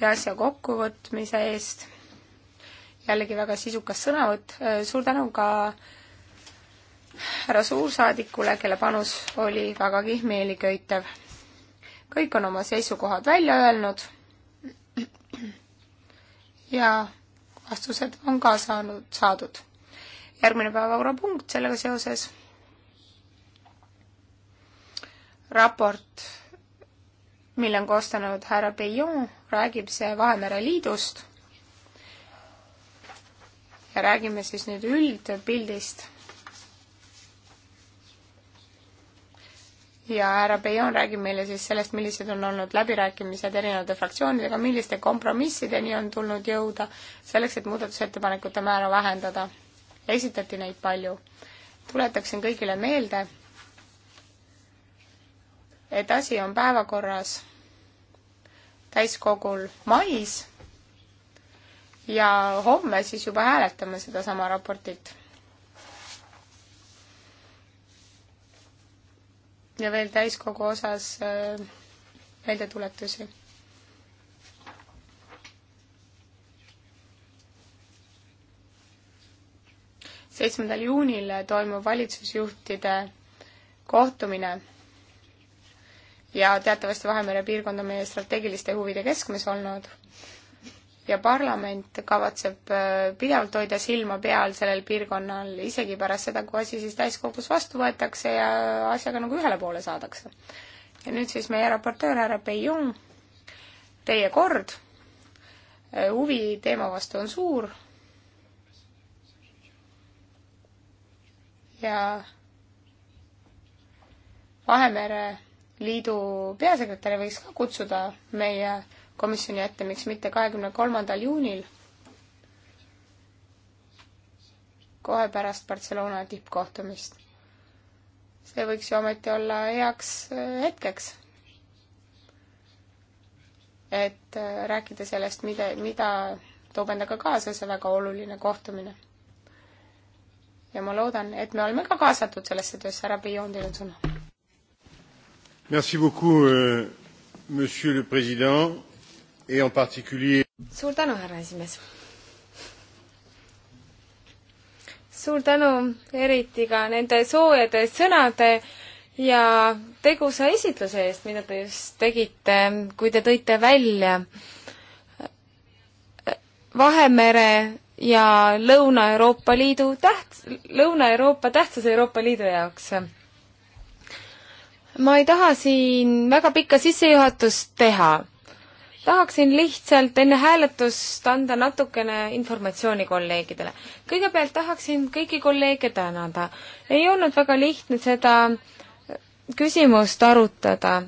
ja asja kokkuvõtmise eest. jällegi väga sisukas sõnavõtt, suur tänu ka äh, härra suursaadikule, kelle panus oli vägagi meeliköitev. kõik on oma seisukohad välja öelnud ja vastused on ka saanud, saadud. järgmine päevakorrapunkt sellega seoses. raport, mille on koostanud härra Peillon, räägib see Vahemere Liidust. ja räägime siis nüüd üldpildist ja härra Beion räägib meile siis sellest, millised on olnud läbirääkimised erinevate fraktsioonidega, milliste kompromissideni on tulnud jõuda selleks, et muudatusettepanekute määra vähendada. esitati neid palju. tuletaksin kõigile meelde, et asi on päevakorras täiskogul mais ja homme siis juba hääletame sedasama raportit ja veel täiskogu osas meeldetuletusi. Äh, seitsmendal juunil toimub valitsusjuhtide kohtumine ja teatavasti Vahemere piirkond on meie strateegiliste huvide keskmes olnud ja parlament kavatseb äh, pidevalt hoida silma peal sellel piirkonnal, isegi pärast seda, kui asi siis täiskogus vastu võetakse ja asjaga nagu ühele poole saadakse. ja nüüd siis meie raportöör härra Peijung, teie kord, äh, huvi teema vastu on suur ja Vahemere Liidu peasekretäri võiks ka kutsuda meie komisjoni ette, miks mitte kahekümne kolmandal juunil, kohe pärast Barcelona tippkohtumist. see võiks ju ometi olla heaks äh, hetkeks. et äh, rääkida sellest, mida, mida toob endaga kaasa see väga oluline kohtumine. ja ma loodan, et me oleme ka kaasatud sellesse töösse, härra Pion, teil on sõna. Merci beaucoup, euh, monsieur le president et en particulier suur tänu, härra esimees! suur tänu eriti ka nende soojade sõnade ja tegusa esitluse eest, mida te just tegite, kui te tõite välja Vahemere ja Lõuna-Euroopa Liidu täht-, Lõuna-Euroopa tähtsuse Euroopa Liidu jaoks. ma ei taha siin väga pikka sissejuhatust teha tahaksin lihtsalt enne hääletust anda natukene informatsiooni kolleegidele. kõigepealt tahaksin kõiki kolleege tänada. ei olnud väga lihtne seda küsimust arutada.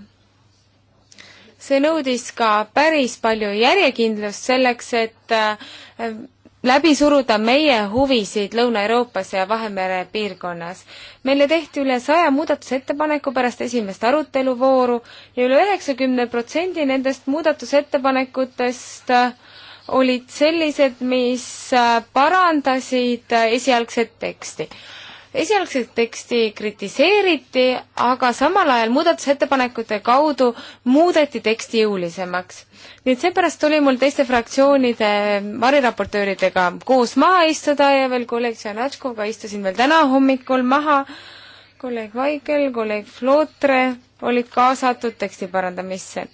see nõudis ka päris palju järjekindlust selleks, et äh, läbi suruda meie huvisid Lõuna-Euroopas ja Vahemere piirkonnas. meile tehti üle saja muudatusettepaneku pärast esimest aruteluvooru ja üle üheksakümne protsendi nendest muudatusettepanekutest olid sellised, mis parandasid esialgset teksti esialgset teksti kritiseeriti, aga samal ajal muudatusettepanekute kaudu muudeti teksti jõulisemaks. nii et seepärast tuli mul teiste fraktsioonide variraportööridega koos maha istuda ja veel kolleeg Tšernatškoga istusin veel täna hommikul maha, kolleeg Vaigel, kolleeg Flootre olid kaasatud teksti parandamisse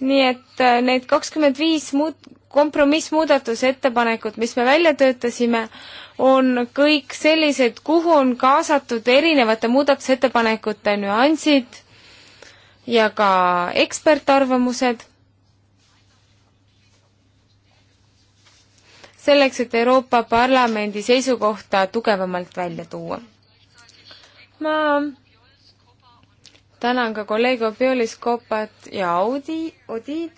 nii et äh, need kakskümmend viis muud, kompromissmuudatusettepanekut, mis me välja töötasime, on kõik sellised, kuhu on kaasatud erinevate muudatusettepanekute nüansid ja ka ekspertarvamused. selleks, et Euroopa Parlamendi seisukohta tugevamalt välja tuua. ma tänan ka kolleeg Obiolis Kopat ja Audi, Odid,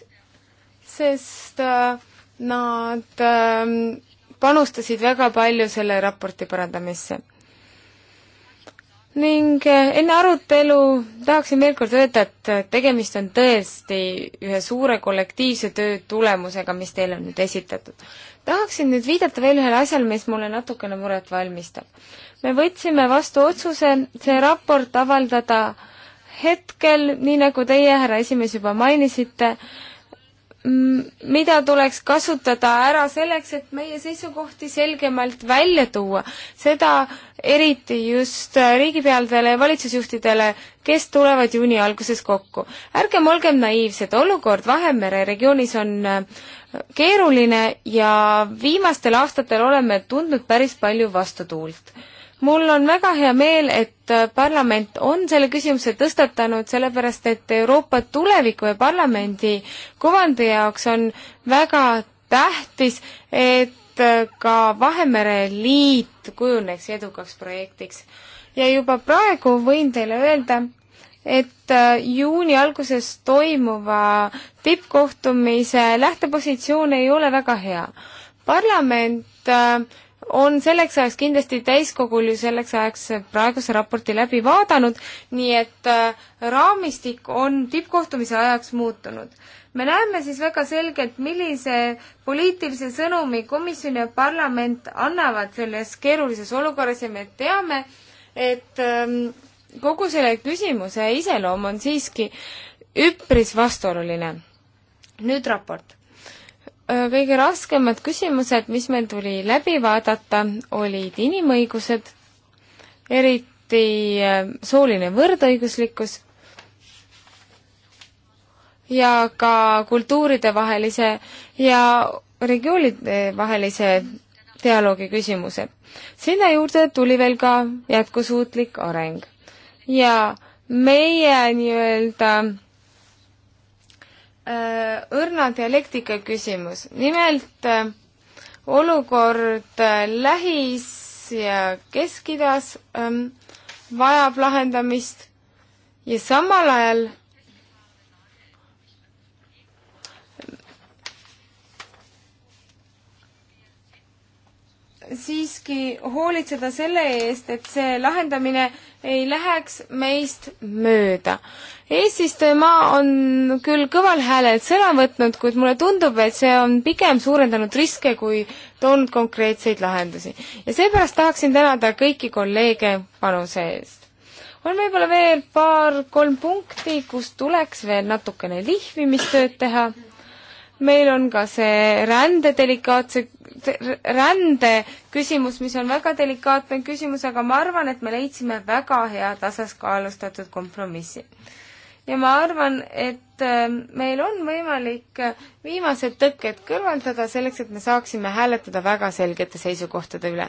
sest äh, nad äh, panustasid väga palju selle raporti parandamisse. ning eh, enne arutelu tahaksin veel kord öelda, et eh, tegemist on tõesti ühe suure kollektiivse töö tulemusega, mis teile on nüüd esitatud. tahaksin nüüd viidata veel ühele asjale, mis mulle natukene muret valmistab. me võtsime vastu otsuse see raport avaldada hetkel, nii nagu teie, härra esimees, juba mainisite, mida tuleks kasutada ära selleks, et meie seisukohti selgemalt välja tuua. seda eriti just riigipeadele ja valitsusjuhtidele, kes tulevad juuni alguses kokku. ärgem olgem naiivsed, olukord Vahemere regioonis on äh, keeruline ja viimastel aastatel oleme tundnud päris palju vastutuult mul on väga hea meel, et äh, parlament on selle küsimuse tõstatanud, sellepärast et Euroopa tuleviku ja parlamendi kuvandi jaoks on väga tähtis, et äh, ka Vahemere liit kujuneks edukaks projektiks. ja juba praegu võin teile öelda, et äh, juuni alguses toimuva tippkohtumise lähtepositsioon ei ole väga hea. parlament äh, on selleks ajaks kindlasti täiskogul ju selleks ajaks praeguse raporti läbi vaadanud, nii et äh, raamistik on tippkohtumise ajaks muutunud. me näeme siis väga selgelt, millise poliitilise sõnumi komisjon ja parlament annavad selles keerulises olukorras ja me teame, et ähm, kogu selle küsimuse iseloom on siiski üpris vastuoluline. nüüd raport kõige raskemad küsimused, mis meil tuli läbi vaadata, olid inimõigused, eriti sooline võrdõiguslikkus ja ka kultuuridevahelise ja regioonidevahelise dialoogi küsimused. sinna juurde tuli veel ka jätkusuutlik areng ja meie nii-öelda Äh, õrna dialektika küsimus. nimelt äh, olukord äh, Lähis ja Kesk-Idas ähm, vajab lahendamist ja samal ajal siiski hoolitseda selle eest, et see lahendamine ei läheks meist mööda eesistujamaa on küll kõval häälel sõna võtnud, kuid mulle tundub, et see on pigem suurendanud riske kui toonud konkreetseid lahendusi. ja seepärast tahaksin tänada kõiki kolleege panuse eest. on võib-olla veel paar-kolm punkti, kus tuleks veel natukene lihvimistööd teha. meil on ka see rände delikaatse, rände küsimus, mis on väga delikaatne küsimus, aga ma arvan, et me leidsime väga hea tasakaalustatud kompromissi ja ma arvan, et äh, meil on võimalik äh, viimased tõkked kõrvaldada selleks, et me saaksime hääletada väga selgete seisukohtade üle.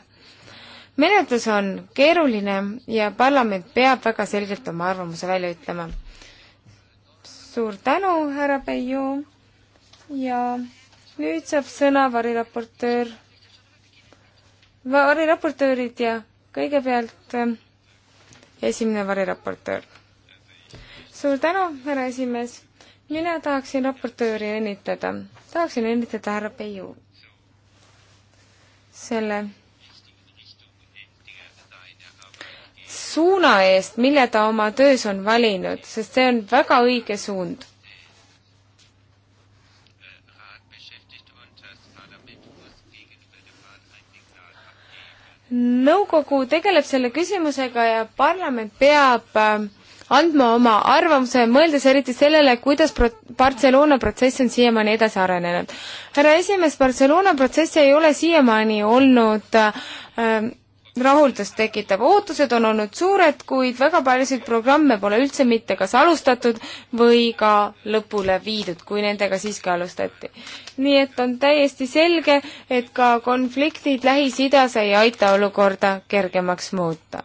menetlus on keeruline ja parlament peab väga selgelt oma arvamuse välja ütlema. suur tänu, härra Peiu ja nüüd saab sõna variraportöör, variraportöörid ja kõigepealt äh, esimene variraportöör suur tänu, härra esimees. mina tahaksin raportööri õnnitleda. tahaksin õnnitleda härra Peiu selle suuna eest, mille ta oma töös on valinud, sest see on väga õige suund. nõukogu tegeleb selle küsimusega ja parlament peab äh, andma oma arvamuse, mõeldes eriti sellele, kuidas pro-, Barcelona protsess on siiamaani edasi arenenud. härra esimees, Barcelona protsess ei ole siiamaani olnud äh, rahuldust tekitav, ootused on olnud suured, kuid väga paljusid programme pole üldse mitte kas alustatud või ka lõpule viidud, kui nendega siiski alustati. nii et on täiesti selge, et ka konfliktid Lähis-Idas ei aita olukorda kergemaks muuta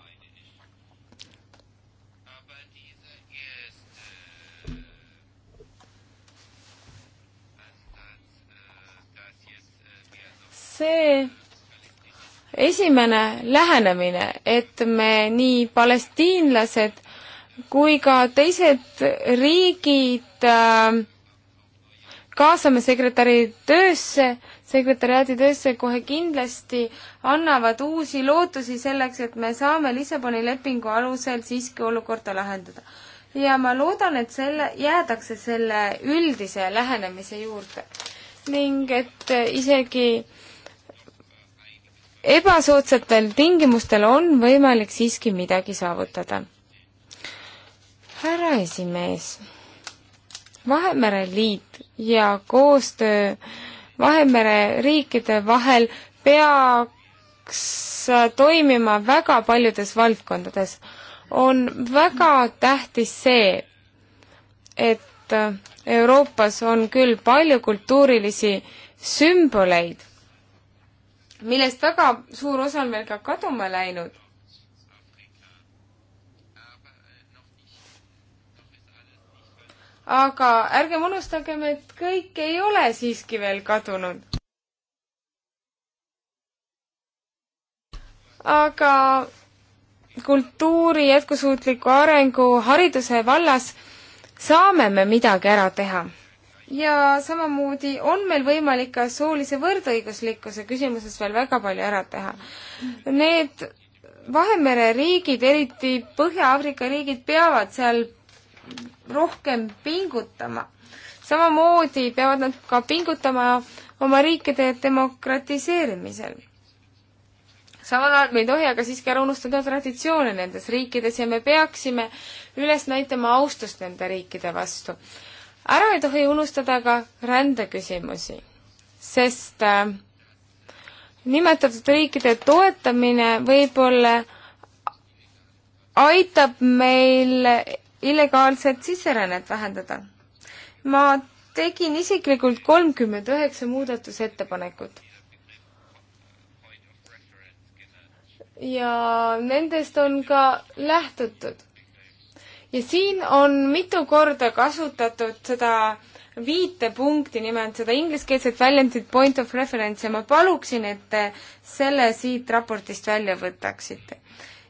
see esimene lähenemine, et me nii palestiinlased kui ka teised riigid äh, kaasame sekretäri töösse, sekretäriaadi töösse kohe kindlasti annavad uusi lootusi selleks, et me saame Lissaboni lepingu alusel siiski olukorda lahendada. ja ma loodan, et selle, jäädakse selle üldise lähenemise juurde ning et isegi äh, ebasoodsatel tingimustel on võimalik siiski midagi saavutada. härra esimees, Vahemere Liit ja koostöö Vahemere riikide vahel peaks toimima väga paljudes valdkondades. on väga tähtis see, et Euroopas on küll palju kultuurilisi sümboleid millest väga suur osa on veel ka kaduma läinud. aga ärgem unustagem, et kõik ei ole siiski veel kadunud. aga kultuuri jätkusuutliku arengu hariduse vallas saame me midagi ära teha ja samamoodi on meil võimalik ka soolise võrdõiguslikkuse küsimuses veel väga palju ära teha. Need Vahemere riigid, eriti Põhja-Aafrika riigid, peavad seal rohkem pingutama. samamoodi peavad nad ka pingutama oma riikide demokratiseerimisel. samal ajal me ei tohi aga siiski ära unustada traditsioone nendes riikides ja me peaksime üles näitama austust nende riikide vastu ära ei tohi unustada ka rändeküsimusi, sest äh, nimetatud riikide toetamine võib-olla aitab meil illegaalset sisserännet vähendada. ma tegin isiklikult kolmkümmend üheksa muudatusettepanekut. ja nendest on ka lähtutud ja siin on mitu korda kasutatud seda viitepunkti, nimelt seda ingliskeelset väljendit point of reference ja ma paluksin, et te selle siit raportist välja võtaksite.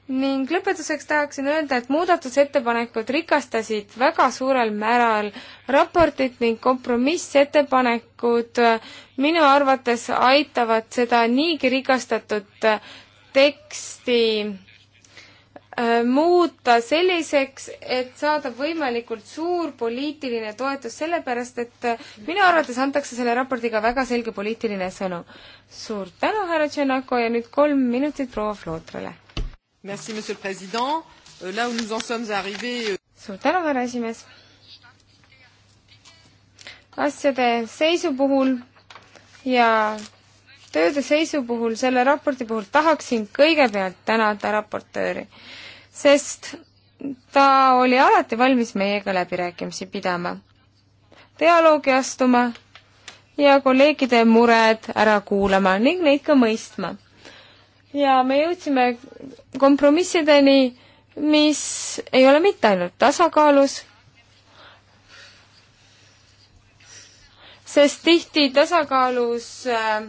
ning lõpetuseks tahaksin öelda, et muudatusettepanekud rikastasid väga suurel määral raportit ning kompromissettepanekud minu arvates aitavad seda niigi rikastatud teksti Äh, muuta selliseks, et saada võimalikult suur poliitiline toetus, sellepärast et äh, minu arvates antakse selle raportiga väga selge poliitiline sõnum. suur tänu, härra Tšernako ja nüüd kolm minutit proua Flootrale. Euh, euh, suur tänu, härra esimees. asjade seisu puhul ja tööde seisu puhul, selle raporti puhul tahaksin kõigepealt tänada raportööri sest ta oli alati valmis meiega läbirääkimisi pidama, dialoogi astuma ja kolleegide mured ära kuulama ning neid ka mõistma. ja me jõudsime kompromissideni, mis ei ole mitte ainult tasakaalus, sest tihti tasakaalus äh,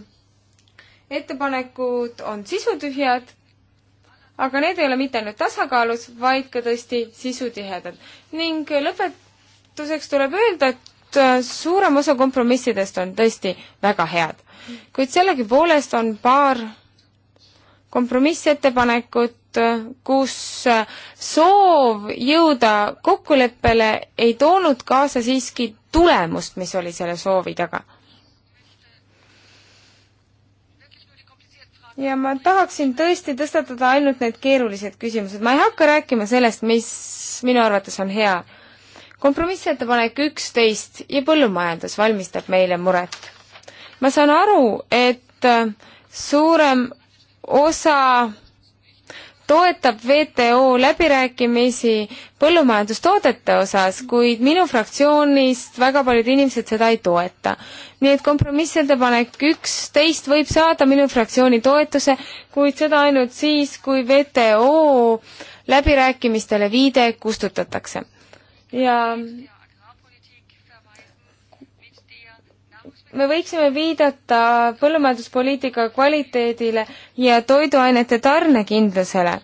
ettepanekud on sisutühjad aga need ei ole mitte ainult tasakaalus, vaid ka tõesti sisutihedad. ning lõpetuseks tuleb öelda, et äh, suurem osa kompromissidest on tõesti väga head. kuid sellegipoolest on paar kompromissettepanekut, äh, kus äh, soov jõuda kokkuleppele ei toonud kaasa siiski tulemust, mis oli selle soovi taga. ja ma tahaksin tõesti tõstatada ainult need keerulised küsimused, ma ei hakka rääkima sellest, mis minu arvates on hea. kompromissettepanek üksteist ja põllumajandus valmistab meile muret. ma saan aru, et suurem osa toetab WTO läbirääkimisi põllumajandustoodete osas, kuid minu fraktsioonist väga paljud inimesed seda ei toeta. nii et kompromissettepanek üksteist võib saada minu fraktsiooni toetuse, kuid seda ainult siis, kui WTO läbirääkimistele viide kustutatakse. ja me võiksime viidata põllumajanduspoliitika kvaliteedile ja toiduainete tarnekindlusele.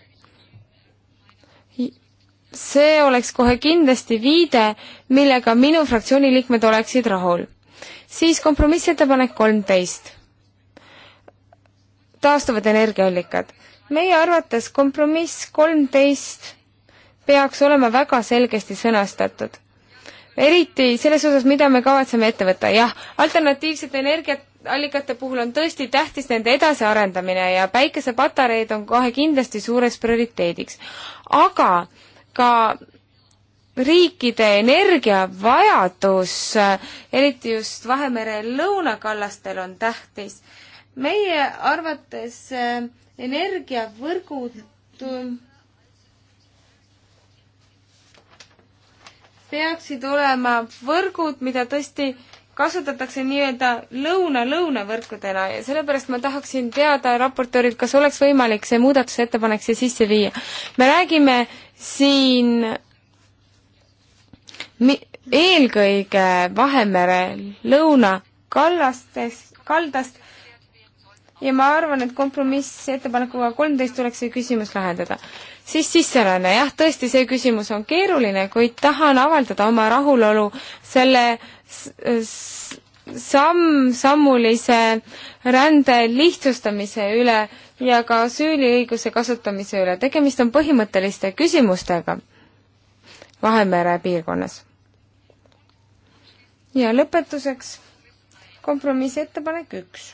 see oleks kohe kindlasti viide, millega minu fraktsiooni liikmed oleksid rahul. siis kompromissettepanek kolmteist. taastuvad energiaallikad. meie arvates kompromiss kolmteist peaks olema väga selgesti sõnastatud eriti selles osas, mida me kavatseme ette võtta, jah, alternatiivsete energiaallikate puhul on tõesti tähtis nende edasiarendamine ja päikesepatareid on kohe kindlasti suureks prioriteediks. aga ka riikide energiavajadus, eriti just Vahemere lõunakallastel, on tähtis. meie arvates eh, energiavõrgud peaksid olema võrgud, mida tõesti kasutatakse nii-öelda lõuna-lõuna võrkudena ja sellepärast ma tahaksin teada raportöörilt, kas oleks võimalik see muudatusettepanek siia sisse viia. me räägime siin eelkõige Vahemere lõunakallastest, kaldast ja ma arvan, et kompromissettepanekuga kolmteist tuleks see küsimus lahendada siis sisseränne, jah, tõesti, see küsimus on keeruline, kuid tahan avaldada oma rahulolu selle samm-sammulise rände lihtsustamise üle ja ka süüliõiguse kasutamise üle. tegemist on põhimõtteliste küsimustega Vahemere piirkonnas. ja lõpetuseks kompromissettepanek üks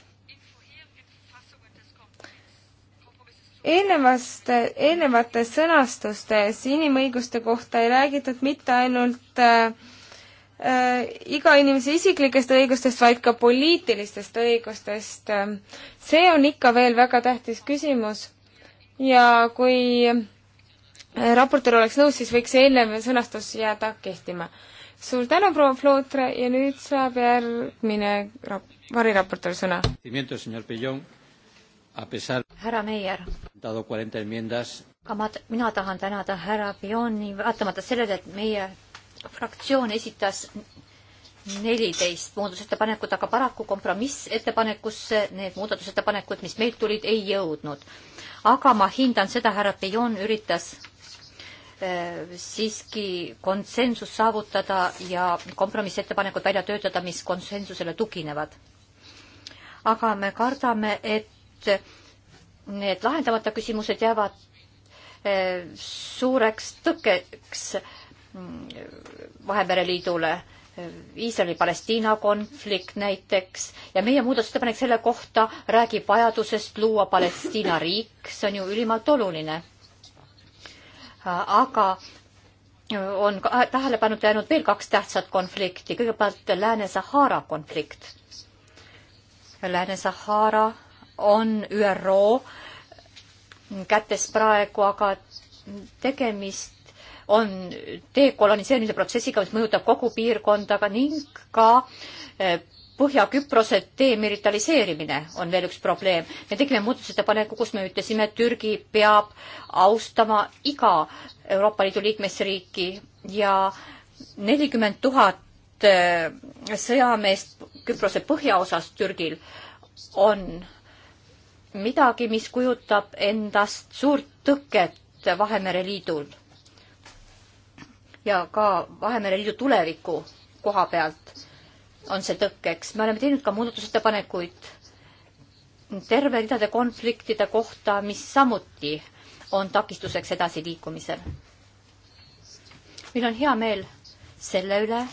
eelnevast, eelnevates sõnastustes inimõiguste kohta ei räägitud mitte ainult äh, äh, iga inimese isiklikest õigustest, vaid ka poliitilistest õigustest. see on ikka veel väga tähtis küsimus ja kui äh, raportöör oleks nõus, siis võiks see eelnev sõnastus jääda kehtima. suur tänu, proua Flootre ja nüüd saab järgmine variraportöör sõna härra Meier. ka ma, mina tahan tänada härra Fioni, vaatamata sellele, et meie fraktsioon esitas neliteist muudatusettepanekut, aga paraku kompromissettepanekusse need muudatusettepanekud, mis meilt tulid, ei jõudnud. aga ma hindan seda, härra Fion üritas äh, siiski konsensus saavutada ja kompromissettepanekud välja töötada, mis konsensusele tuginevad. aga me kardame, et et need lahendamata küsimused jäävad eh, suureks tõkkeks mm, Vahemere Liidule. Iisraeli-Palestiina konflikt näiteks ja meie muudatusettepanek selle kohta räägib vajadusest luua Palestiina riik, see on ju ülimalt oluline. aga on tähelepanuta jäänud veel kaks tähtsat konflikti, kõigepealt Lääne-Sahara konflikt. Lääne-Sahara on ÜRO kätes praegu, aga tegemist on dekoloniseerimise protsessiga, mis mõjutab kogu piirkonda, aga ning ka eh, Põhja-Küprose demilitariseerimine on veel üks probleem. me tegime muudatusettepaneku, kus me ütlesime, et Türgi peab austama iga Euroopa Liidu liikmesriiki ja nelikümmend tuhat eh, sõjameest Küprose põhjaosas Türgil on midagi, mis kujutab endast suurt tõket Vahemere Liidul ja ka Vahemere Liidu tuleviku koha pealt on see tõkkeks. me oleme teinud ka muudatusettepanekuid terve ridade konfliktide kohta, mis samuti on takistuseks edasiliikumisel. meil on hea meel selle üle,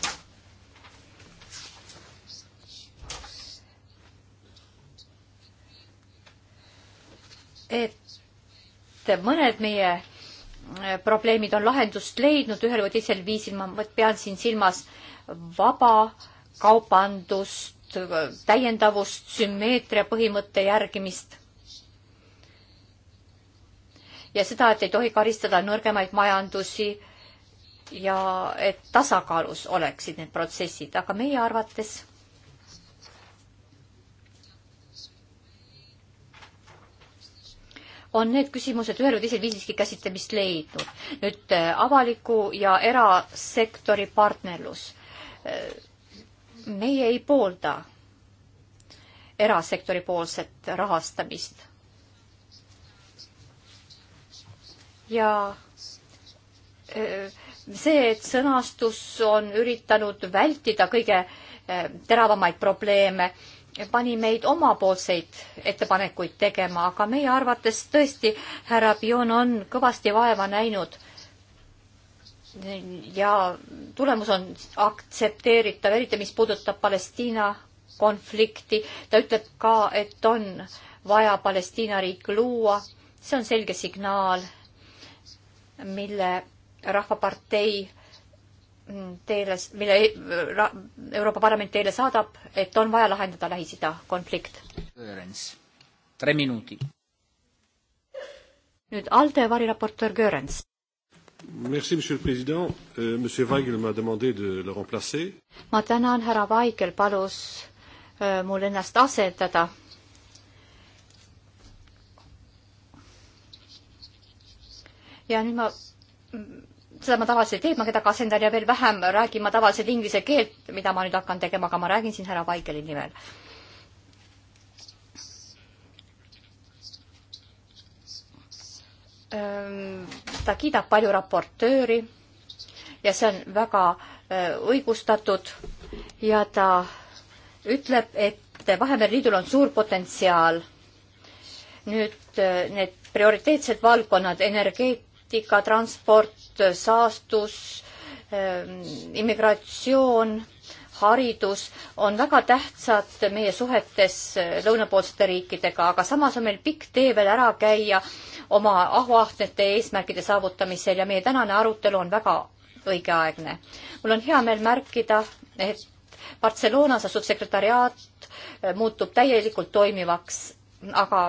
et mõned meie äh, probleemid on lahendust leidnud ühel või teisel viisil, ma pean siin silmas vaba kaubandust, äh, täiendavust, sümmeetria põhimõtte järgimist. ja seda, et ei tohi karistada nõrgemaid majandusi ja et tasakaalus oleksid need protsessid, aga meie arvates on need küsimused ühel või teisel viisilgi käsitlemist leidnud. nüüd äh, avaliku ja erasektori partnerlus. Äh, meie ei poolda erasektori poolset rahastamist. ja äh, see, et sõnastus on üritanud vältida kõige teravamaid probleeme pani meid omapoolseid ettepanekuid tegema, aga meie arvates tõesti härra Bion on kõvasti vaeva näinud. ja tulemus on aktsepteeritav, eriti mis puudutab Palestiina konflikti. ta ütleb ka, et on vaja Palestiina riik luua. see on selge signaal, mille Rahvapartei teile, mille Euroopa Parlament teile saadab, et on vaja lahendada Lähis-Ida konflikt. nüüd ALDE variraportöör Görens. Merci, monsieur le président. Euh, monsieur Weigel m'a demandé de le remplacer. ma tänan, härra Weigel palus euh, mul ennast asendada. ja nüüd ma seda ma tavaliselt ei tee, ma kedagi asendan ja veel vähem räägin ma tavaliselt inglise keelt, mida ma nüüd hakkan tegema, aga ma räägin siin härra Vaigeli nimel. ta kiidab palju raportööri ja see on väga õigustatud ja ta ütleb, et Vahemere Liidul on suur potentsiaal. nüüd need prioriteetsed valdkonnad energeet-, poliitika, transport, saastus, ähm, immigratsioon, haridus on väga tähtsad meie suhetes äh, lõunapoolsete riikidega, aga samas on meil pikk tee veel ära käia oma ahuahnete eesmärkide saavutamisel ja meie tänane arutelu on väga õigeaegne. mul on hea meel märkida, et Barcelonas asuv sekretariaat äh, muutub täielikult toimivaks, aga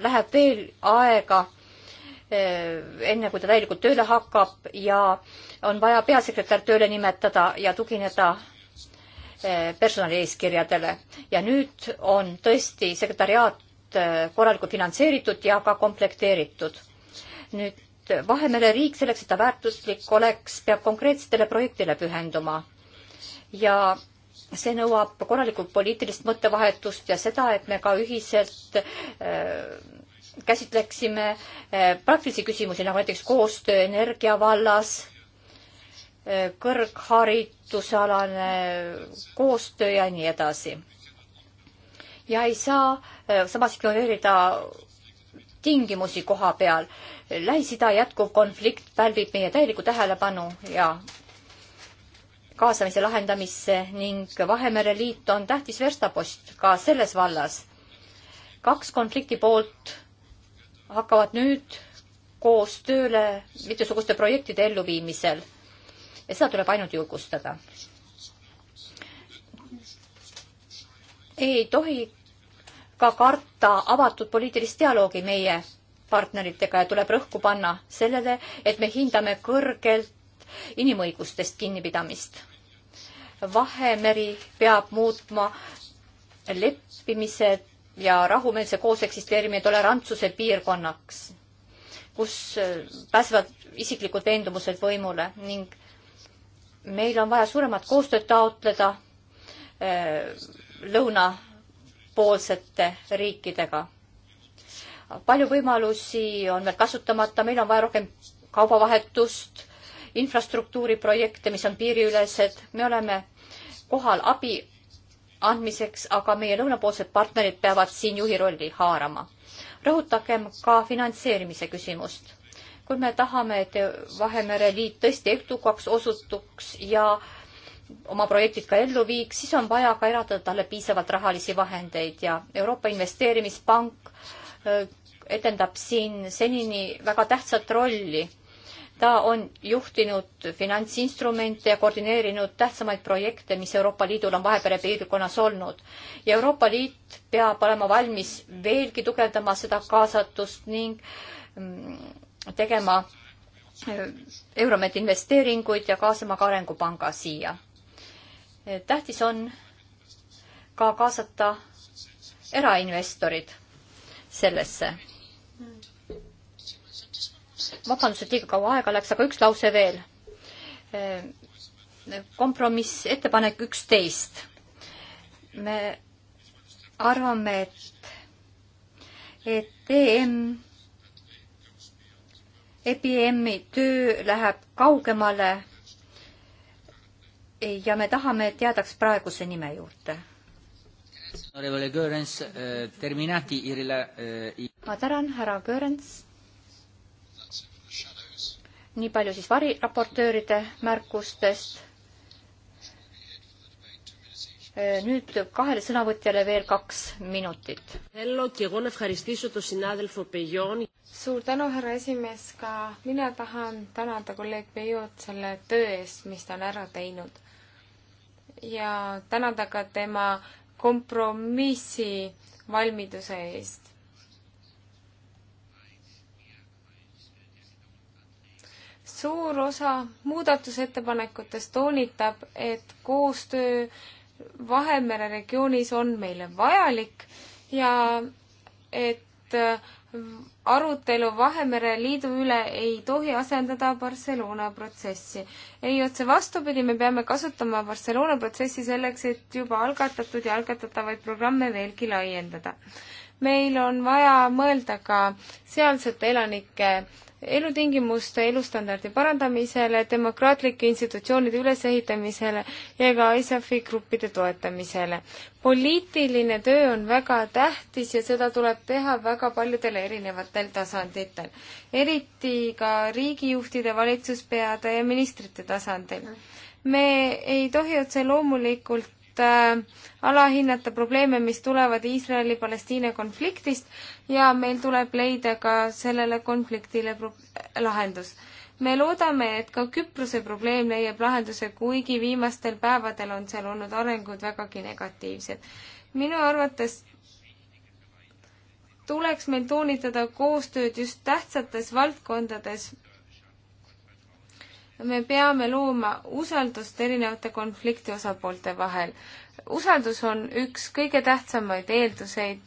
läheb veel aega Eh, enne kui ta täielikult tööle hakkab ja on vaja peasekretär tööle nimetada ja tugineda eh, personalieeskirjadele. ja nüüd on tõesti sekretariaat eh, korralikult finantseeritud ja ka komplekteeritud. nüüd Vahemere riik selleks, et ta väärtuslik oleks, peab konkreetsetele projektile pühenduma. ja see nõuab korralikku poliitilist mõttevahetust ja seda, et me ka ühiselt äh, käsitleksime eh, praktilisi küsimusi, nagu näiteks koostöö energia vallas, eh, kõrgharidusalane koostöö ja nii edasi. ja ei saa eh, samas ignoreerida tingimusi koha peal. Lähis-Ida jätkuv konflikt pälvib meie täielikku tähelepanu ja kaasamise lahendamisse ning Vahemere Liit on tähtis verstapost ka selles vallas. kaks konflikti poolt hakkavad nüüd koos tööle mitmesuguste projektide elluviimisel ja seda tuleb ainult julgustada. ei tohi ka karta avatud poliitilist dialoogi meie partneritega ja tuleb rõhku panna sellele, et me hindame kõrgelt inimõigustest kinnipidamist. Vahemeri peab muutma leppimised ja rahumeelse kooseksisteerimine tolerantsuse piirkonnaks, kus äh, pääsevad isiklikud veendumused võimule ning meil on vaja suuremat koostööd taotleda äh, lõunapoolsete riikidega. palju võimalusi on veel kasutamata, meil on vaja rohkem kaubavahetust, infrastruktuuriprojekte, mis on piiriülesed, me oleme kohal abi andmiseks, aga meie lõunapoolsed partnerid peavad siin juhi rolli haarama. rõhutagem ka finantseerimise küsimust. kui me tahame, et Vahemere Liit tõesti edukaks osutuks ja oma projektid ka ellu viiks, siis on vaja ka eraldada talle piisavalt rahalisi vahendeid ja Euroopa Investeerimispank äh, etendab siin senini väga tähtsat rolli ta on juhtinud finantsinstrumente ja koordineerinud tähtsamaid projekte, mis Euroopa Liidul on Vahepere piirkonnas olnud. ja Euroopa Liit peab olema valmis veelgi tugevdama seda kaasatust ning mm, tegema äh, Euromeedi investeeringuid ja kaasama ka Arengupanga siia. Äh, tähtis on ka kaasata erainvestorid sellesse mm vabandust, et liiga kaua aega läks, aga üks lause veel. Ehm, kompromiss, ettepanek üksteist. me arvame, et, et EM, EPM-i töö läheb kaugemale ja me tahame, et jäädaks praeguse nime juurde. Eh, eh, ma tänan, härra Görens nii palju siis variraportööride märkustest. nüüd kahele sõnavõtjale veel kaks minutit. suur tänu, härra esimees, ka mina tahan tänada kolleeg Peiot selle töö eest, mis ta on ära teinud. ja tänada ka tema kompromissi valmiduse eest suur osa muudatusettepanekutest toonitab, et koostöö Vahemere regioonis on meile vajalik ja et äh, arutelu Vahemere Liidu üle ei tohi asendada Barcelona protsessi. ei, otse vastupidi, me peame kasutama Barcelona protsessi selleks, et juba algatatud ja algatatavaid programme veelgi laiendada meil on vaja mõelda ka sealsete elanike elutingimuste, elustandardi parandamisele, demokraatlike institutsioonide ülesehitamisele ja ka ISAF-i gruppide toetamisele. poliitiline töö on väga tähtis ja seda tuleb teha väga paljudel erinevatel tasanditel, eriti ka riigijuhtide, valitsuspeade ja ministrite tasandil. me ei tohi otse loomulikult Äh, alahinnata probleeme, mis tulevad Iisraeli-Palestiina konfliktist ja meil tuleb leida ka sellele konfliktile lahendus. me loodame, et ka Küprose probleem leiab lahenduse, kuigi viimastel päevadel on seal olnud arengud vägagi negatiivsed. minu arvates tuleks meil toonitada koostööd just tähtsates valdkondades me peame looma usaldust erinevate konflikti osapoolte vahel. usaldus on üks kõige tähtsamaid eelduseid,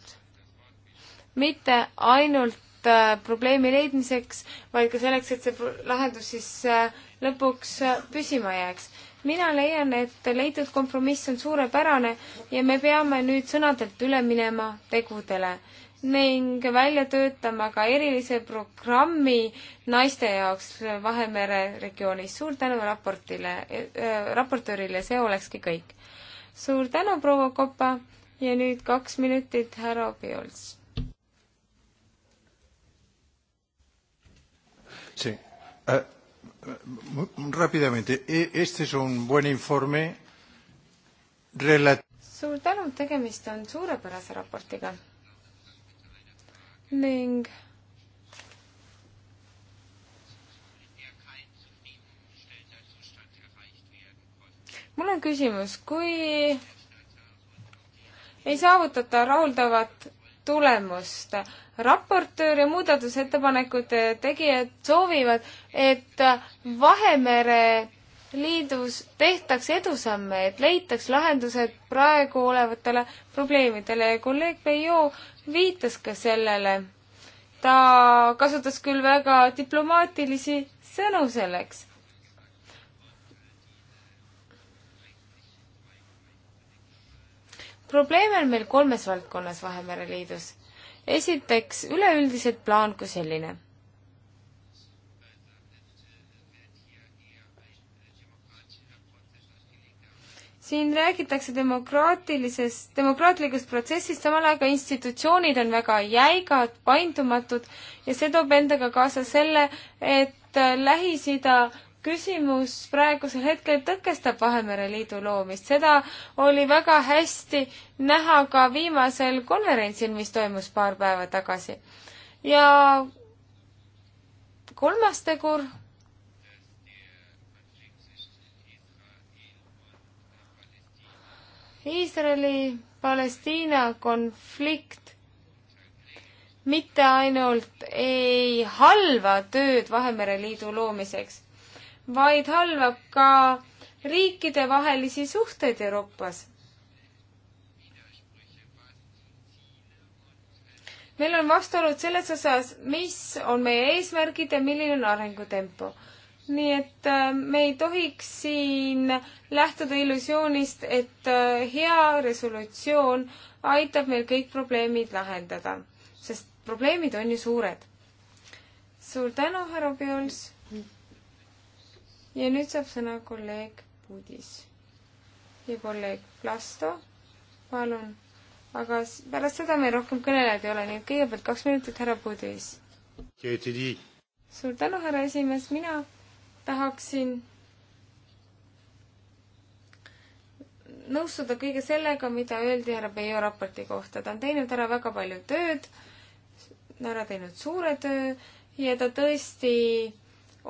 mitte ainult äh, probleemi leidmiseks, vaid ka selleks, et see lahendus siis äh, lõpuks äh, püsima jääks. mina leian, et leitud kompromiss on suurepärane ja me peame nüüd sõnadelt üle minema tegudele ning välja töötama ka erilise programmi naiste jaoks Vahemere regioonis. suur tänu raportile äh,, raportöörile, see olekski kõik. suur tänu, proua Kopa ja nüüd kaks minutit härra Obiols. Sí. Uh, rápidamente, e-, este es un buen informe. Suur tänu, tegemist on suurepärase raportiga ning mul on küsimus, kui ei saavutata rahuldavat tulemust. raportöör ja muudatusettepanekute tegijad soovivad, et Vahemere liidus tehtaks edusamme, et leitaks lahendused praegu olevatele probleemidele ja kolleeg Peio viitas ka sellele. ta kasutas küll väga diplomaatilisi sõnu selleks. probleeme on meil kolmes valdkonnas Vahemere Liidus. esiteks üleüldiselt plaan kui selline siin räägitakse demokraatilisest, demokraatlikust protsessist, samal ajal ka institutsioonid on väga jäigad, paindumatud ja see toob endaga kaasa selle, et äh, Lähis-Ida küsimus praegusel hetkel tõkestab Vahemere Liidu loomist. seda oli väga hästi näha ka viimasel konverentsil, mis toimus paar päeva tagasi. ja kolmas tegur Iisraeli-Palestiina konflikt mitte ainult ei halva tööd Vahemere Liidu loomiseks, vaid halvab ka riikidevahelisi suhteid Euroopas. meil on vastuolud selles osas, mis on meie eesmärgid ja milline on arengutempo nii et äh, me ei tohiks siin lähtuda illusioonist, et äh, hea resolutsioon aitab meil kõik probleemid lahendada, sest probleemid on ju suured. suur tänu, härra Piols. ja nüüd saab sõna kolleeg Pudis ja kolleeg Plasto, palun. aga pärast seda meil rohkem kõnelejaid ei ole, nii et kõigepealt kaks minutit, härra Pudis. suur tänu, härra esimees, mina tahaksin nõustuda kõige sellega, mida öeldi härra Peio raporti kohta. ta on teinud ära väga palju tööd, ära teinud suure töö ja ta tõesti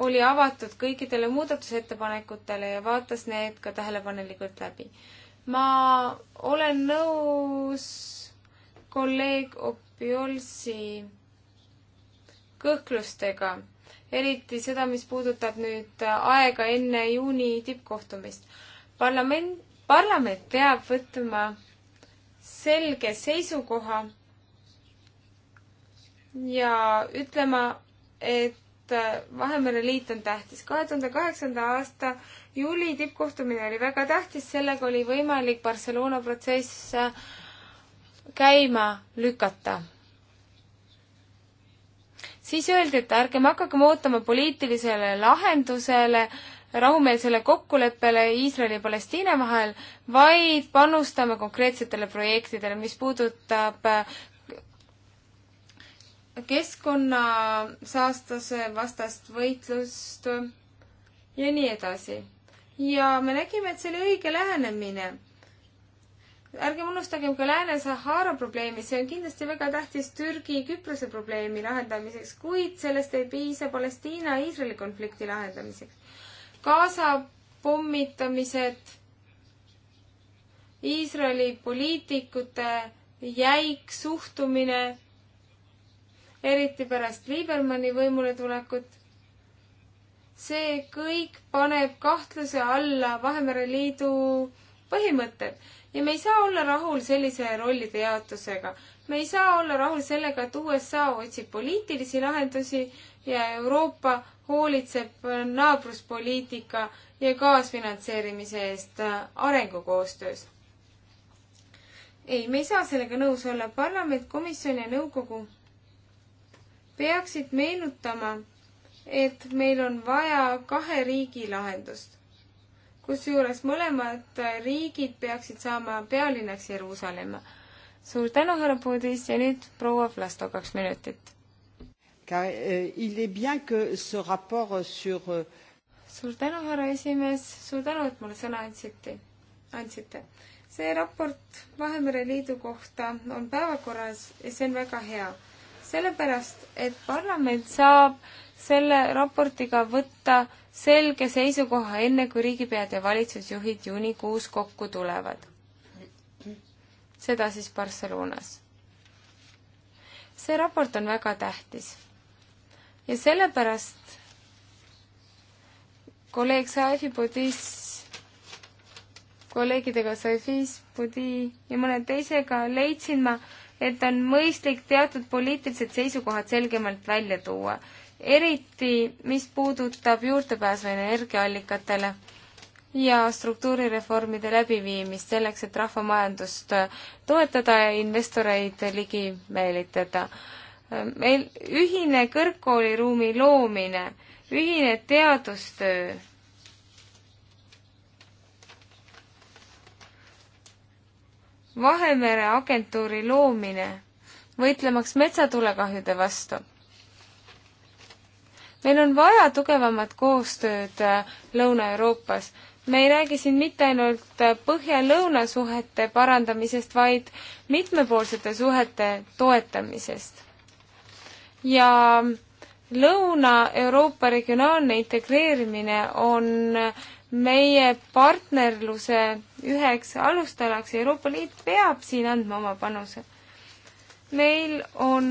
oli avatud kõikidele muudatusettepanekutele ja vaatas need ka tähelepanelikult läbi. ma olen nõus kolleeg Opiolsi kõhklustega eriti seda, mis puudutab nüüd aega enne juuni tippkohtumist. parlament, parlament peab võtma selge seisukoha ja ütlema, et Vahemere liit on tähtis. kahe tuhande kaheksanda aasta juuli tippkohtumine oli väga tähtis, sellega oli võimalik Barcelona protsess käima lükata siis öeldi, et ärgem hakakem ootama poliitilisele lahendusele, rahumeelsele kokkuleppele Iisraeli ja Palestiina vahel, vaid panustame konkreetsetele projektidele, mis puudutab äh, keskkonnasaastase vastast võitlust ja nii edasi. ja me nägime, et see oli õige lähenemine ärgem unustagem ka Lääne-Sahara probleemi, see on kindlasti väga tähtis Türgi-Küprose probleemi lahendamiseks, kuid sellest ei piisa Palestiina-Iisraeli konflikti lahendamiseks. Gaza pommitamised, Iisraeli poliitikute jäik suhtumine, eriti pärast Liibermanni võimule tulekut, see kõik paneb kahtluse alla Vahemere Liidu põhimõtted ja me ei saa olla rahul sellise rollide jaotusega. me ei saa olla rahul sellega, et USA otsib poliitilisi lahendusi ja Euroopa hoolitseb naabruspoliitika ja kaasfinantseerimise eest äh, arengukoostöös. ei, me ei saa sellega nõus olla. parlament, komisjon ja nõukogu peaksid meenutama, et meil on vaja kahe riigi lahendust kusjuures mõlemad riigid peaksid saama pealinnaks Jeruusalemma. suur tänu, härra Puudis ja nüüd proua Vlasto, kaks minutit. Eh, eh, suur tänu, härra esimees, suur tänu, et mulle sõna andsite, andsite. see raport Vahemere Liidu kohta on päevakorras ja see on väga hea, sellepärast et parlament saab selle raportiga võtta selge seisukoha enne, kui riigipead ja valitsusjuhid juunikuus kokku tulevad. seda siis Barcelonas. see raport on väga tähtis. ja sellepärast kolleeg Saifi Budis, kolleegidega Saifis, Budi ja mõne teisega leidsin ma, et on mõistlik teatud poliitilised seisukohad selgemalt välja tuua eriti mis puudutab juurdepääsu energiaallikatele ja struktuurireformide läbiviimist selleks, et rahvamajandust toetada ja investoreid ligi meelitada. meil ühine kõrgkooliruumi loomine, ühine teadustöö, Vahemere agentuuri loomine, võitlemaks metsatulekahjude vastu meil on vaja tugevamat koostööd äh, Lõuna-Euroopas. me ei räägi siin mitte ainult äh, põhja-lõuna suhete parandamisest, vaid mitmepoolsete suhete toetamisest. ja mm, Lõuna-Euroopa regionaalne integreerimine on äh, meie partnerluse üheks alustalaks ja Euroopa Liit peab siin andma oma panuse meil on,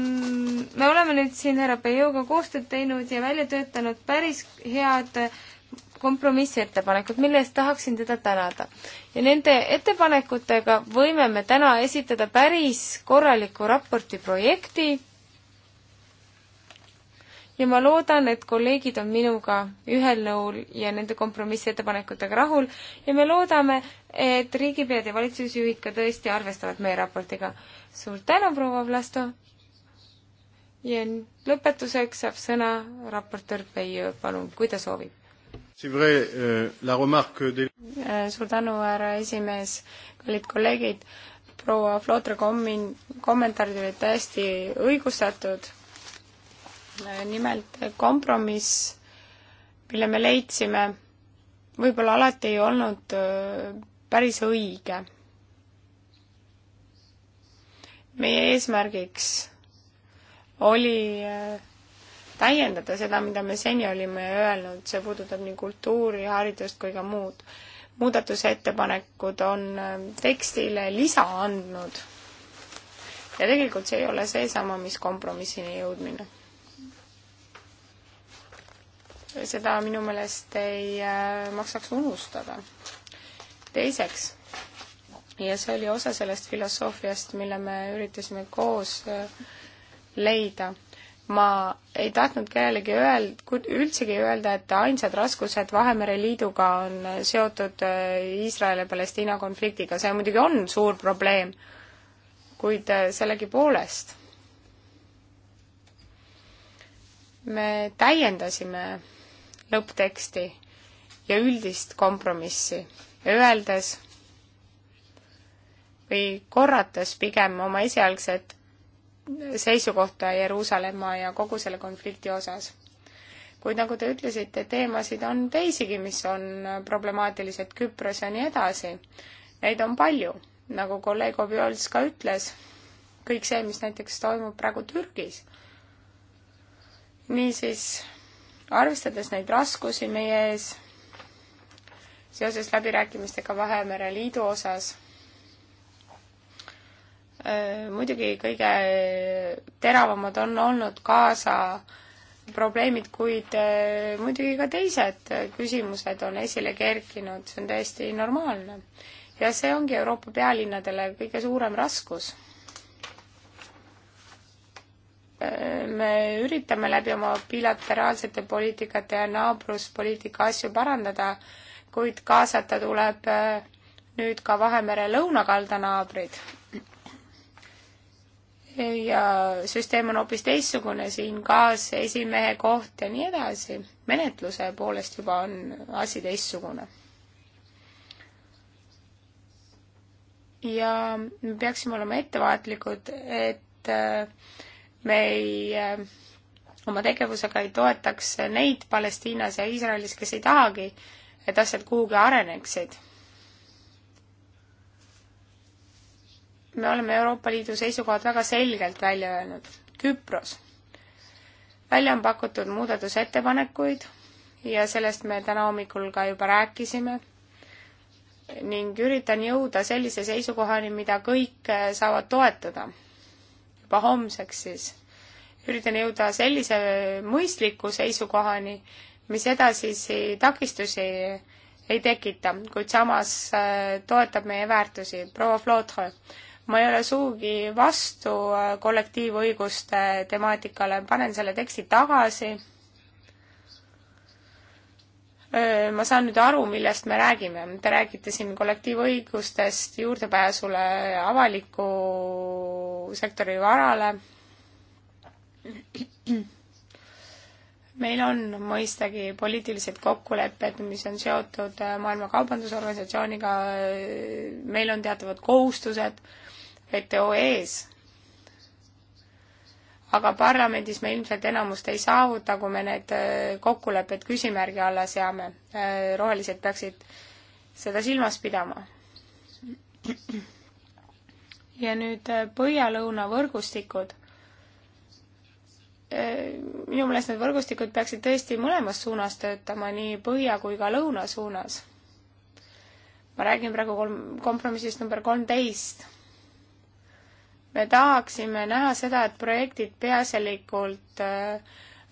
me oleme nüüd siin härra Peioga koostööd teinud ja välja töötanud päris head kompromissettepanekud, mille eest tahaksin teda tänada. ja nende ettepanekutega võime me täna esitada päris korraliku raporti projekti ja ma loodan, et kolleegid on minuga ühel nõul ja nende kompromissettepanekutega rahul ja me loodame, et riigipead ja valitsusjuhid ka tõesti arvestavad meie raportiga suur tänu, proua Vlasto! ja lõpetuseks saab sõna raportöör Peio, palun, kui ta soovib. Euh, äh, suur tänu, härra esimees, kallid kolleegid, proua Flotre kommin-, kommentaarid olid täiesti õigustatud, äh, nimelt kompromiss, mille me leidsime, võib-olla alati ei olnud äh, päris õige meie eesmärgiks oli äh, täiendada seda, mida me seni olime öelnud, see puudutab nii kultuuri, haridust kui ka muud. muudatusettepanekud on äh, tekstile lisa andnud. ja tegelikult see ei ole seesama, mis kompromissini jõudmine. seda minu meelest ei äh, maksaks unustada. teiseks ja see oli osa sellest filosoofiast, mille me üritasime koos äh, leida. ma ei tahtnud kellelegi öelda, üldsegi öelda, et ainsad raskused Vahemere Liiduga on äh, seotud äh, Iisraeli ja Palestiina konfliktiga, see muidugi on suur probleem, kuid sellegipoolest me täiendasime lõppteksti ja üldist kompromissi, öeldes, või korrates pigem oma esialgset seisukohta Jeruusalemma ja kogu selle konflikti osas. kuid nagu te ütlesite, teemasid on teisigi, mis on problemaatilised Küpros ja nii edasi. Neid on palju, nagu kolleeg Obiols ka ütles, kõik see, mis näiteks toimub praegu Türgis. niisiis, arvestades neid raskusi meie ees seoses läbirääkimistega Vahemere Liidu osas Äh, muidugi kõige teravamad on olnud kaasa probleemid, kuid äh, muidugi ka teised küsimused on esile kerkinud, see on täiesti normaalne. ja see ongi Euroopa pealinnadele kõige suurem raskus. Äh, me üritame läbi oma bilateraalsete poliitikate ja naabruspoliitika asju parandada, kuid kaasata tuleb nüüd ka Vahemere lõunakalda naabrid ja süsteem on hoopis teistsugune, siin kaasesimehe koht ja nii edasi. menetluse poolest juba on asi teistsugune. ja me peaksime olema ettevaatlikud, et äh, me ei, äh, oma tegevusega ei toetaks neid Palestiinas ja Iisraelis, kes ei tahagi, et asjad kuhugi areneksid me oleme Euroopa Liidu seisukohad väga selgelt välja öelnud. Küpros. välja on pakutud muudatusettepanekuid ja sellest me täna hommikul ka juba rääkisime ning üritan jõuda sellise seisukohani, mida kõik saavad toetada. juba homseks siis. üritan jõuda sellise mõistliku seisukohani, mis edasisi takistusi ei tekita, kuid samas äh, toetab meie väärtusi. proua Flotre ma ei ole sugugi vastu äh, kollektiivõiguste temaatikale, panen selle teksti tagasi. ma saan nüüd aru, millest me räägime. Te räägite siin kollektiivõigustest juurdepääsule avaliku sektori varale. meil on mõistagi poliitilised kokkulepped, mis on seotud äh, Maailma Kaubandusorganisatsiooniga, meil on teatavad kohustused WTO ees. aga parlamendis me ilmselt enamust ei saavuta, kui me need äh, kokkulepped küsimärgi alla seame. Äh, rohelised peaksid seda silmas pidama. ja nüüd äh, põhja-lõuna võrgustikud minu meelest need võrgustikud peaksid tõesti mõlemas suunas töötama, nii põhja kui ka lõuna suunas. ma räägin praegu kolm, kompromissist number kolmteist me tahaksime näha seda, et projektid peaasjalikult äh,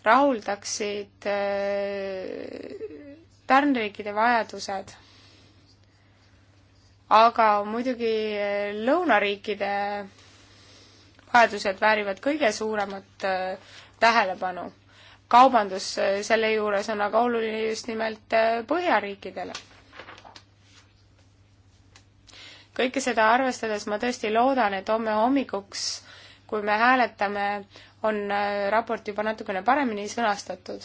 rahuldaksid äh, tarneriikide vajadused. aga muidugi äh, lõunariikide vajadused väärivad kõige suuremat tähelepanu. kaubandus selle juures on aga oluline just nimelt põhjariikidele kõike seda arvestades ma tõesti loodan, et homme hommikuks, kui me hääletame, on äh, raport juba natukene paremini sõnastatud.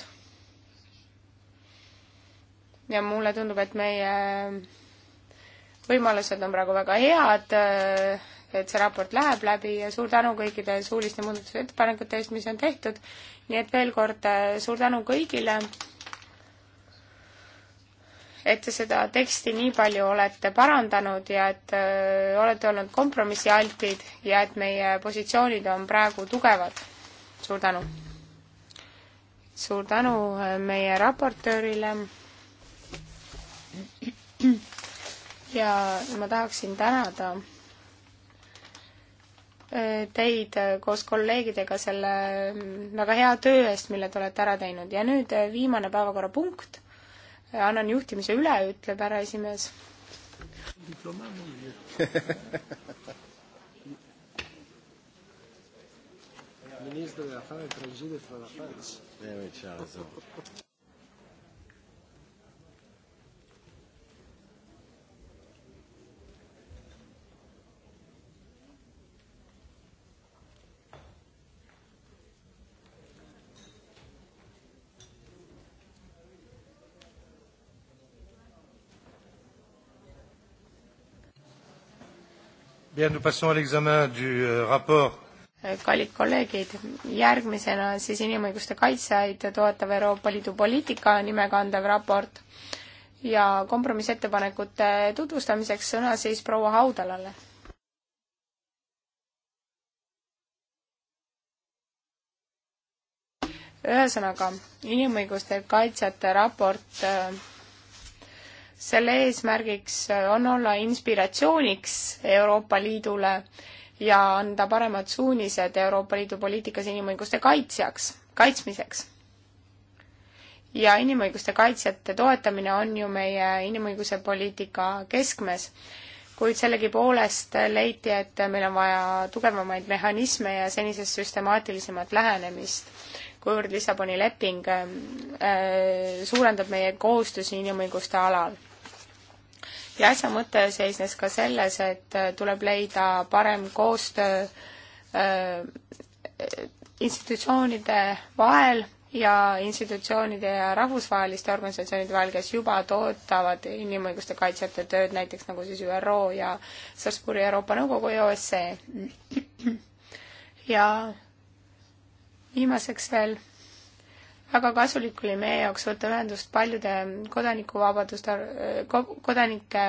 ja mulle tundub, et meie äh, võimalused on praegu väga head, äh, et see raport läheb läbi ja suur tänu kõikide suuliste muudatusettepanekute eest, mis on tehtud. nii et veel kord suur tänu kõigile et te seda teksti nii palju olete parandanud ja et äh, olete olnud kompromissialtid ja et meie positsioonid on praegu tugevad. suur tänu! suur tänu äh, meie raportöörile ja ma tahaksin tänada äh, teid koos kolleegidega selle väga hea töö eest, mille te olete ära teinud ja nüüd viimane päevakorrapunkt annan juhtimise üle, ütleb härra esimees. ministro delle affari, presidente delle affari. Eh, c'ha ragione. Euh, äh, kallid kolleegid, järgmisena siis inimõiguste kaitsjaid toetav Euroopa Liidu poliitika nime kandev raport ja kompromissettepanekute tutvustamiseks sõna siis proua Haudalale. ühesõnaga, inimõiguste kaitsjate raport äh, selle eesmärgiks on olla inspiratsiooniks Euroopa Liidule ja anda paremad suunised Euroopa Liidu poliitikas inimõiguste kaitsjaks, kaitsmiseks. ja inimõiguste kaitsjate toetamine on ju meie inimõiguse poliitika keskmes, kuid sellegipoolest leiti, et meil on vaja tugevamaid mehhanisme ja senisest süstemaatilisemat lähenemist, kuivõrd Lissaboni leping äh, suurendab meie kohustusi inimõiguste alal ja asja mõte seisnes ka selles, et äh, tuleb leida parem koostöö äh, institutsioonide vahel ja institutsioonide ja rahvusvaheliste organisatsioonide vahel, kes juba tootavad inimõiguste kaitsjate tööd, näiteks nagu siis ÜRO ja Strasbourgi Euroopa Nõukogu ja OSCE. ja viimaseks veel väga kasulik oli meie jaoks võtta ühendust paljude kodanikuvabadust, eh, kodanike,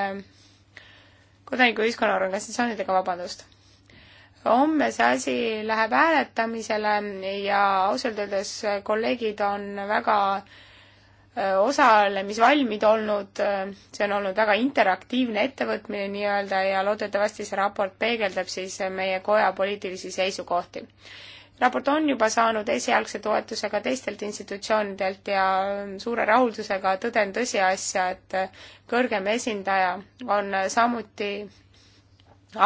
kodanikuühiskonna organisatsioonidega, vabandust. homme see asi läheb hääletamisele ja ausalt öeldes kolleegid on väga eh, osalemisvalmid olnud, eh, see on olnud väga interaktiivne ettevõtmine nii-öelda ja loodetavasti see raport peegeldab siis meie koja poliitilisi seisukohti raport on juba saanud esialgse toetuse ka teistelt institutsioonidelt ja ähm, suure rahuldusega tõden tõsiasja, et äh, kõrgem esindaja on samuti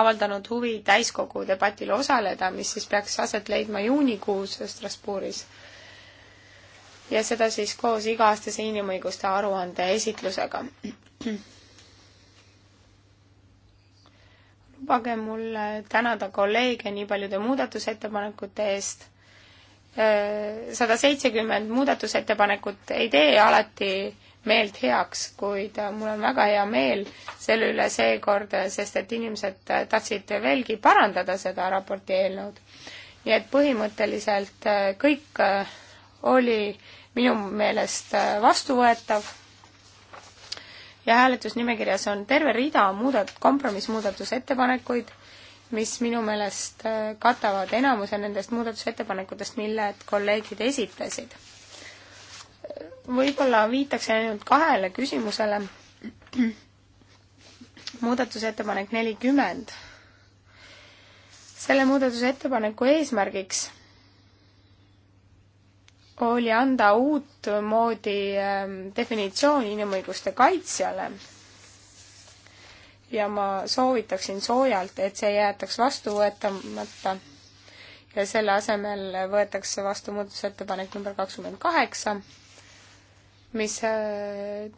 avaldanud huvi täiskogu debatil osaleda, mis siis peaks aset leidma juunikuus Strasbourgis. ja seda siis koos iga-aastase inimõiguste aruande esitlusega lubage mul tänada kolleege nii paljude muudatusettepanekute eest. Äh, sada seitsekümmend muudatusettepanekut ei tee alati meelt heaks, kuid mul on väga hea meel selle üle seekord, sest et inimesed tahtsid veelgi parandada seda raporti eelnõud. nii et põhimõtteliselt kõik oli minu meelest vastuvõetav ja hääletusnimekirjas on terve rida muudat-, kompromissmuudatusettepanekuid, mis minu meelest äh, katavad enamuse nendest muudatusettepanekutest, mille kolleegid esitasid. võib-olla viitaks ainult kahele küsimusele. muudatusettepanek nelikümmend. selle muudatusettepaneku eesmärgiks oli anda uut moodi ähm, definitsioon inimõiguste kaitsjale. ja ma soovitaksin soojalt, et see jäetaks vastu võetamata ja selle asemel võetakse vastu muudatusettepanek number kakskümmend kaheksa, mis äh,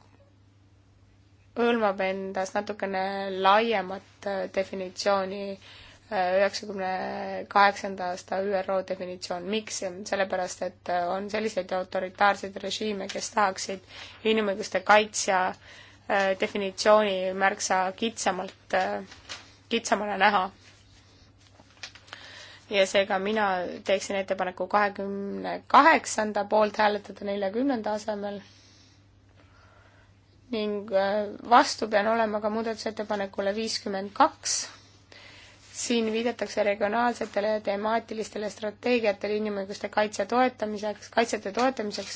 hõlmab endas natukene laiemat äh, definitsiooni äh, üheksakümne kaheksanda aasta ÜRO definitsioon, miks? sellepärast, et on selliseid autoritaarseid režiime, kes tahaksid inimõiguste kaitsja äh, definitsiooni märksa kitsamalt, äh, kitsamale näha. ja seega mina teeksin ettepaneku kahekümne kaheksanda poolt hääletada neljakümnenda asemel ning äh, vastu pean olema ka muudatusettepanekule viiskümmend kaks siin viidatakse regionaalsetele ja temaatilistele strateegiatele inimõiguste kaitse toetamiseks, kaitsjate toetamiseks,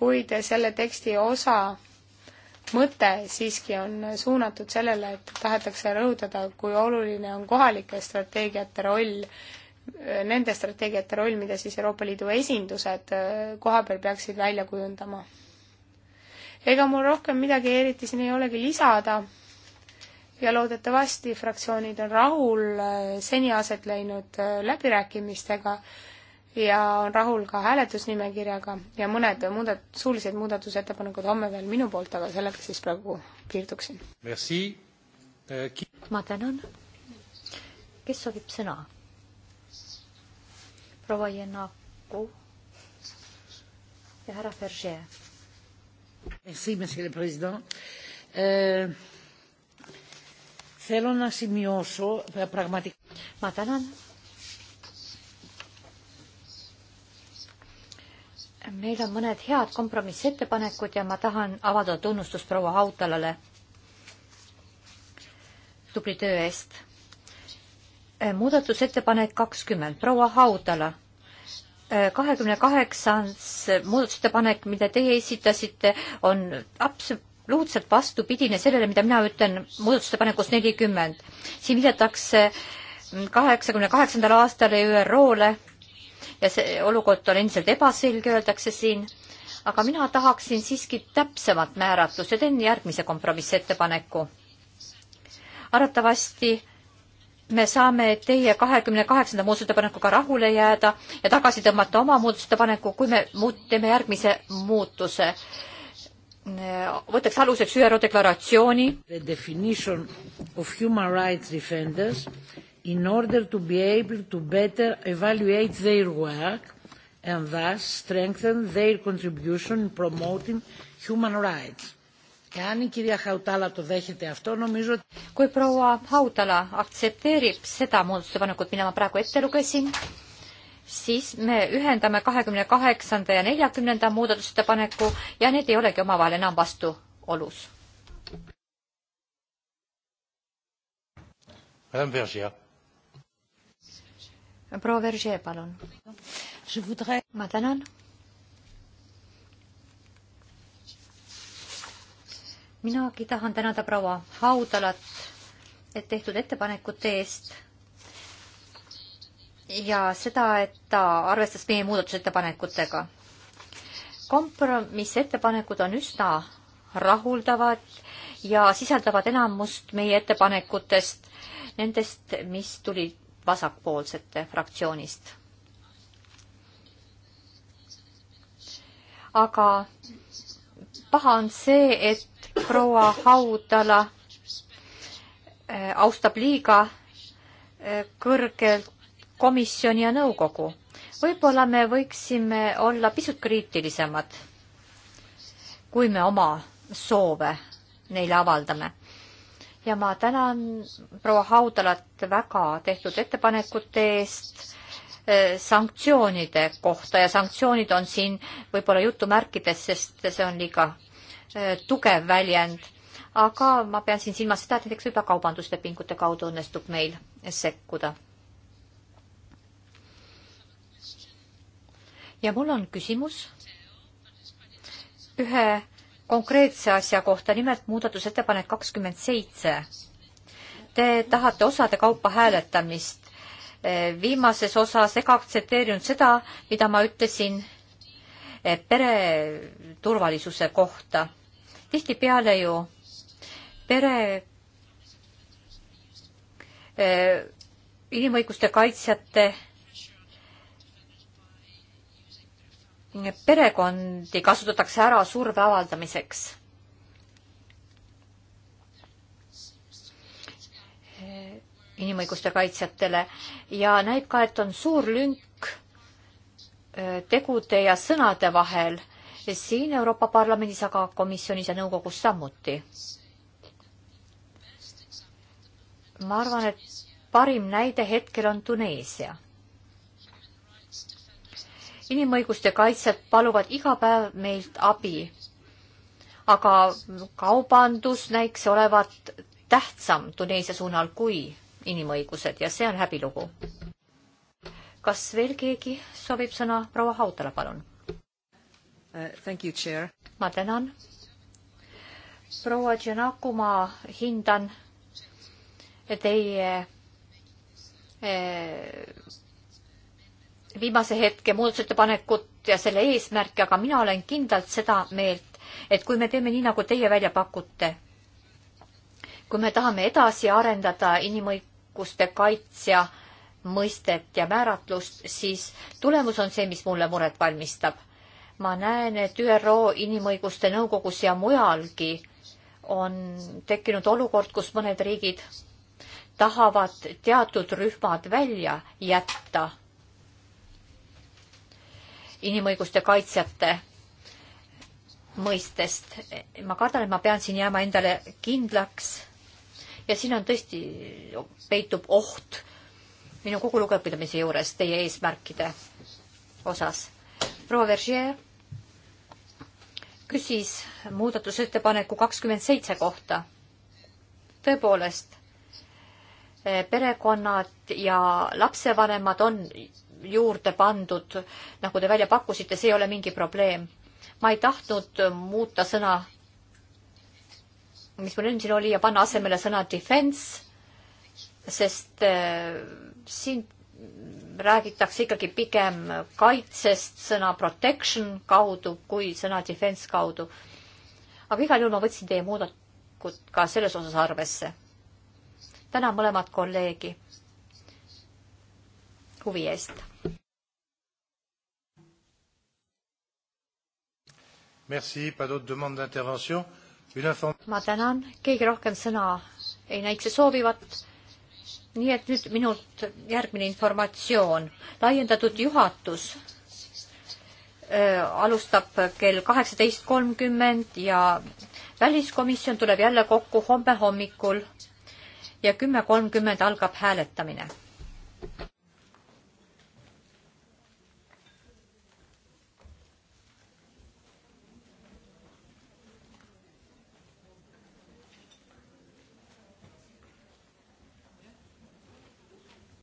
kuid selle teksti osa mõte siiski on suunatud sellele, et tahetakse rõhutada, kui oluline on kohalike strateegiate roll, nende strateegiate roll, mida siis Euroopa Liidu esindused kohapeal peaksid välja kujundama. ega mul rohkem midagi eriti siin ei olegi lisada ja loodetavasti fraktsioonid on rahul äh, seni aset läinud äh, läbirääkimistega ja on rahul ka hääletusnimekirjaga ja mõned muudat-, suulised muudatusettepanekud homme veel minu poolt, aga sellega siis praegu piirduksin. Äh, ma tänan. kes soovib sõna? proua Jenaku ja härra Berger. Merci, monsieur le president uh Θέλω να σημειώσω πραγματικά... Μα tänan. meil on mõned head kompromissettepanekud ja ma tahan avada tunnustust proua Hautalale tubli töö eest. Äh, muudatusettepanek kakskümmend, proua Haudala äh, kahekümne kaheksas muudatusettepanek, mida teie esitasite, on absoluutselt absoluutselt vastupidine sellele, mida mina ütlen muudatusettepanekus nelikümmend. siin viidatakse kaheksakümne kaheksandal aastal ÜRO-le ja see olukord on endiselt ebaselge, öeldakse siin, aga mina tahaksin siiski täpsemat määratlust ja teen järgmise kompromissettepaneku. arvatavasti me saame teie kahekümne kaheksanda muudatusettepanekuga rahule jääda ja tagasi tõmmata oma muudatusettepaneku, kui me muut-, teeme järgmise muutuse Äh, võtaks aluseks ÜRO deklaratsiooni. The definition of human rights defenders in order to be able to better evaluate their work and thus strengthen their contribution in promoting human rights. ja αν η κυρία Χαουτάλα το δέχεται αυτό, νομίζω ότι... Kui proua Hautala aktsepteerib seda muudatusepanekut, mida ma praegu ette lugesin, siis me ühendame kahekümne kaheksanda ja neljakümnenda muudatusettepaneku ja need ei olegi omavahel enam vastuolus. proua Vergier, palun. ma tänan. minagi tahan tänada proua Haudalat et tehtud ettepanekute eest ja seda, et ta arvestas meie muudatusettepanekutega. kompromissettepanekud on üsna rahuldavad ja sisaldavad enamust meie ettepanekutest, nendest, mis tulid vasakpoolsete fraktsioonist. aga paha on see, et proua Haudala äh, austab liiga äh, kõrgelt komisjoni ja nõukogu. võib-olla me võiksime olla pisut kriitilisemad, kui me oma soove neile avaldame. ja ma tänan proua Haudalat väga tehtud ettepanekute eest e, sanktsioonide kohta ja sanktsioonid on siin võib-olla jutumärkides, sest see on liiga e, tugev väljend aga ma pean siin silmas seda, et näiteks võib-olla kaubanduslepingute kaudu õnnestub meil sekkuda ja mul on küsimus ühe konkreetse asja kohta, nimelt muudatusettepanek kakskümmend seitse. Te tahate osade kaupa hääletamist. E, viimases osas ega aktsepteerinud seda, mida ma ütlesin e, pere turvalisuse kohta. tihtipeale ju pere e, inimõiguste kaitsjate perekondi kasutatakse ära surve avaldamiseks. inimõiguste kaitsjatele ja näib ka, et on suur lünk tegude ja sõnade vahel siin Euroopa Parlamendis, aga komisjonis ja nõukogus samuti. ma arvan, et parim näide hetkel on Tuneesia inimõiguste kaitsjad paluvad iga päev meilt abi. aga kaubandus näiks olevat tähtsam Tuneesia suunal kui inimõigused ja see on häbilugu. kas veel keegi soovib sõna? proua Hautala, palun uh,. ma tänan. proua Tšenaku, ma hindan teie eh, viimase hetke muudatusettepanekut ja selle eesmärki, aga mina olen kindlalt seda meelt, et kui me teeme nii, nagu teie välja pakute, kui me tahame edasi arendada inimõiguste kaitsja mõistet ja määratlust, siis tulemus on see, mis mulle muret valmistab. ma näen, et ÜRO Inimõiguste Nõukogus ja mujalgi on tekkinud olukord, kus mõned riigid tahavad teatud rühmad välja jätta inimõiguste kaitsjate mõistest. ma kardan, et ma pean siin jääma endale kindlaks. ja siin on tõesti, peitub oht minu kogu lugepidamise juures teie eesmärkide osas. proua Vergier küsis muudatusettepaneku kakskümmend seitse kohta. tõepoolest, perekonnad ja lapsevanemad on juurde pandud, nagu te välja pakkusite, see ei ole mingi probleem. ma ei tahtnud muuta sõna, mis mul endiselt oli, ja panna asemele sõna defense, sest äh, siin räägitakse ikkagi pigem kaitsest sõna protection kaudu kui sõna defense kaudu. aga igal juhul ma võtsin teie muudatut ka selles osas arvesse. tänan mõlemat kolleegi huvi eest ma tänan, keegi rohkem sõna ei näikse soovivat. nii et nüüd minult järgmine informatsioon. laiendatud juhatus äh, alustab kell kaheksateist kolmkümmend ja väliskomisjon tuleb jälle kokku homme hommikul ja kümme kolmkümmend algab hääletamine.